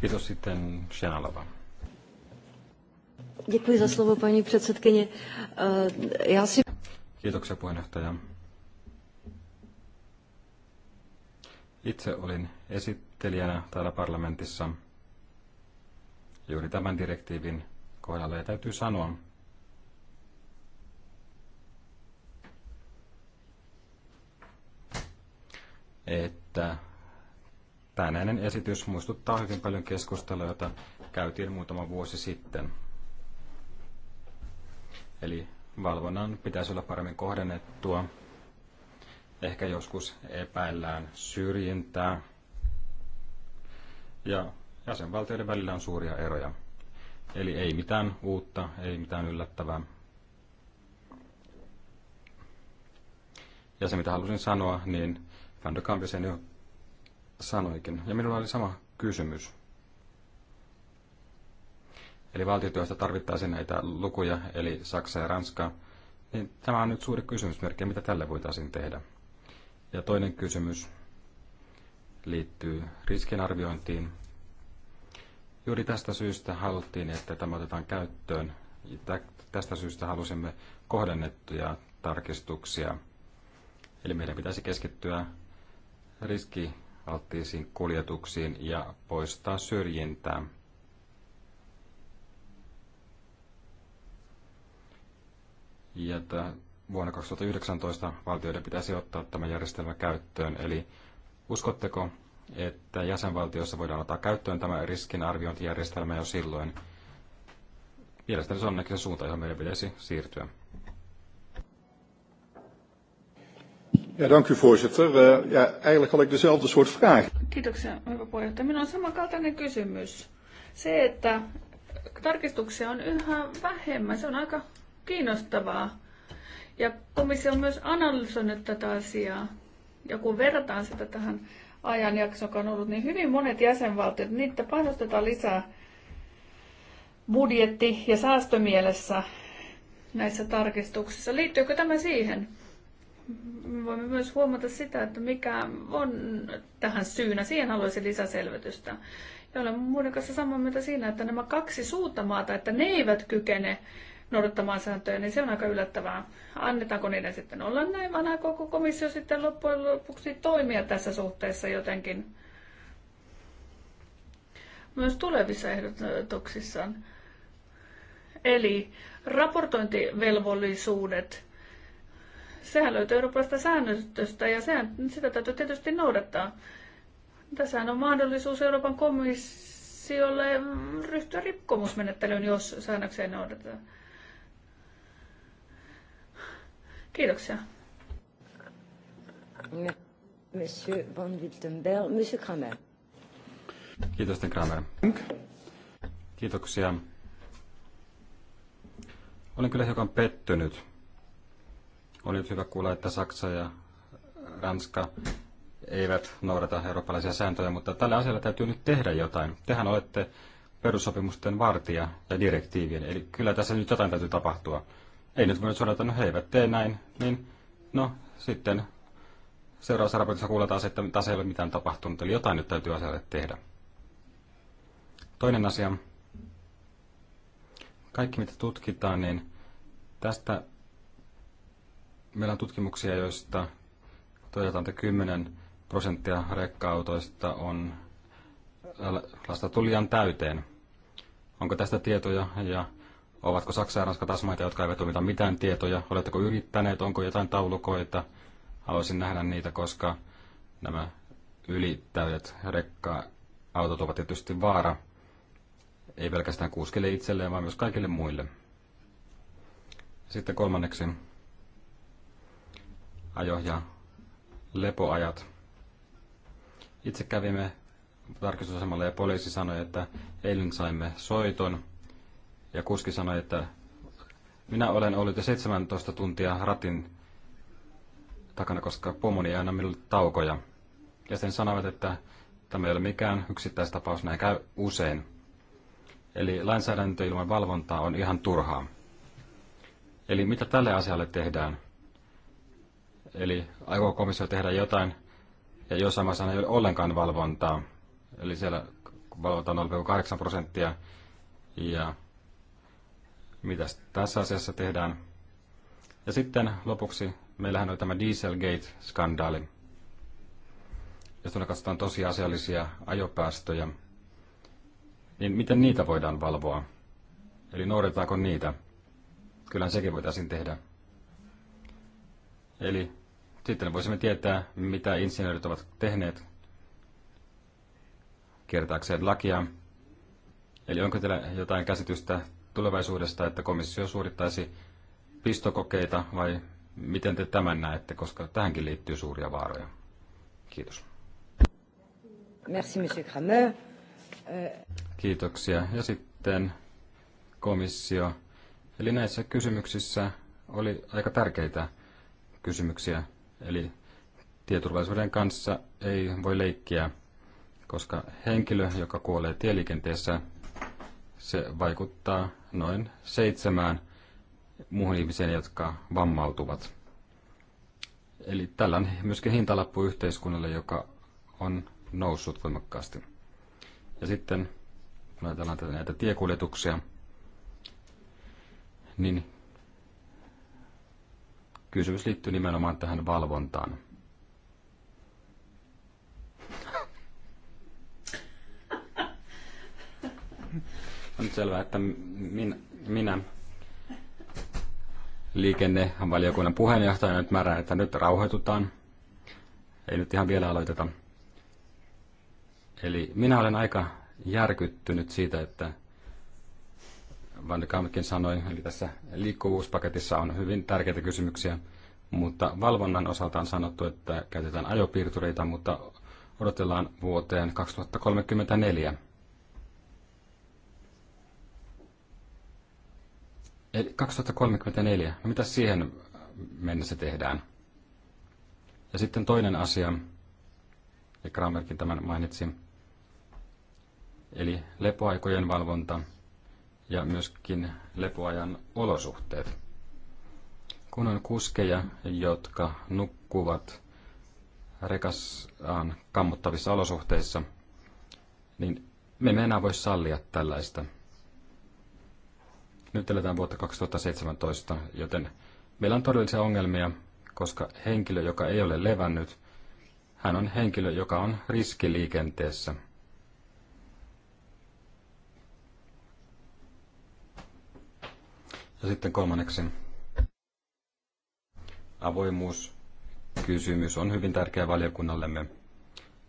Kiitos sitten Shenalova. Děkuji za slovo, paní předsedkyně. Eh, já si... Kiitoksia puheenjohtaja. Itse olin esittelijänä täällä parlamentissa juuri tämän direktiivin kohdalla ja täytyy sanoa, että Tänäinen esitys muistuttaa hyvin paljon keskustelua, jota käytiin muutama vuosi sitten. Eli valvonnan pitäisi olla paremmin kohdennettua. Ehkä joskus epäillään syrjintää. Ja jäsenvaltioiden välillä on suuria eroja. Eli ei mitään uutta, ei mitään yllättävää. Ja se mitä halusin sanoa, niin Van de Kampi sen jo sanoikin. Ja minulla oli sama kysymys. Eli valtiotyöstä tarvittaisiin näitä lukuja, eli Saksa ja Ranska. Niin tämä on nyt suuri kysymysmerkki, mitä tälle voitaisiin tehdä. Ja toinen kysymys liittyy riskinarviointiin. Juuri tästä syystä haluttiin, että tämä otetaan käyttöön. Tästä syystä halusimme kohdennettuja tarkistuksia. Eli meidän pitäisi keskittyä riskialttiisiin kuljetuksiin ja poistaa syrjintää. Ja että vuonna 2019 valtioiden pitäisi ottaa tämä järjestelmä käyttöön. Eli uskotteko, että jäsenvaltiossa voidaan ottaa käyttöön tämä riskinarviointijärjestelmä jo silloin? Mielestäni se on näkyy suunta, johon meidän pitäisi siirtyä. Ja, dank u voorzitter. Uh, ja, eigenlijk had ik dezelfde soort vraag. Kiitoksia, hyvä puheenjohtaja. Minulla on samankaltainen kysymys. Se, että tarkistuksia on yhä vähemmän, se on aika kiinnostavaa. Ja komissio on myös analysoinut tätä asiaa. Ja kun verrataan sitä tähän ajanjaksoon, joka on ollut, niin hyvin monet jäsenvaltiot, niitä panostetaan lisää budjetti- ja säästömielessä näissä tarkistuksissa. Liittyykö tämä siihen? voimme myös huomata sitä, että mikä on tähän syynä. Siihen haluaisin lisäselvitystä. Ja olen muiden kanssa samaa mieltä siinä, että nämä kaksi suurta maata, että ne eivät kykene noudattamaan sääntöjä, niin se on aika yllättävää. Annetaanko niiden sitten olla näin, vaan koko komissio sitten loppujen lopuksi toimia tässä suhteessa jotenkin myös tulevissa ehdotuksissaan. Eli raportointivelvollisuudet Sehän löytyy Euroopasta säännöstöstä ja sehän, sitä täytyy tietysti noudattaa. Tässähän on mahdollisuus Euroopan komissiolle mm, ryhtyä rikkomusmenettelyyn, jos säännöksiä noudatetaan. Kiitoksia. Monsieur von Wittenberg, Monsieur Kramer. Kiitos, Kramer. Kiitoksia. Olen kyllä hiukan pettynyt on nyt hyvä kuulla, että Saksa ja Ranska eivät noudata eurooppalaisia sääntöjä, mutta tällä asialla täytyy nyt tehdä jotain. Tehän olette perussopimusten vartija ja direktiivien, eli kyllä tässä nyt jotain täytyy tapahtua. Ei nyt voi sanoa, että no he eivät tee näin, niin no sitten seuraavassa raportissa kuulla se, että tässä ei ole mitään tapahtunut, eli jotain nyt täytyy asialle tehdä. Toinen asia. Kaikki mitä tutkitaan, niin tästä meillä on tutkimuksia, joista todetaan, että 10 prosenttia rekka-autoista on lastatulijan liian täyteen. Onko tästä tietoja ja ovatko Saksa ja Ranska tasmaita, jotka eivät omita mitään tietoja? Oletteko yrittäneet? Onko jotain taulukoita? Haluaisin nähdä niitä, koska nämä ylittäydet rekka-autot ovat tietysti vaara. Ei pelkästään kuskille itselleen, vaan myös kaikille muille. Sitten kolmanneksi ajo- ja lepoajat. Itse kävimme tarkistusasemalla ja poliisi sanoi, että eilen saimme soiton ja kuski sanoi, että minä olen ollut jo 17 tuntia ratin takana, koska pomoni ei aina minulle taukoja. Ja sen sanovat, että tämä ei ole mikään yksittäistapaus, näin käy usein. Eli lainsäädäntö ilman valvontaa on ihan turhaa. Eli mitä tälle asialle tehdään? Eli aikoo komissio tehdä jotain, ja jossain maassa ei ole ollenkaan valvontaa. Eli siellä valvonta on 0,8 prosenttia. Ja mitä tässä asiassa tehdään? Ja sitten lopuksi meillähän oli tämä Dieselgate-skandaali. Jos tuonne katsotaan tosiasiallisia ajopäästöjä, niin miten niitä voidaan valvoa? Eli noudetaanko niitä? Kyllä sekin voitaisiin tehdä. Eli sitten voisimme tietää, mitä insinöörit ovat tehneet kiertääkseen lakia. Eli onko teillä jotain käsitystä tulevaisuudesta, että komissio suorittaisi pistokokeita vai miten te tämän näette, koska tähänkin liittyy suuria vaaroja? Kiitos. Merci, monsieur Kramer. Kiitoksia. Ja sitten komissio. Eli näissä kysymyksissä oli aika tärkeitä kysymyksiä. Eli tieturvallisuuden kanssa ei voi leikkiä, koska henkilö, joka kuolee tieliikenteessä, se vaikuttaa noin seitsemään muuhun ihmiseen, jotka vammautuvat. Eli tällä on myöskin hintalappu yhteiskunnalle, joka on noussut voimakkaasti. Ja sitten, kun ajatellaan näitä tiekuljetuksia, niin Kysymys liittyy nimenomaan tähän valvontaan. On selvää, että minä, minä liikennevaliokunnan puheenjohtajana nyt määrän, että nyt rauhoitutaan. Ei nyt ihan vielä aloiteta. Eli minä olen aika järkyttynyt siitä, että Van de Kampkin sanoi, eli tässä liikkuvuuspaketissa on hyvin tärkeitä kysymyksiä, mutta valvonnan osalta on sanottu, että käytetään ajopiirtureita, mutta odotellaan vuoteen 2034. Eli 2034, no mitä siihen mennessä tehdään? Ja sitten toinen asia, ja Kramerkin tämän mainitsi, eli lepoaikojen valvonta – ja myöskin lepoajan olosuhteet. Kun on kuskeja, jotka nukkuvat rekassaan kammottavissa olosuhteissa, niin me emme enää voi sallia tällaista. Nyt eletään vuotta 2017, joten meillä on todellisia ongelmia, koska henkilö, joka ei ole levännyt, hän on henkilö, joka on riskiliikenteessä. Ja sitten kolmanneksi avoimuuskysymys on hyvin tärkeä valiokunnallemme.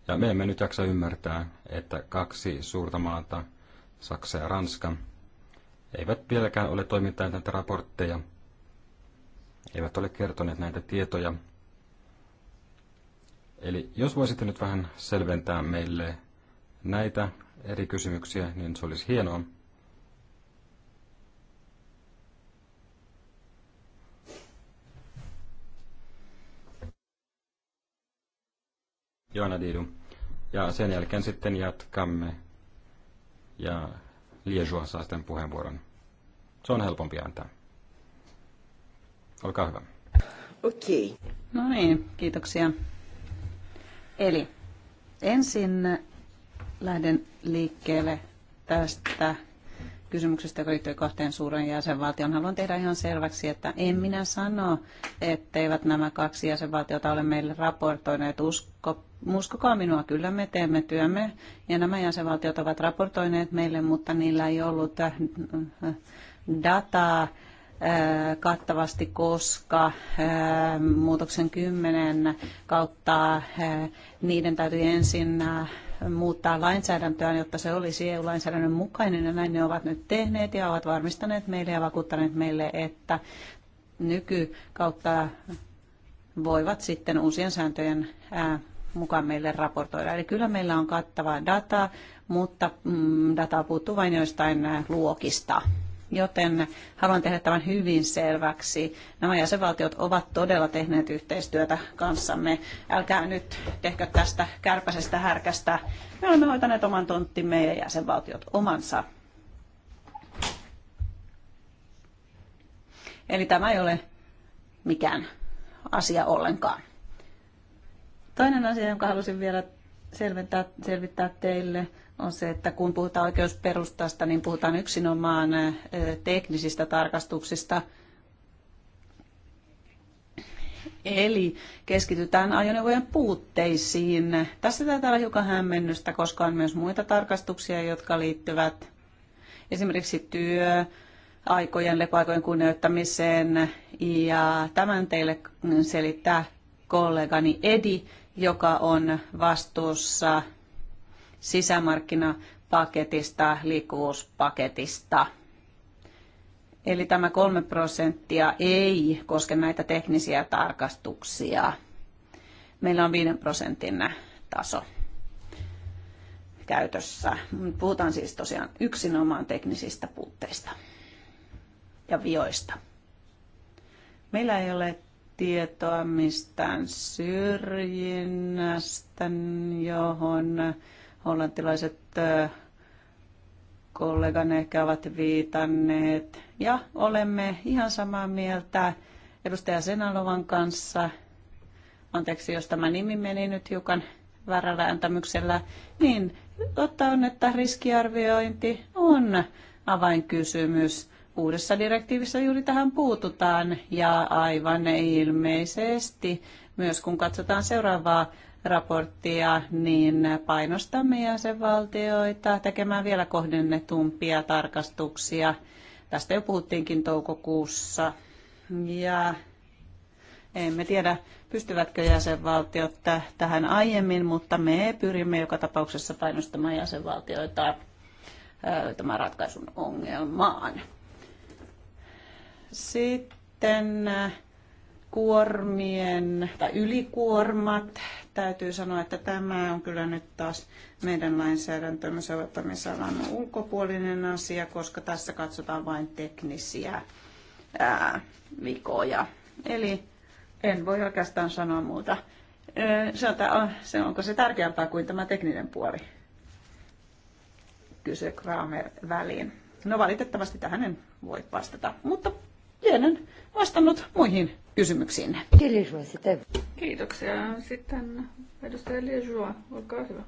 Ja me emme nyt jaksa ymmärtää, että kaksi suurta maata, Saksa ja Ranska, eivät vieläkään ole toimittaneet näitä raportteja, eivät ole kertoneet näitä tietoja. Eli jos voisitte nyt vähän selventää meille näitä eri kysymyksiä, niin se olisi hienoa. Joana Diidu. Ja sen jälkeen sitten jatkamme ja Liesua saa sitten puheenvuoron. Se on helpompi antaa. Olkaa hyvä. Okei. Okay. No niin, kiitoksia. Eli ensin lähden liikkeelle tästä kysymyksestä, joka liittyy kahteen suuren jäsenvaltioon. Haluan tehdä ihan selväksi, että en minä sano, etteivät nämä kaksi jäsenvaltiota ole meille raportoineet. Usko, uskokaa minua, kyllä me teemme työmme ja nämä jäsenvaltiot ovat raportoineet meille, mutta niillä ei ollut äh, dataa äh, kattavasti, koska äh, muutoksen kymmenen kautta niiden täytyy ensin muuttaa lainsäädäntöään, jotta se olisi EU-lainsäädännön mukainen, ja näin ne ovat nyt tehneet ja ovat varmistaneet meille ja vakuuttaneet meille, että nykykautta voivat sitten uusien sääntöjen mukaan meille raportoida. Eli kyllä meillä on kattavaa dataa, mutta mm, dataa puuttuu vain joistain luokista joten haluan tehdä tämän hyvin selväksi. Nämä jäsenvaltiot ovat todella tehneet yhteistyötä kanssamme. Älkää nyt tehkö tästä kärpäsestä härkästä. Me olemme hoitaneet oman tonttimme ja jäsenvaltiot omansa. Eli tämä ei ole mikään asia ollenkaan. Toinen asia, jonka halusin vielä selvittää teille, on se, että kun puhutaan oikeusperustasta, niin puhutaan yksinomaan teknisistä tarkastuksista. Eli keskitytään ajoneuvojen puutteisiin. Tässä taitaa olla hiukan hämmennystä, koska on myös muita tarkastuksia, jotka liittyvät esimerkiksi työ, aikojen, lepoaikojen kunnioittamiseen. Ja tämän teille selittää kollegani Edi, joka on vastuussa sisämarkkinapaketista, liikkuvuuspaketista. Eli tämä kolme prosenttia ei koske näitä teknisiä tarkastuksia. Meillä on 5 prosentin taso käytössä. Puhutaan siis tosiaan yksinomaan teknisistä puutteista ja vioista. Meillä ei ole tietoa mistään syrjinnästä, johon hollantilaiset kollegani ehkä ovat viitanneet. Ja olemme ihan samaa mieltä edustaja Senalovan kanssa. Anteeksi, jos tämä nimi meni nyt hiukan väärällä ääntämyksellä. Niin, totta on, että riskiarviointi on avainkysymys. Uudessa direktiivissä juuri tähän puututaan ja aivan ilmeisesti myös kun katsotaan seuraavaa raporttia, niin painostamme jäsenvaltioita tekemään vielä kohdennetumpia tarkastuksia. Tästä jo puhuttiinkin toukokuussa. Ja emme tiedä, pystyvätkö jäsenvaltiot tähän aiemmin, mutta me pyrimme joka tapauksessa painostamaan jäsenvaltioita tämän ratkaisun ongelmaan. Sitten äh, kuormien tai ylikuormat täytyy sanoa, että tämä on kyllä nyt taas meidän lainsäädäntömme soveltamisalan ulkopuolinen asia, koska tässä katsotaan vain teknisiä ää, vikoja. Eli en voi oikeastaan sanoa muuta. Se onko se tärkeämpää kuin tämä tekninen puoli? Kysyi Kramer väliin. No valitettavasti tähän en voi vastata, mutta jenen vastannut muihin kysymyksiinne. Kiitoksia. Sitten edustaja Liejua, olkaa hyvä.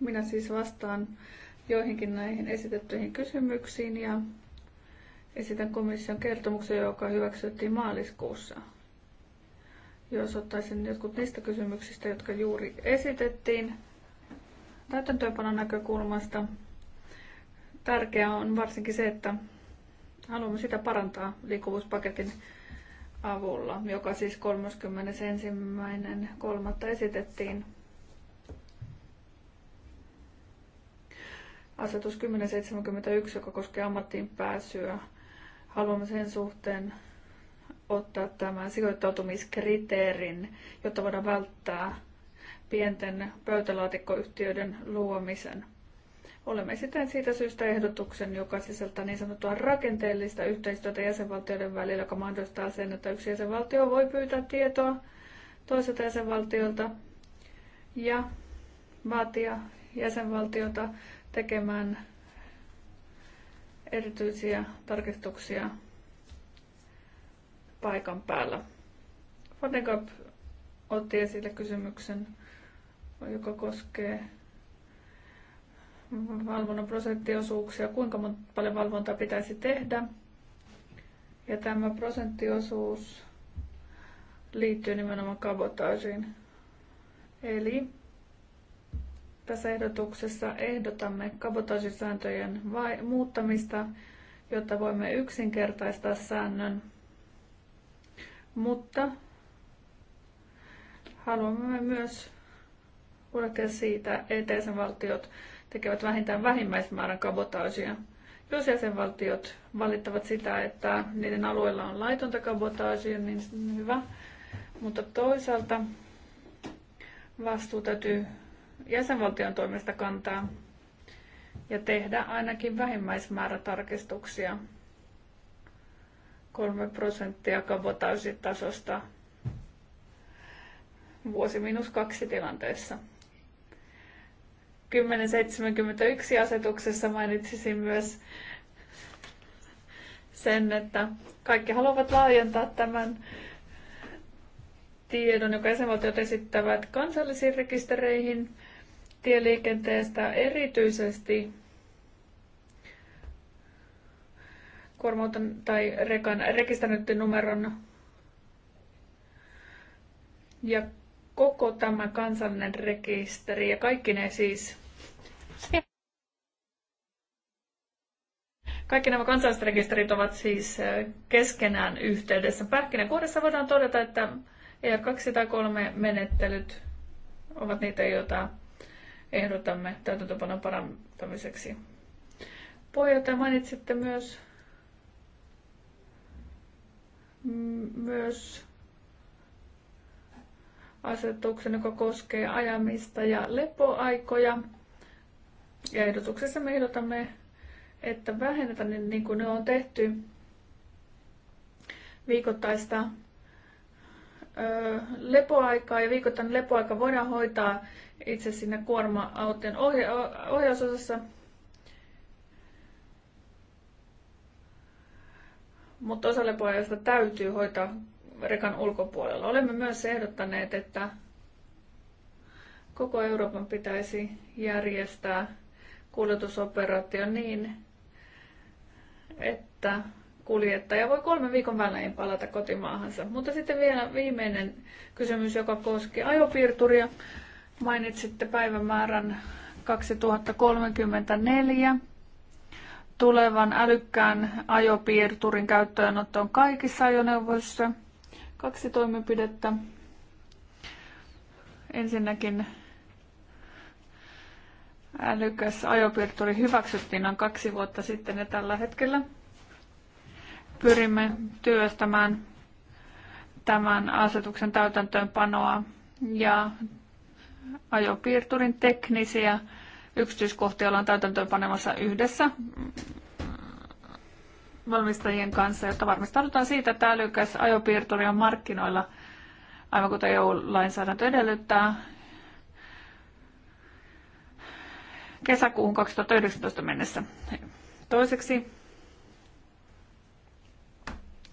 Minä siis vastaan joihinkin näihin esitettyihin kysymyksiin ja esitän komission kertomuksen, joka hyväksyttiin maaliskuussa. Jos ottaisin jotkut niistä kysymyksistä, jotka juuri esitettiin täytäntöönpanon näkökulmasta, tärkeää on varsinkin se, että Haluamme sitä parantaa liikkuvuuspaketin avulla, joka siis 31.3. esitettiin. Asetus 1071, joka koskee ammattiin pääsyä. Haluamme sen suhteen ottaa tämän sijoittautumiskriteerin, jotta voidaan välttää pienten pöytälaatikkoyhtiöiden luomisen. Olemme esittäneet siitä syystä ehdotuksen, joka sisältää niin sanottua rakenteellista yhteistyötä jäsenvaltioiden välillä, joka mahdollistaa sen, että yksi jäsenvaltio voi pyytää tietoa toiselta jäsenvaltiolta ja vaatia jäsenvaltiota tekemään erityisiä tarkistuksia paikan päällä. Fadenkap otti esille kysymyksen, joka koskee valvonnan prosenttiosuuksia, kuinka paljon valvontaa pitäisi tehdä. Ja tämä prosenttiosuus liittyy nimenomaan kabotaasiin. Eli tässä ehdotuksessa ehdotamme kabotaasisääntöjen muuttamista, jotta voimme yksinkertaistaa säännön, mutta haluamme myös huolehtia siitä, että valtiot tekevät vähintään vähimmäismäärän kabotaasia. Jos jäsenvaltiot valittavat sitä, että niiden alueella on laitonta kabotaasia, niin hyvä. Mutta toisaalta vastuu täytyy jäsenvaltion toimesta kantaa ja tehdä ainakin vähimmäismäärä 3 prosenttia kabotaasitasosta vuosi minus kaksi tilanteessa. 1071 asetuksessa mainitsisin myös sen, että kaikki haluavat laajentaa tämän tiedon, joka jäsenvaltiot esittävät kansallisiin rekistereihin tieliikenteestä erityisesti kuorma tai rekan numeron ja koko tämä kansallinen rekisteri ja kaikki ne siis kaikki nämä kansallisrekisterit ovat siis keskenään yhteydessä. Pähkinänkuoressa voidaan todeta, että ER2 tai 3 menettelyt ovat niitä, joita ehdotamme täytäntöpanon parantamiseksi. Puheenjohtaja mainitsitte myös, myös asetuksen, joka koskee ajamista ja lepoaikoja. Ja ehdotuksessa me ehdotamme, että vähennetään niin, niin kuin ne on tehty viikoittaista ö, lepoaikaa ja viikoittainen lepoaika voidaan hoitaa itse sinne kuorma autojen ohja- ohjausosassa. Mutta osa lepoajasta täytyy hoitaa rekan ulkopuolella. Olemme myös ehdottaneet, että koko Euroopan pitäisi järjestää kuljetusoperaatio niin, että kuljettaja voi kolmen viikon välein palata kotimaahansa. Mutta sitten vielä viimeinen kysymys, joka koski ajopiirturia. Mainitsitte päivämäärän 2034 tulevan älykkään ajopiirturin käyttöönottoon kaikissa ajoneuvoissa. Kaksi toimenpidettä. Ensinnäkin älykäs ajopiirturi hyväksyttiin noin kaksi vuotta sitten ja tällä hetkellä pyrimme työstämään tämän asetuksen täytäntöönpanoa ja ajopiirturin teknisiä yksityiskohtia ollaan täytäntöönpanemassa yhdessä valmistajien kanssa, jotta varmistaudutaan siitä, että älykäs ajopiirturi on markkinoilla aivan kuten EU-lainsäädäntö edellyttää kesäkuuhun 2019 mennessä. Toiseksi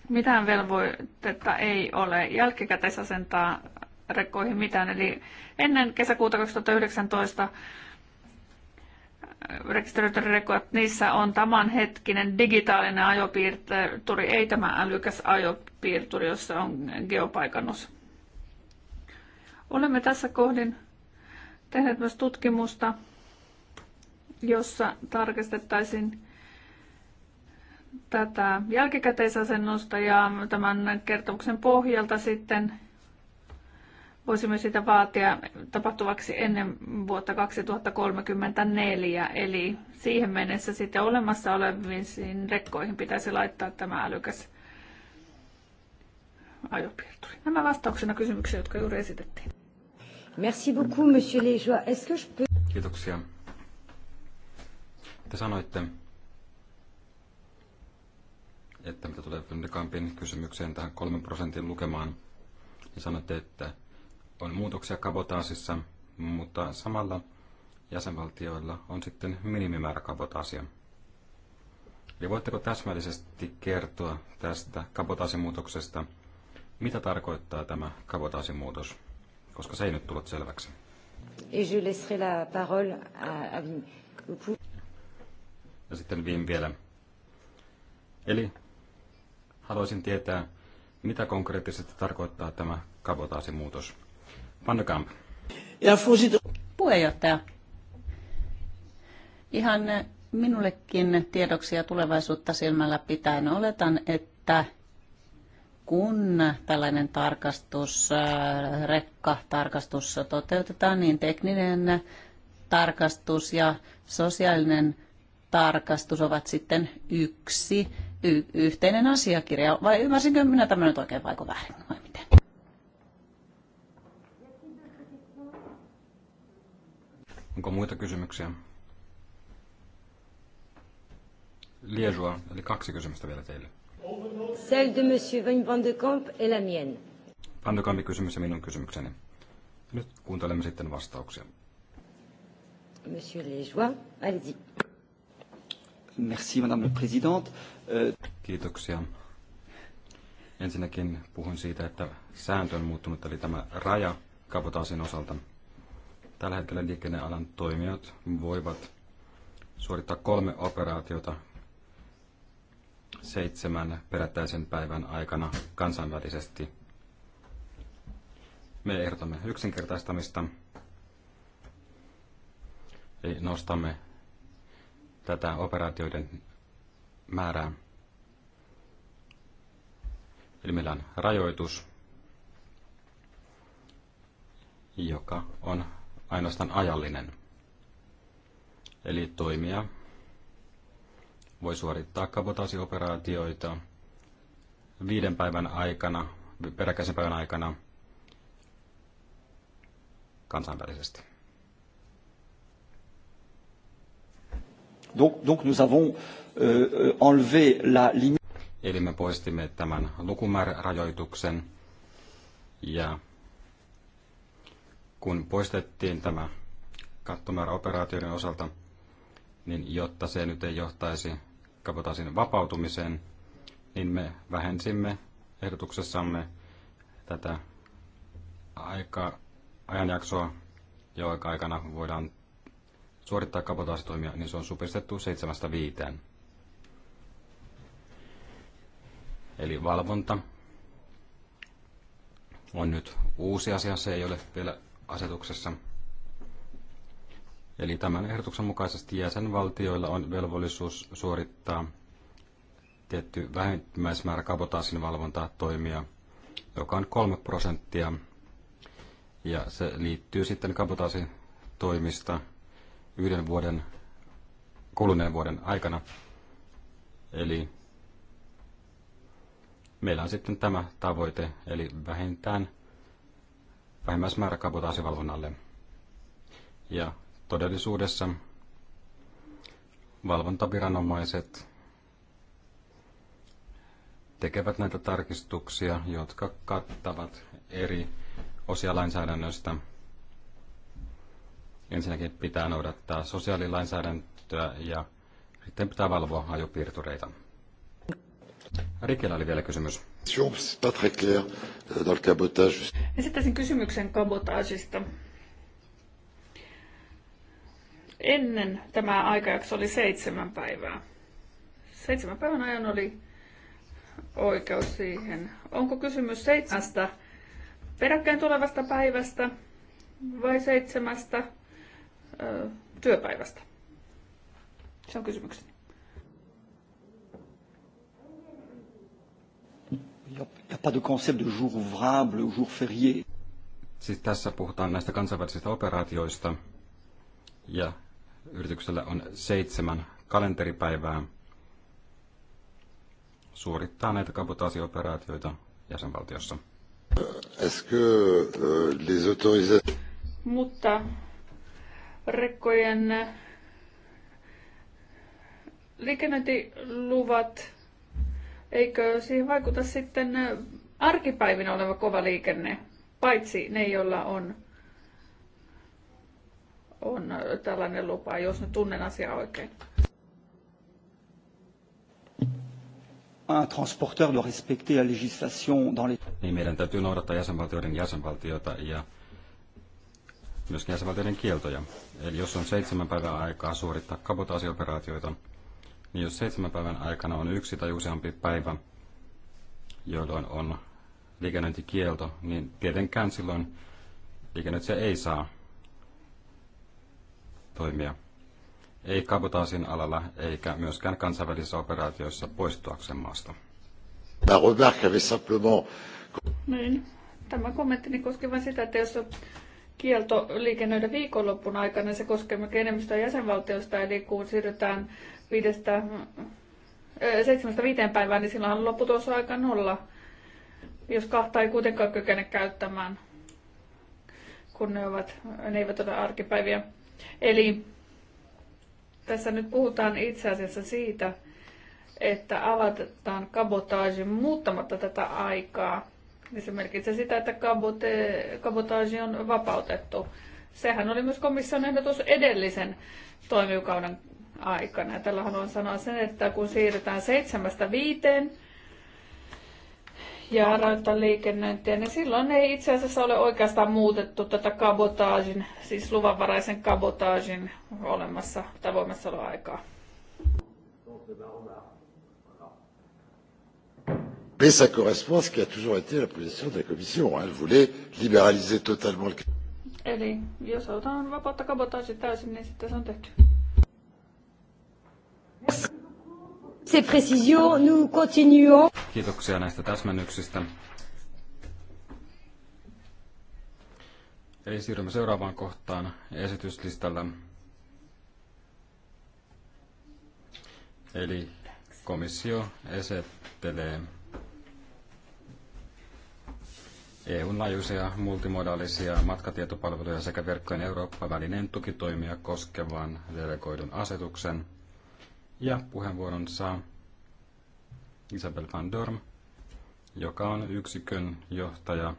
mitään velvoitetta ei ole jälkikäteisasentaa rekkoihin mitään. Eli ennen kesäkuuta 2019 äh, rekisteröityt rekot, niissä on tämänhetkinen digitaalinen ajopiirturi, ei tämä älykäs ajopiirturi, jossa on geopaikannus. Olemme tässä kohdin tehneet myös tutkimusta jossa tarkistettaisiin tätä jälkikäteisasennosta ja tämän kertomuksen pohjalta sitten voisimme sitä vaatia tapahtuvaksi ennen vuotta 2034, eli siihen mennessä sitten olemassa oleviin rekkoihin pitäisi laittaa tämä älykäs ajopiirturi. Nämä vastauksena kysymyksiä, jotka juuri esitettiin. Merci beaucoup, monsieur Lejoie. Est-ce que je peux... Kiitoksia. Te sanoitte, että mitä tulee Kampin kysymykseen tähän kolmen prosentin lukemaan, niin sanoitte, että on muutoksia kabotaasissa, mutta samalla jäsenvaltioilla on sitten minimimäärä kabotaasia. Eli voitteko täsmällisesti kertoa tästä kabotaasimuutoksesta, mitä tarkoittaa tämä kabotaasimuutos, koska se ei nyt tullut selväksi. Et je laisserai la parole à, à ja sitten Vim vielä. Eli haluaisin tietää, mitä konkreettisesti tarkoittaa tämä kabotaasimuutos. Van Kamp. Ja Puheenjohtaja. Ihan minullekin tiedoksia tulevaisuutta silmällä pitäen oletan, että kun tällainen tarkastus, äh, rekkatarkastus toteutetaan, niin tekninen tarkastus ja sosiaalinen tarkastus ovat sitten yksi y- yhteinen asiakirja. Vai ymmärsinkö minä tämän nyt oikein vaiko väärin vai miten? Onko muita kysymyksiä? Liesua, eli kaksi kysymystä vielä teille. Celle de Monsieur Van de Kamp et la mienne. Van de Kampin kysymys ja minun kysymykseni. Nyt kuuntelemme sitten vastauksia. Monsieur Liesua, allez-y. Merci, Madame euh, Kiitoksia. Ensinnäkin puhun siitä, että sääntö on muuttunut, eli tämä raja kabotaasin osalta. Tällä hetkellä liikennealan toimijat voivat suorittaa kolme operaatiota seitsemän perättäisen päivän aikana kansainvälisesti. Me ehdotamme yksinkertaistamista, eli nostamme tätä operaatioiden määrää. Eli meillä on rajoitus, joka on ainoastaan ajallinen. Eli toimija voi suorittaa kabotaasioperaatioita viiden päivän aikana, peräkäisen päivän aikana kansainvälisesti. Donc, donc nous avons euh, enlevé la limite. Eli me poistimme tämän lukumäärärajoituksen ja kun poistettiin tämä kattomäärä operaatioiden osalta, niin jotta se nyt ei johtaisi kapotaasin vapautumiseen, niin me vähensimme ehdotuksessamme tätä aika, ajanjaksoa, joka aikana voidaan suorittaa kapotaasitoimia, niin se on supistettu seitsemästä viiteen. Eli valvonta on nyt uusi asia, se ei ole vielä asetuksessa. Eli tämän ehdotuksen mukaisesti jäsenvaltioilla on velvollisuus suorittaa tietty vähimmäismäärä kabotaasin valvontaa toimia, joka on 3 prosenttia. Ja se liittyy sitten kabotaasin toimista yhden vuoden, kuluneen vuoden aikana. Eli meillä on sitten tämä tavoite, eli vähintään vähimmäismäärä kabotaasivalvonnalle. Ja todellisuudessa valvontaviranomaiset tekevät näitä tarkistuksia, jotka kattavat eri osia lainsäädännöstä – Ensinnäkin pitää noudattaa sosiaalilainsäädäntöä ja sitten pitää valvoa ajopiirtureita. Rikellä oli vielä kysymys. Euh, Esittäisin kysymyksen kabotaasista. Ennen tämä aikajakso oli seitsemän päivää. Seitsemän päivän ajan oli oikeus siihen. Onko kysymys seitsemästä peräkkäin tulevasta päivästä vai seitsemästä työpäivästä? Se on kysymykseni. Il pas de concept de jour ouvrable jour férié. Siis tässä puhutaan näistä kansainvälisistä operaatioista ja yrityksellä on seitsemän kalenteripäivää suorittaa näitä kabotaasioperaatioita jäsenvaltiossa. Euh, Mutta rekkojen äh, liikennöintiluvat, eikö siihen vaikuta sitten äh, arkipäivinä oleva kova liikenne, paitsi ne, joilla on, on äh, tällainen lupa, jos ne tunnen asiaa oikein? un transporteur doit respecter la législation dans les... Niin meidän täytyy noudattaa jäsenvaltioiden jäsenvaltioita ja myöskin jäsenvaltioiden kieltoja. Eli jos on seitsemän päivän aikaa suorittaa kabotaasioperaatioita, niin jos seitsemän päivän aikana on yksi tai useampi päivä, jolloin on liikennöintikielto, niin tietenkään silloin liikennöitsijä ei saa toimia. Ei kabotaasin alalla eikä myöskään kansainvälisissä operaatioissa poistuakseen maasta. Niin. tämä kommentti koski vain sitä, että jos kielto liikennöidä viikonloppun aikana. Se koskee myös enemmistöä jäsenvaltioista, eli kun siirrytään viidestä, seitsemästä viiteen päivään, niin silloinhan loppu tuossa aika nolla, jos kahta ei kuitenkaan kykene käyttämään, kun ne, ovat, ne eivät ole arkipäiviä. Eli tässä nyt puhutaan itse asiassa siitä, että avataan kabotaasi muuttamatta tätä aikaa niin se merkitsee sitä, että kabote, kabotaasi on vapautettu. Sehän oli myös komission ehdotus edellisen toimiukauden aikana. Tällä haluan sanoa sen, että kun siirrytään seitsemästä viiteen ja liikennöintiä, niin silloin ei itse asiassa ole oikeastaan muutettu tätä kabotaasin, siis luvanvaraisen kabotaasin olemassa tai voimassaoloaikaa. aikaa mais cela correspond à ce qui a toujours été la position de la Commission. Elle voulait libéraliser totalement le Eli jos otetaan vapautta kabotaasi täysin, niin sitten se on tehty. Ces précisions, nous continuons. Kiitoksia näistä täsmennyksistä. Eli siirrymme seuraavaan kohtaan esityslistalla. Eli komissio esittelee EUn laajuisia multimodaalisia matkatietopalveluja sekä verkkojen Eurooppa-välineen tukitoimia koskevan delegoidun asetuksen. Ja puheenvuoron saa Isabel van Dorm, joka on yksikön johtaja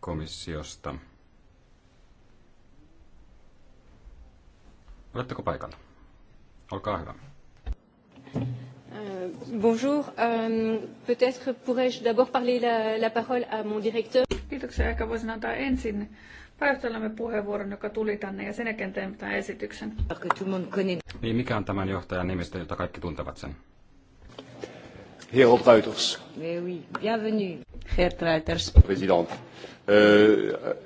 komissiosta. Oletteko paikalla? Olkaa hyvä. Euh, bonjour. Euh, Peut-être pourrais-je d'abord parler la, la parole à mon directeur. Kiitoksia. Ehkä voisin antaa ensin pääjohtajallamme puheenvuoron, joka tuli tänne, ja sen jälkeen teemme tämän esityksen. Niin, mikä on tämän johtajan nimestä, jota kaikki tuntevat sen? Hero Breuters. Mais eh oui, bienvenue. Herr Breuters. President. Euh, euh,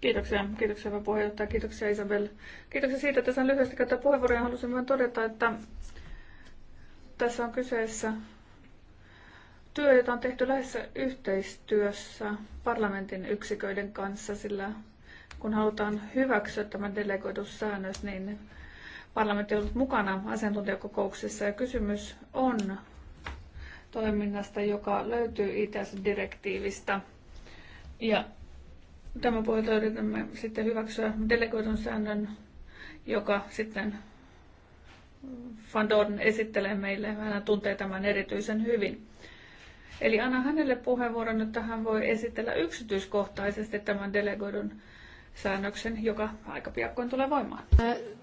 kiitoksia, kiitoksia hyvä puheenjohtaja, kiitoksia Isabel. Kiitoksia siitä, että sain lyhyesti käyttää puheenvuoron ja halusin vain todeta, että tässä on kyseessä työ, jota on tehty lähes yhteistyössä parlamentin yksiköiden kanssa, sillä kun halutaan hyväksyä tämä säännös, niin parlamentti on ollut mukana asiantuntijakokouksissa ja kysymys on toiminnasta, joka löytyy ITS-direktiivistä. Ja tämän pohjalta yritämme sitten hyväksyä delegoitun säännön, joka sitten Van Dorn esittelee meille. Hän tuntee tämän erityisen hyvin. Eli anna hänelle puheenvuoron, että hän voi esitellä yksityiskohtaisesti tämän delegoidun säännöksen, joka aika piakkoin tulee voimaan. Uh,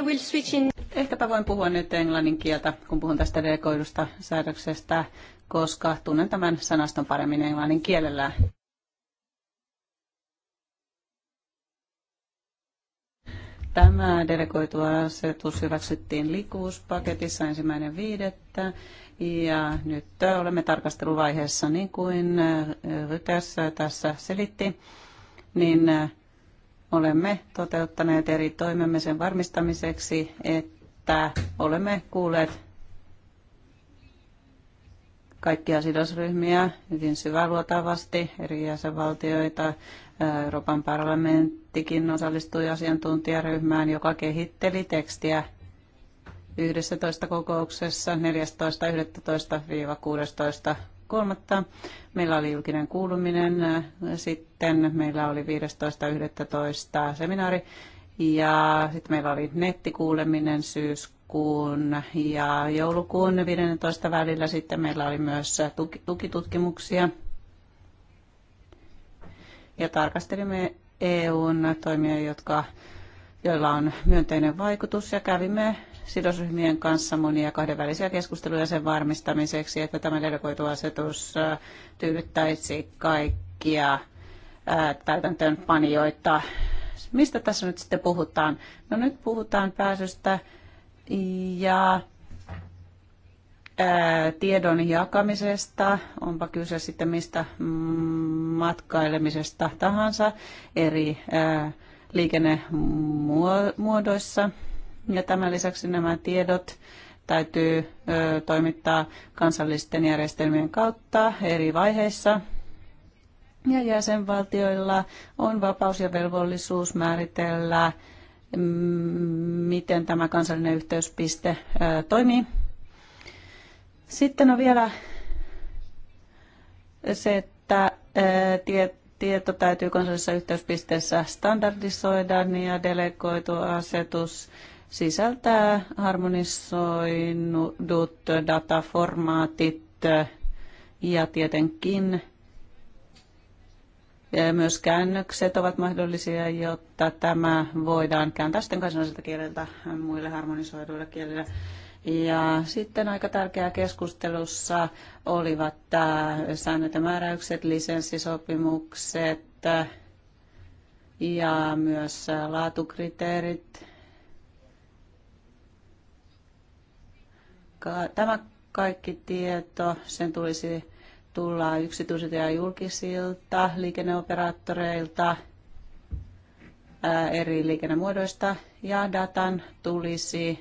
uh, Ehkäpä voin puhua nyt englannin kieltä, kun puhun tästä delegoidusta säädöksestä, koska tunnen tämän sanaston paremmin englannin kielellä. Tämä delegoitu asetus hyväksyttiin liikkuvuuspaketissa ensimmäinen viidettä. Ja nyt olemme tarkasteluvaiheessa, niin kuin Rytässä tässä selitti, niin olemme toteuttaneet eri toimemme sen varmistamiseksi, että olemme kuulleet kaikkia sidosryhmiä hyvin syväluotavasti, eri jäsenvaltioita. Euroopan parlamenttikin osallistui asiantuntijaryhmään, joka kehitteli tekstiä 11 kokouksessa 14.11.-16.3. Meillä oli julkinen kuuluminen, sitten meillä oli 15.11. seminaari ja sitten meillä oli nettikuuleminen syys lokakuun ja joulukuun 15 välillä. Sitten meillä oli myös tuki tukitutkimuksia. Ja tarkastelimme EUn toimia, jotka, joilla on myönteinen vaikutus ja kävimme sidosryhmien kanssa monia kahdenvälisiä keskusteluja sen varmistamiseksi, että tämä delegoitu asetus tyydyttäisi kaikkia täytäntöönpanijoita. Mistä tässä nyt sitten puhutaan? No nyt puhutaan pääsystä ja tiedon jakamisesta, onpa kyse sitten mistä matkailemisesta tahansa eri liikennemuodoissa. Ja tämän lisäksi nämä tiedot täytyy toimittaa kansallisten järjestelmien kautta eri vaiheissa. Ja jäsenvaltioilla on vapaus ja velvollisuus määritellä miten tämä kansallinen yhteyspiste toimii. Sitten on vielä se, että tieto täytyy kansallisessa yhteyspisteessä standardisoida ja delegoitu asetus sisältää harmonisoidut dataformaatit ja tietenkin myös käännökset ovat mahdollisia, jotta tämä voidaan kääntää sitten kansalliselta kieleltä muille harmonisoiduille kielille. Ja sitten aika tärkeää keskustelussa olivat säännöt ja määräykset, lisenssisopimukset ja myös laatukriteerit. Tämä kaikki tieto, sen tulisi tullaan yksityisiltä ja julkisilta liikenneoperaattoreilta eri liikennemuodoista ja datan tulisi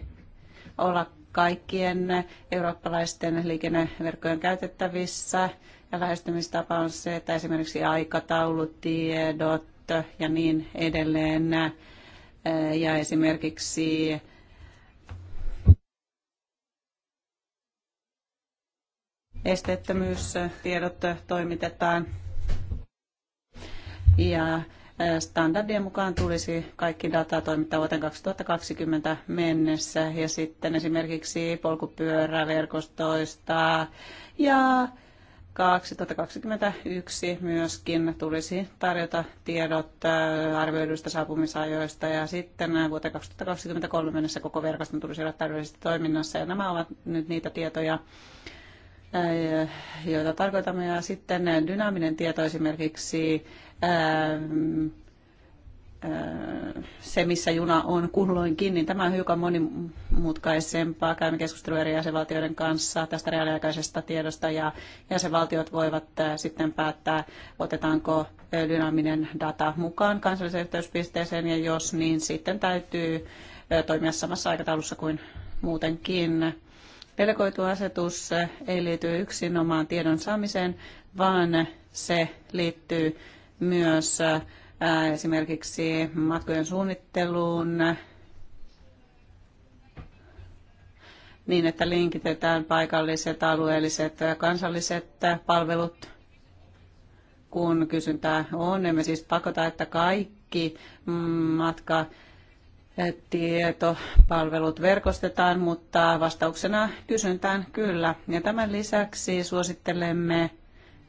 olla kaikkien eurooppalaisten liikenneverkkojen käytettävissä. Ja lähestymistapa on se, että esimerkiksi aikataulutiedot tiedot ja niin edelleen ja esimerkiksi esteettömyystiedot toimitetaan. Ja standardien mukaan tulisi kaikki data toimittaa vuoteen 2020 mennessä ja sitten esimerkiksi polkupyöräverkostoista ja 2021 myöskin tulisi tarjota tiedot arvioiduista saapumisajoista ja sitten vuoteen 2023 mennessä koko verkoston tulisi olla täydellisesti toiminnassa ja nämä ovat nyt niitä tietoja, joita tarkoitamme. Ja sitten dynaaminen tieto esimerkiksi se, missä juna on kulloinkin, niin tämä on hiukan monimutkaisempaa. Käymme keskustelua eri jäsenvaltioiden kanssa tästä reaaliaikaisesta tiedosta ja jäsenvaltiot voivat sitten päättää, otetaanko dynaaminen data mukaan kansalliseen yhteyspisteeseen ja jos niin sitten täytyy toimia samassa aikataulussa kuin muutenkin. Delegoitu asetus ei liity omaan tiedon saamiseen, vaan se liittyy myös esimerkiksi matkojen suunnitteluun, niin, että linkitetään paikalliset, alueelliset ja kansalliset palvelut, kun kysyntää on. Emme siis pakota, että kaikki mm, matka tietopalvelut verkostetaan, mutta vastauksena kysyntään kyllä. Ja tämän lisäksi suosittelemme,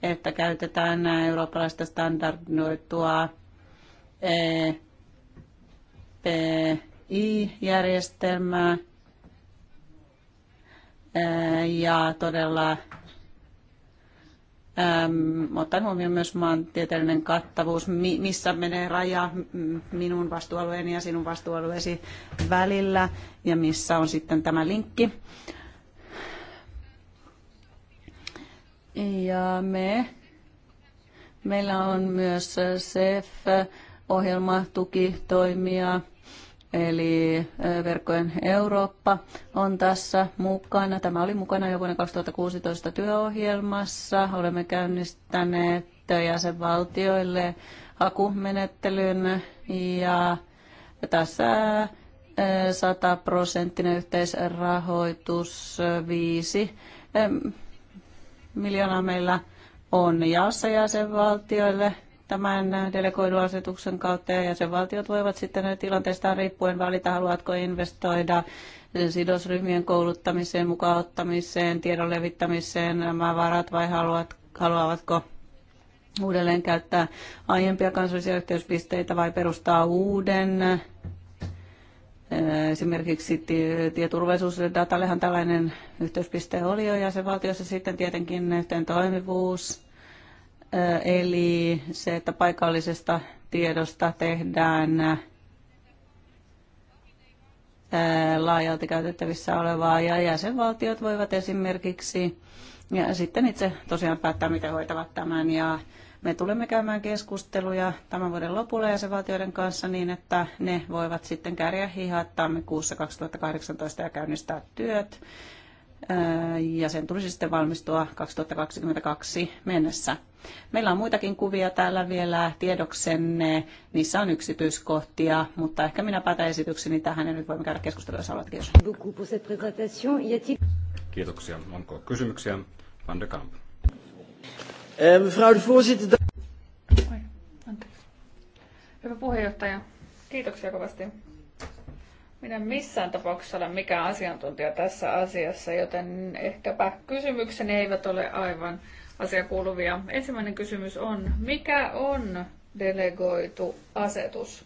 että käytetään eurooppalaista standardoitua EPI-järjestelmää ja todella Ähm, otan huomioon myös maantieteellinen kattavuus, mi- missä menee raja minun vastuualueeni ja sinun vastuualueesi välillä ja missä on sitten tämä linkki. Ja me, meillä on myös cef ohjelma, tukitoimia, toimia Eli verkkojen Eurooppa on tässä mukana. Tämä oli mukana jo vuonna 2016 työohjelmassa. Olemme käynnistäneet jäsenvaltioille hakumenettelyn ja tässä 100 prosenttinen yhteisrahoitus 5 miljoonaa meillä on jaossa jäsenvaltioille tämän delegoidun asetuksen kautta ja jäsenvaltiot voivat sitten tilanteesta riippuen valita, haluatko investoida sidosryhmien kouluttamiseen, mukaanottamiseen, tiedon levittämiseen nämä varat vai haluat, haluavatko uudelleen käyttää aiempia kansallisia yhteyspisteitä vai perustaa uuden. Esimerkiksi tieturvallisuusdatallehan tällainen yhteyspiste oli jo jäsenvaltiossa sitten tietenkin yhteen toimivuus Eli se, että paikallisesta tiedosta tehdään laajalti käytettävissä olevaa ja jäsenvaltiot voivat esimerkiksi ja sitten itse tosiaan päättää, miten hoitavat tämän ja me tulemme käymään keskusteluja tämän vuoden lopulla jäsenvaltioiden kanssa niin, että ne voivat sitten kärjä hihat tammikuussa 2018 ja käynnistää työt. Ja sen tulisi sitten valmistua 2022 mennessä. Meillä on muitakin kuvia täällä vielä tiedoksenne. Niissä on yksityiskohtia, mutta ehkä minä päätän esitykseni tähän ja nyt voimme käydä keskustelua, jos haluat. Kiitos. Kiitoksia. Onko kysymyksiä? Van de Kamp. Eh, Hyvä puheenjohtaja. Kiitoksia kovasti. Minä missään tapauksessa ole mikään asiantuntija tässä asiassa, joten ehkäpä kysymykseni eivät ole aivan asia kuuluvia. Ensimmäinen kysymys on, mikä on delegoitu asetus?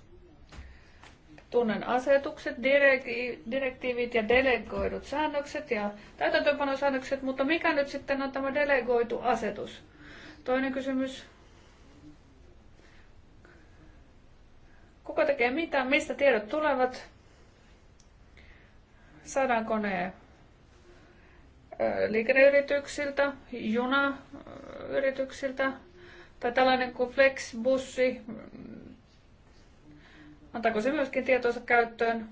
Tunnen asetukset, direktiivit ja delegoidut säännökset ja täytäntöönpanosäännökset, mutta mikä nyt sitten on tämä delegoitu asetus? Toinen kysymys. Kuka tekee mitä? Mistä tiedot tulevat? Saadaanko ne liikenneyrityksiltä, junayrityksiltä tai tällainen kuin Flexbussi. Antaako se myöskin tietonsa käyttöön?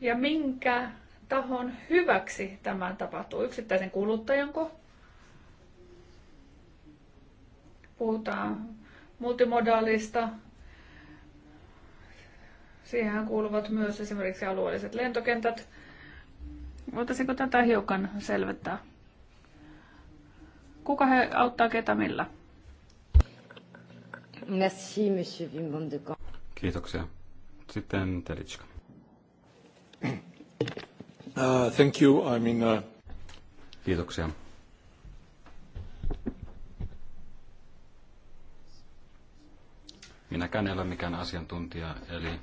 Ja minkä tahon hyväksi tämä tapahtuu? Yksittäisen kuluttajanko? Puhutaan multimodaalista. Siihen kuuluvat myös esimerkiksi alueelliset lentokentät – Voitaisiinko tätä hiukan selvittää? Kuka he auttaa ketä millä? Merci, monsieur Vimon de Kiitoksia. Sitten Telitska. Uh, thank you. I mean, uh... Kiitoksia. Minäkään en ole mikään asiantuntija, eli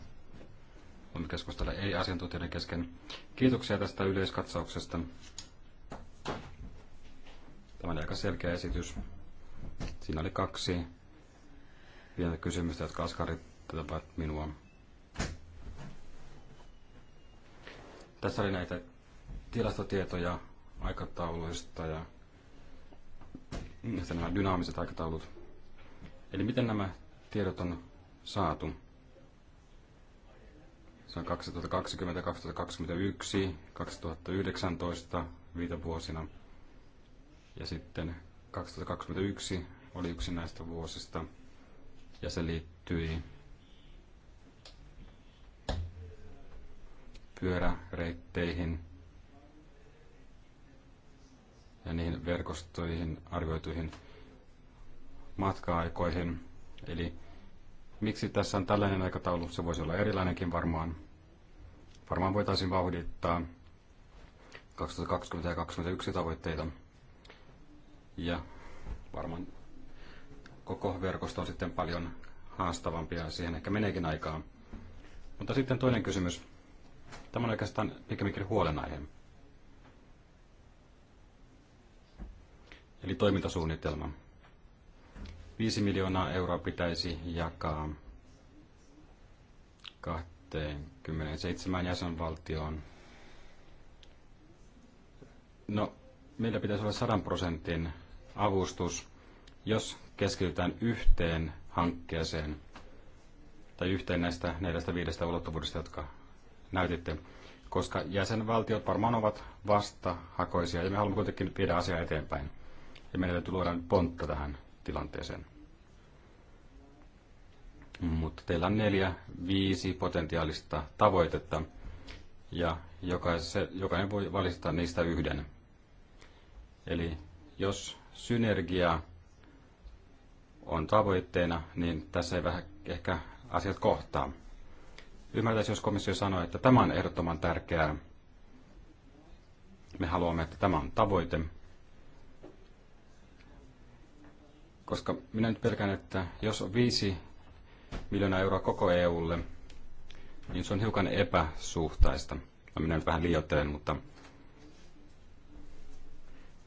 voimme keskustella ei-asiantuntijoiden kesken. Kiitoksia tästä yleiskatsauksesta. Tämä oli aika selkeä esitys. Siinä oli kaksi pientä kysymystä, jotka askarittavat minua. Tässä oli näitä tilastotietoja aikatauluista ja nämä dynaamiset aikataulut. Eli miten nämä tiedot on saatu? Se on 2020, 2021, 2019 vuosina. Ja sitten 2021 oli yksi näistä vuosista. Ja se liittyi pyöräreitteihin ja niihin verkostoihin arvioituihin matka-aikoihin. Eli Miksi tässä on tällainen aikataulu? Se voisi olla erilainenkin varmaan. Varmaan voitaisiin vauhdittaa 2020 ja 2021 tavoitteita. Ja varmaan koko verkosto on sitten paljon haastavampi ja siihen ehkä meneekin aikaa. Mutta sitten toinen kysymys. Tämä on oikeastaan pikemminkin huolenaihe. Eli toimintasuunnitelma. 5 miljoonaa euroa pitäisi jakaa 27 jäsenvaltioon. No, meillä pitäisi olla 100 prosentin avustus, jos keskitytään yhteen hankkeeseen tai yhteen näistä neljästä viidestä ulottuvuudesta, jotka näytitte, koska jäsenvaltiot varmaan ovat vastahakoisia ja me haluamme kuitenkin viedä asiaa eteenpäin. Ja meidän täytyy luoda pontta tähän tilanteeseen. Mutta teillä on neljä, viisi potentiaalista tavoitetta, ja jokaisen, jokainen voi valita niistä yhden. Eli jos synergia on tavoitteena, niin tässä ei vähän ehkä asiat kohtaa. Ymmärtäisi, jos komissio sanoo, että tämä on ehdottoman tärkeää. Me haluamme, että tämä on tavoite, koska minä nyt pelkään, että jos on 5 miljoonaa euroa koko EUlle, niin se on hiukan epäsuhtaista. Mä no, minä nyt vähän liioittelen, mutta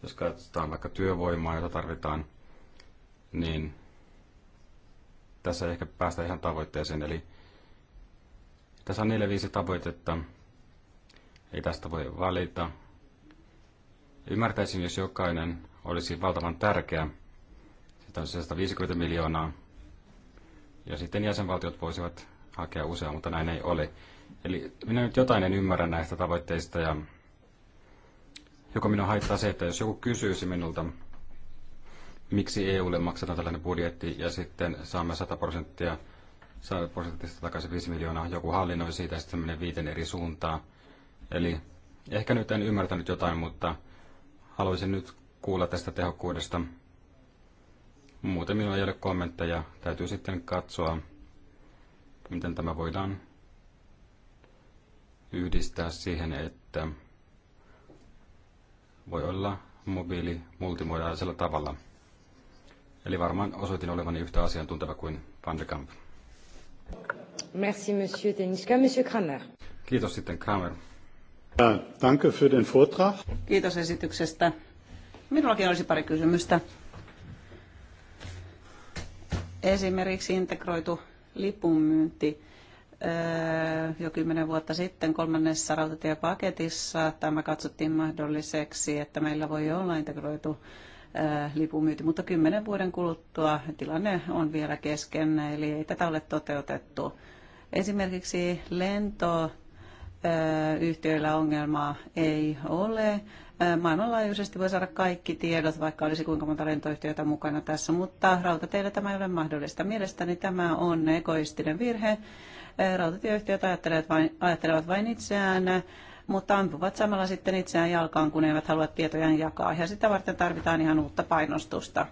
jos katsotaan vaikka työvoimaa, jota tarvitaan, niin tässä ei ehkä päästä ihan tavoitteeseen. Eli tässä on 4-5 tavoitetta. Ei tästä voi valita. Ymmärtäisin, jos jokainen olisi valtavan tärkeä, Tätä on 150 miljoonaa. Ja sitten jäsenvaltiot voisivat hakea useaa, mutta näin ei ole. Eli minä nyt jotain en ymmärrä näistä tavoitteista ja joko minua haittaa se, että jos joku kysyisi minulta, miksi EUlle maksetaan tällainen budjetti ja sitten saamme 100 prosenttia 100 prosenttista takaisin 5 miljoonaa, joku hallinnoi siitä ja sitten menee viiten eri suuntaan. Eli ehkä nyt en ymmärtänyt jotain, mutta haluaisin nyt kuulla tästä tehokkuudesta. Muuten minulla ei ole kommentteja. Täytyy sitten katsoa, miten tämä voidaan yhdistää siihen, että voi olla mobiili multimodaalisella tavalla. Eli varmaan osoitin olevani yhtä asiantunteva kuin Van de Kamp. Merci, monsieur Teniska. Monsieur Kramer. Kiitos sitten Kramer. Danke für den Vortrag. Kiitos esityksestä. Minullakin olisi pari kysymystä. Esimerkiksi integroitu lipunmyynti öö, jo kymmenen vuotta sitten kolmannessa rautatiepaketissa tämä katsottiin mahdolliseksi, että meillä voi olla integroitu öö, lipunmyynti, mutta kymmenen vuoden kuluttua tilanne on vielä kesken, eli ei tätä ole toteutettu. Esimerkiksi lento öö, yhtiöillä ongelmaa ei ole maailmanlaajuisesti voi saada kaikki tiedot, vaikka olisi kuinka monta lentoyhtiötä mukana tässä, mutta rautateillä tämä ei ole mahdollista. Mielestäni tämä on egoistinen virhe. Rautatieyhtiöt ajattelevat vain, ajattelevat vain itseään, mutta ampuvat samalla sitten itseään jalkaan, kun eivät halua tietojaan jakaa. Ja sitä varten tarvitaan ihan uutta painostusta.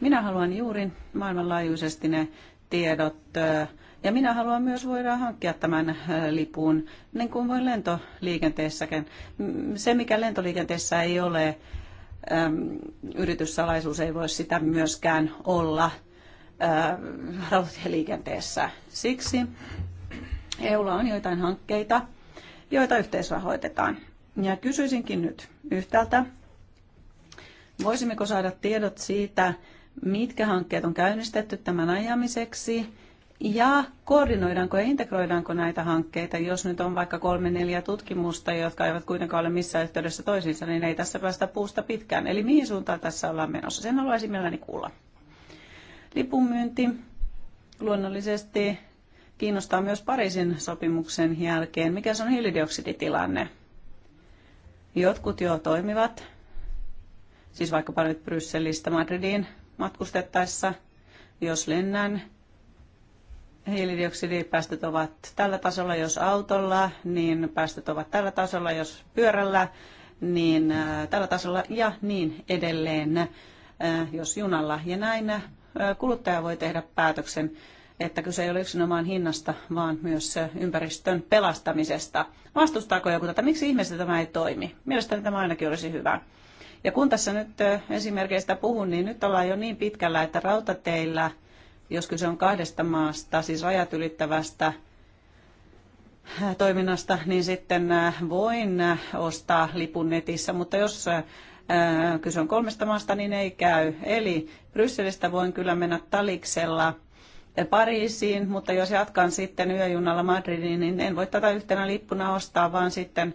Minä haluan juuri maailmanlaajuisesti ne tiedot ja minä haluan myös voida hankkia tämän äh, lipun, niin kuin voi lentoliikenteessäkin. Se, mikä lentoliikenteessä ei ole, yrityssalaisuus ei voi sitä myöskään olla äh, rautatieliikenteessä. Siksi EUlla on joitain hankkeita, joita yhteisrahoitetaan. Ja kysyisinkin nyt yhtäältä, voisimmeko saada tiedot siitä, mitkä hankkeet on käynnistetty tämän ajamiseksi, ja koordinoidaanko ja integroidaanko näitä hankkeita, jos nyt on vaikka kolme neljä tutkimusta, jotka eivät kuitenkaan ole missään yhteydessä toisiinsa, niin ei tässä päästä puusta pitkään. Eli mihin suuntaan tässä ollaan menossa? Sen haluaisin mielelläni kuulla. Lipunmyynti luonnollisesti kiinnostaa myös Pariisin sopimuksen jälkeen. Mikä se on hiilidioksiditilanne? Jotkut jo toimivat, siis vaikkapa nyt Brysselistä Madridiin matkustettaessa, jos lennän hiilidioksidipäästöt ovat tällä tasolla, jos autolla, niin päästöt ovat tällä tasolla, jos pyörällä, niin äh, tällä tasolla ja niin edelleen, äh, jos junalla. Ja näin äh, kuluttaja voi tehdä päätöksen, että kyse ei ole yksinomaan hinnasta, vaan myös ympäristön pelastamisesta. Vastustaako joku tätä? Miksi ihmeessä tämä ei toimi? Mielestäni tämä ainakin olisi hyvä. Ja kun tässä nyt esimerkkeistä puhun, niin nyt ollaan jo niin pitkällä, että rautateillä – jos kyse on kahdesta maasta, siis rajat ylittävästä äh, toiminnasta, niin sitten äh, voin äh, ostaa lipun netissä, mutta jos kyse on kolmesta maasta, niin ei käy. Eli Brysselistä voin kyllä mennä taliksella Pariisiin, mutta jos jatkan sitten yöjunalla Madridiin, niin en voi tätä yhtenä lippuna ostaa, vaan sitten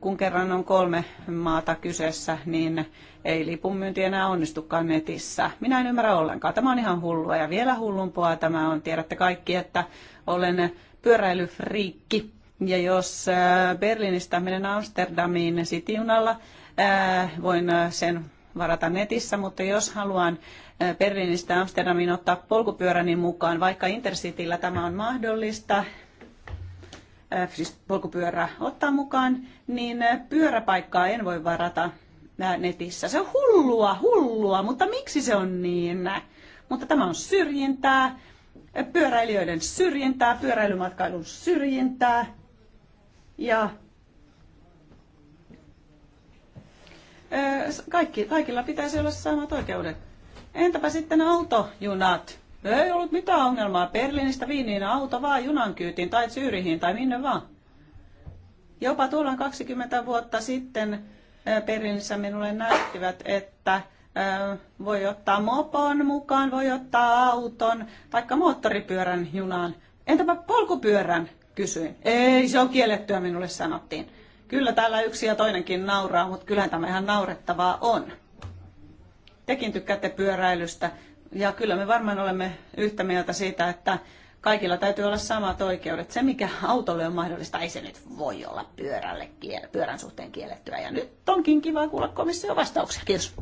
kun kerran on kolme maata kyseessä, niin ei lipunmyynti enää onnistukaan netissä. Minä en ymmärrä ollenkaan. Tämä on ihan hullua ja vielä hullumpaa tämä on. Tiedätte kaikki, että olen pyöräilyfriikki. Ja jos äh, Berliinistä menen Amsterdamiin sitiunalla äh, voin äh, sen varata netissä, mutta jos haluan Berliinistä Amsterdamiin ottaa polkupyöräni mukaan, vaikka Intercityllä tämä on mahdollista, Äh, siis polkupyörä ottaa mukaan, niin äh, pyöräpaikkaa en voi varata äh, netissä. Se on hullua, hullua, mutta miksi se on niin? Mutta tämä on syrjintää, pyöräilijöiden syrjintää, pyöräilymatkailun syrjintää. Ja kaikki, kaikilla pitäisi olla samat oikeudet. Entäpä sitten autojunat? Ei ollut mitään ongelmaa. Berliinistä Viiniin auto vaan junankyytiin tai syyrihin tai minne vaan. Jopa tuolla 20 vuotta sitten eh, Berliinissä minulle näyttivät, että eh, voi ottaa mopon mukaan, voi ottaa auton, taikka moottoripyörän junaan. Entäpä polkupyörän, kysyin. Ei, se on kiellettyä, minulle sanottiin. Kyllä täällä yksi ja toinenkin nauraa, mutta kyllähän tämä ihan naurettavaa on. Tekin tykkäätte pyöräilystä. Ja kyllä me varmaan olemme yhtä mieltä siitä, että kaikilla täytyy olla samat oikeudet. Se, mikä autolle on mahdollista, ei se nyt voi olla pyörälle, pyörän suhteen kiellettyä. Ja nyt onkin kiva kuulla komission vastauksia. Kiitos.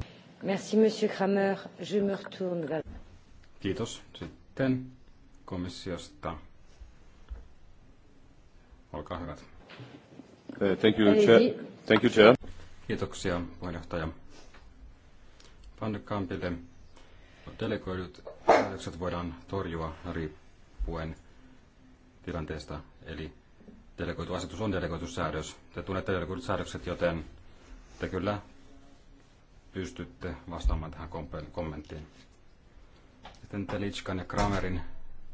Merci, monsieur Kramer. Je me retourne. Kiitos. Sitten komissiosta. Olkaa hyvät. Eh, thank you, chair. Thank you, chair. Kiitoksia, puheenjohtaja. Van Kampille delegoidut päätökset voidaan torjua riippuen tilanteesta. Eli delegoitu asetus on delegoitu säädös. Te tunnette delegoidut säädökset, joten te kyllä pystytte vastaamaan tähän kommenttiin. Sitten Telitskan ja Kramerin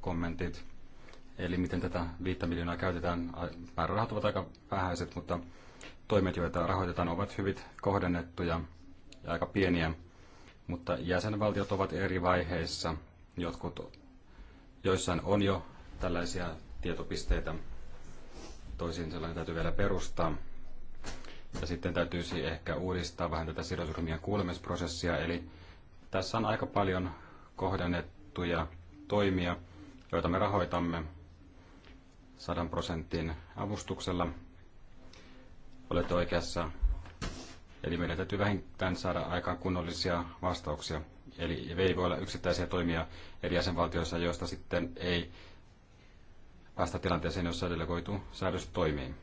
kommentit, eli miten tätä 5 miljoonaa käytetään. Määrärahat ovat aika vähäiset, mutta toimet, joita rahoitetaan, ovat hyvin kohdennettuja ja aika pieniä mutta jäsenvaltiot ovat eri vaiheissa. Jotkut, joissain on jo tällaisia tietopisteitä, toisiin sellainen täytyy vielä perustaa. Ja sitten täytyisi ehkä uudistaa vähän tätä sidosryhmien kuulemisprosessia, eli tässä on aika paljon kohdennettuja toimia, joita me rahoitamme 100 prosentin avustuksella. Olette oikeassa Eli meidän täytyy vähintään saada aikaan kunnollisia vastauksia. Eli ei voi olla yksittäisiä toimia eri jäsenvaltioissa, joista sitten ei päästä tilanteeseen, jossa delegoitu säädös toimii.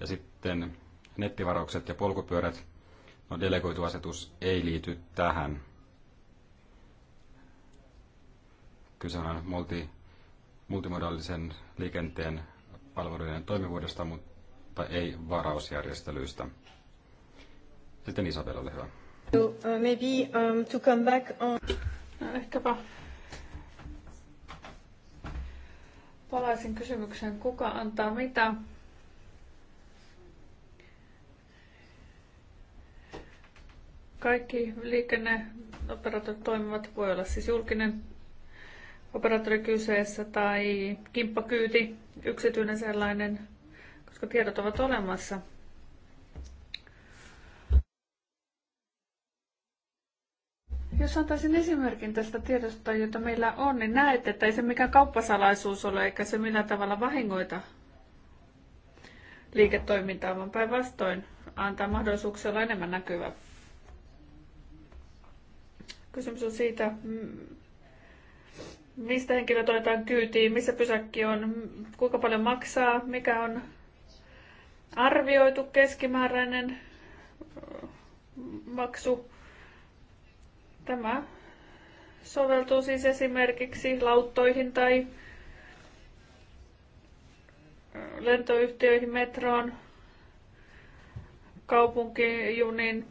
Ja sitten nettivaraukset ja polkupyörät. No delegoitu asetus ei liity tähän. Kyse on multi, multimodaalisen liikenteen palveluiden toimivuudesta, mutta ei varausjärjestelyistä. Sitten Isabel, ole hyvä. So, uh, maybe um, to come back on... No, ehkäpä palaisin kysymykseen, kuka antaa mitä. Kaikki liikenneoperaattorit toimivat, voi olla siis julkinen operaattori kyseessä tai kimppakyyti, yksityinen sellainen, koska tiedot ovat olemassa – Jos antaisin esimerkin tästä tiedosta, jota meillä on, niin näet, että ei se mikään kauppasalaisuus ole, eikä se millään tavalla vahingoita liiketoimintaa, vaan päinvastoin antaa mahdollisuuksia olla enemmän näkyvä. Kysymys on siitä, mm, mistä henkilö toitaan kyytiin, missä pysäkki on, kuinka paljon maksaa, mikä on arvioitu keskimääräinen maksu Tämä soveltuu siis esimerkiksi lauttoihin tai lentoyhtiöihin, metroon, kaupunkijunin.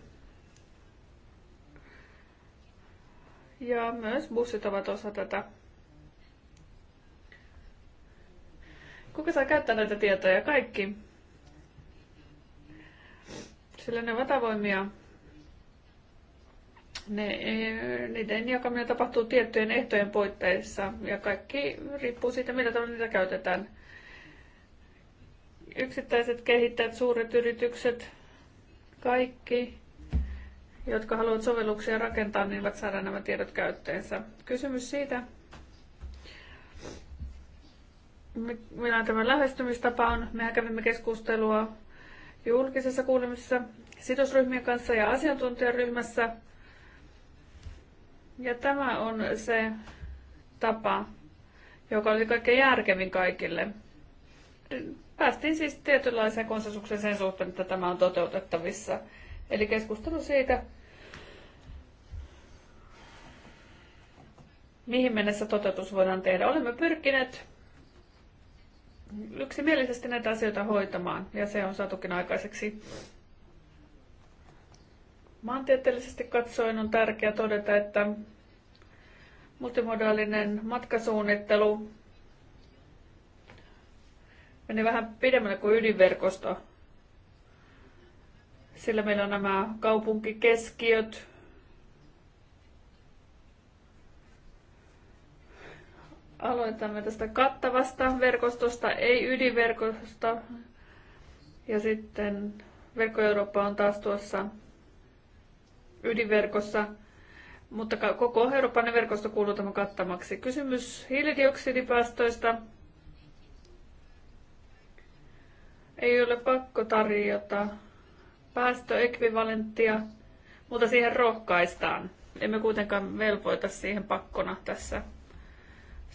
Ja myös bussit ovat osa tätä. Kuka saa käyttää näitä tietoja? Kaikki. Sillä ne ovat avoimia ne, eh, niiden jakaminen tapahtuu tiettyjen ehtojen poitteissa ja kaikki riippuu siitä, millä tavalla niitä käytetään. Yksittäiset kehittäjät, suuret yritykset, kaikki, jotka haluavat sovelluksia rakentaa, niin eivät saada nämä tiedot käyttöönsä. Kysymys siitä, millainen tämä lähestymistapa on. Mehän kävimme keskustelua julkisessa kuulemisessa sidosryhmien kanssa ja asiantuntijaryhmässä ja tämä on se tapa, joka oli kaikkein järkevin kaikille. Päästiin siis tietynlaiseen konsensukseen sen suhteen, että tämä on toteutettavissa. Eli keskustelu siitä, mihin mennessä toteutus voidaan tehdä. Olemme pyrkineet yksimielisesti näitä asioita hoitamaan ja se on saatukin aikaiseksi. Maantieteellisesti katsoen on tärkeää todeta, että multimodaalinen matkasuunnittelu meni vähän pidemmälle kuin ydinverkosto. Sillä meillä on nämä kaupunkikeskiöt, aloitamme tästä kattavasta verkostosta, ei ydinverkostosta. Ja sitten Verkko Eurooppa on taas tuossa ydinverkossa, mutta koko Euroopan verkosto kuuluu tämän kattamaksi. Kysymys hiilidioksidipäästöistä. Ei ole pakko tarjota päästöekvivalenttia, mutta siihen rohkaistaan. Emme kuitenkaan velvoita siihen pakkona tässä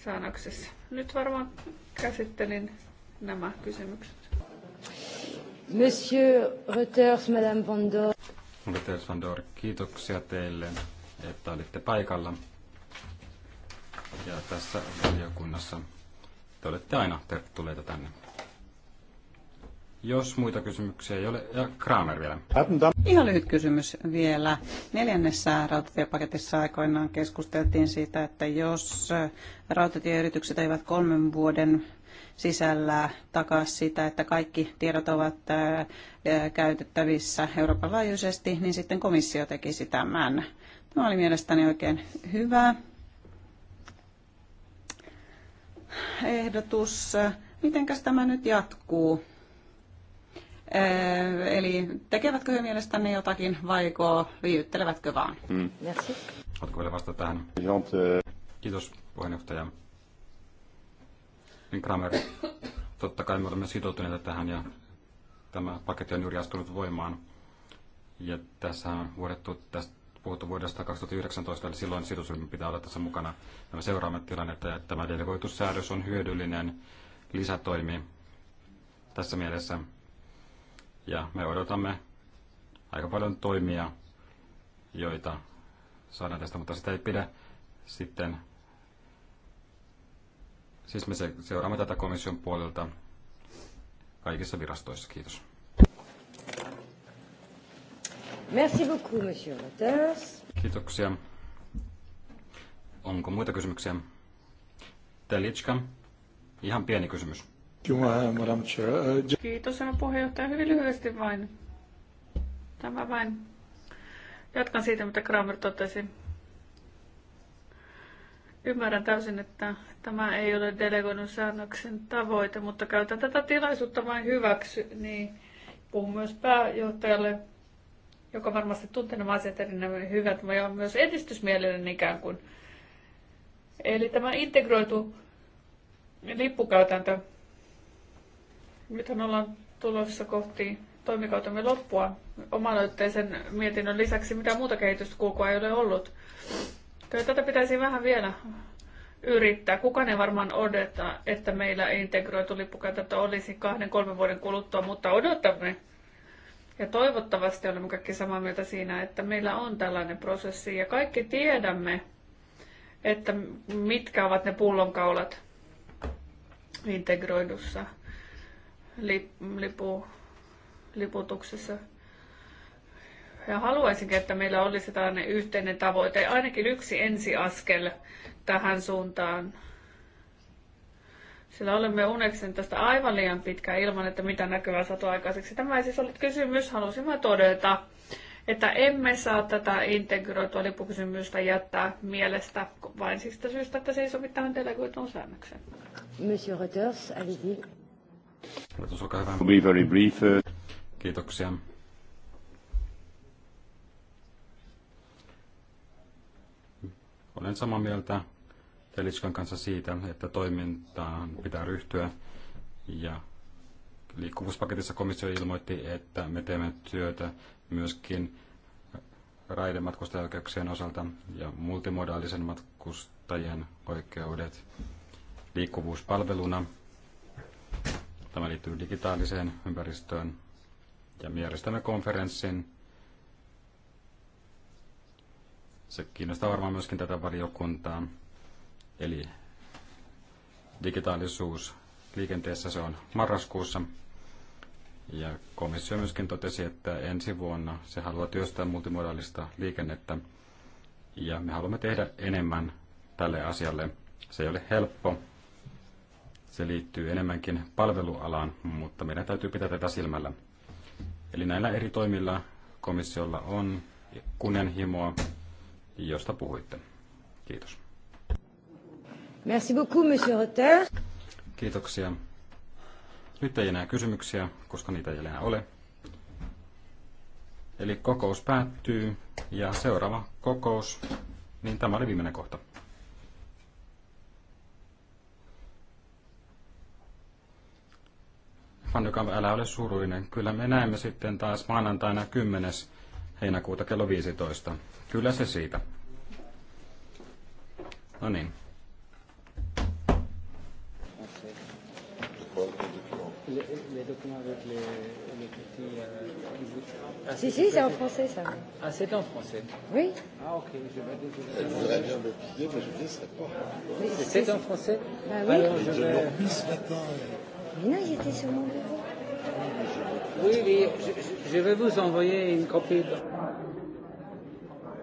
säännöksessä. Nyt varmaan käsittelin nämä kysymykset. Monsieur Reuters, Madame Van Dor. Peters teille Dor, kiitoksia teille, että olitte paikalla. Ja tässä valiokunnassa te olette aina tervetulleita tänne. Jos muita kysymyksiä ei ole, ja Kramer vielä. Ihan lyhyt kysymys vielä. Neljännessä rautatiepaketissa aikoinaan keskusteltiin siitä, että jos rautatieyritykset eivät kolmen vuoden sisällä takaa sitä, että kaikki tiedot ovat käytettävissä Euroopan laajuisesti, niin sitten komissio tekisi tämän. Tämä oli mielestäni oikein hyvä ehdotus. Mitenkäs tämä nyt jatkuu? Eli tekevätkö he mielestäni jotakin vai viiyttelevätkö vaan? Mm. Merci. Haluatko vielä vastata tähän? Kiitos puheenjohtaja niin Kramer, totta kai me olemme sitoutuneita tähän ja tämä paketti on juuri astunut voimaan. Ja tässä on vuodettu tästä puhuttu vuodesta 2019, eli silloin sidosryhmä pitää olla tässä mukana. Ja me seuraamme tilannetta, että tämä delegoitussäädös on hyödyllinen lisätoimi tässä mielessä. Ja me odotamme aika paljon toimia, joita saadaan tästä, mutta sitä ei pidä sitten Siis me seuraamme tätä komission puolelta kaikissa virastoissa. Kiitos. Merci beaucoup, monsieur Kiitoksia. Onko muita kysymyksiä? Telitska, ihan pieni kysymys. Uh, Kiitos, herra puheenjohtaja. Hyvin lyhyesti vain. Tämä vain. Jatkan siitä, mitä Kramer totesi. Ymmärrän täysin, että tämä ei ole delegoinnin säännöksen tavoite, mutta käytän tätä tilaisuutta vain hyväksy, niin puhun myös pääjohtajalle, joka varmasti tuntee nämä asiat erinomaiset hyvät, mutta on myös edistysmielinen ikään kuin. Eli tämä integroitu lippukäytäntö. Nythän ollaan tulossa kohti toimikautemme loppua. Oma mietinnön lisäksi mitä muuta kulkua ei ole ollut. Kyllä tätä pitäisi vähän vielä yrittää. Kukaan ei varmaan odota, että meillä integroitu lippukäytäntö olisi kahden, kolmen vuoden kuluttua, mutta odotamme. Ja toivottavasti olemme kaikki samaa mieltä siinä, että meillä on tällainen prosessi ja kaikki tiedämme, että mitkä ovat ne pullonkaulat integroidussa lip, lipu, liputuksessa. Ja haluaisinkin, että meillä olisi tällainen yhteinen tavoite, ainakin yksi ensiaskel tähän suuntaan. Sillä olemme uneksen tästä aivan liian pitkään ilman, että mitä näkyvää satoa aikaiseksi. Tämä ei siis ollut kysymys, halusin vain todeta, että emme saa tätä integroitua lippukysymystä, jättää mielestä vain siitä syystä, että se ei sovi tähän delegoituun säännökseen. Monsieur Reuters, allez-y. olkaa hyvä. Uh, Kiitoksia. Olen samaa mieltä Teliskan kanssa siitä, että toimintaan pitää ryhtyä. Ja liikkuvuuspaketissa komissio ilmoitti, että me teemme työtä myöskin raidematkustajoikeuksien osalta ja multimodaalisen matkustajien oikeudet liikkuvuuspalveluna. Tämä liittyy digitaaliseen ympäristöön ja järjestämme konferenssin Se kiinnostaa varmaan myöskin tätä valiokuntaa. Eli digitaalisuus liikenteessä se on marraskuussa. Ja komissio myöskin totesi, että ensi vuonna se haluaa työstää multimodaalista liikennettä. Ja me haluamme tehdä enemmän tälle asialle. Se ei ole helppo. Se liittyy enemmänkin palvelualaan, mutta meidän täytyy pitää tätä silmällä. Eli näillä eri toimilla komissiolla on kunnianhimoa josta puhuitte. Kiitos. Merci beaucoup, monsieur Rotter. Kiitoksia. Nyt ei enää kysymyksiä, koska niitä ei enää ole. Eli kokous päättyy ja seuraava kokous, niin tämä oli viimeinen kohta. Fannykamp, älä ole suruinen. Kyllä me näemme sitten taas maanantaina 10 heinäkuuta kello 15. Kyllä se siitä. No niin. Ah, si, si, c'est en français ça. Ah, c'est en français Oui. Ah, ok, je vais désolé. Je voudrais bien me plier, mais je ne sais pas. C'est en français Bah oui. Alors, je vais... dormi ce matin. Mais non, il était sur mon bureau. Oui, mais je, je, Je vais vous envoyer une copie.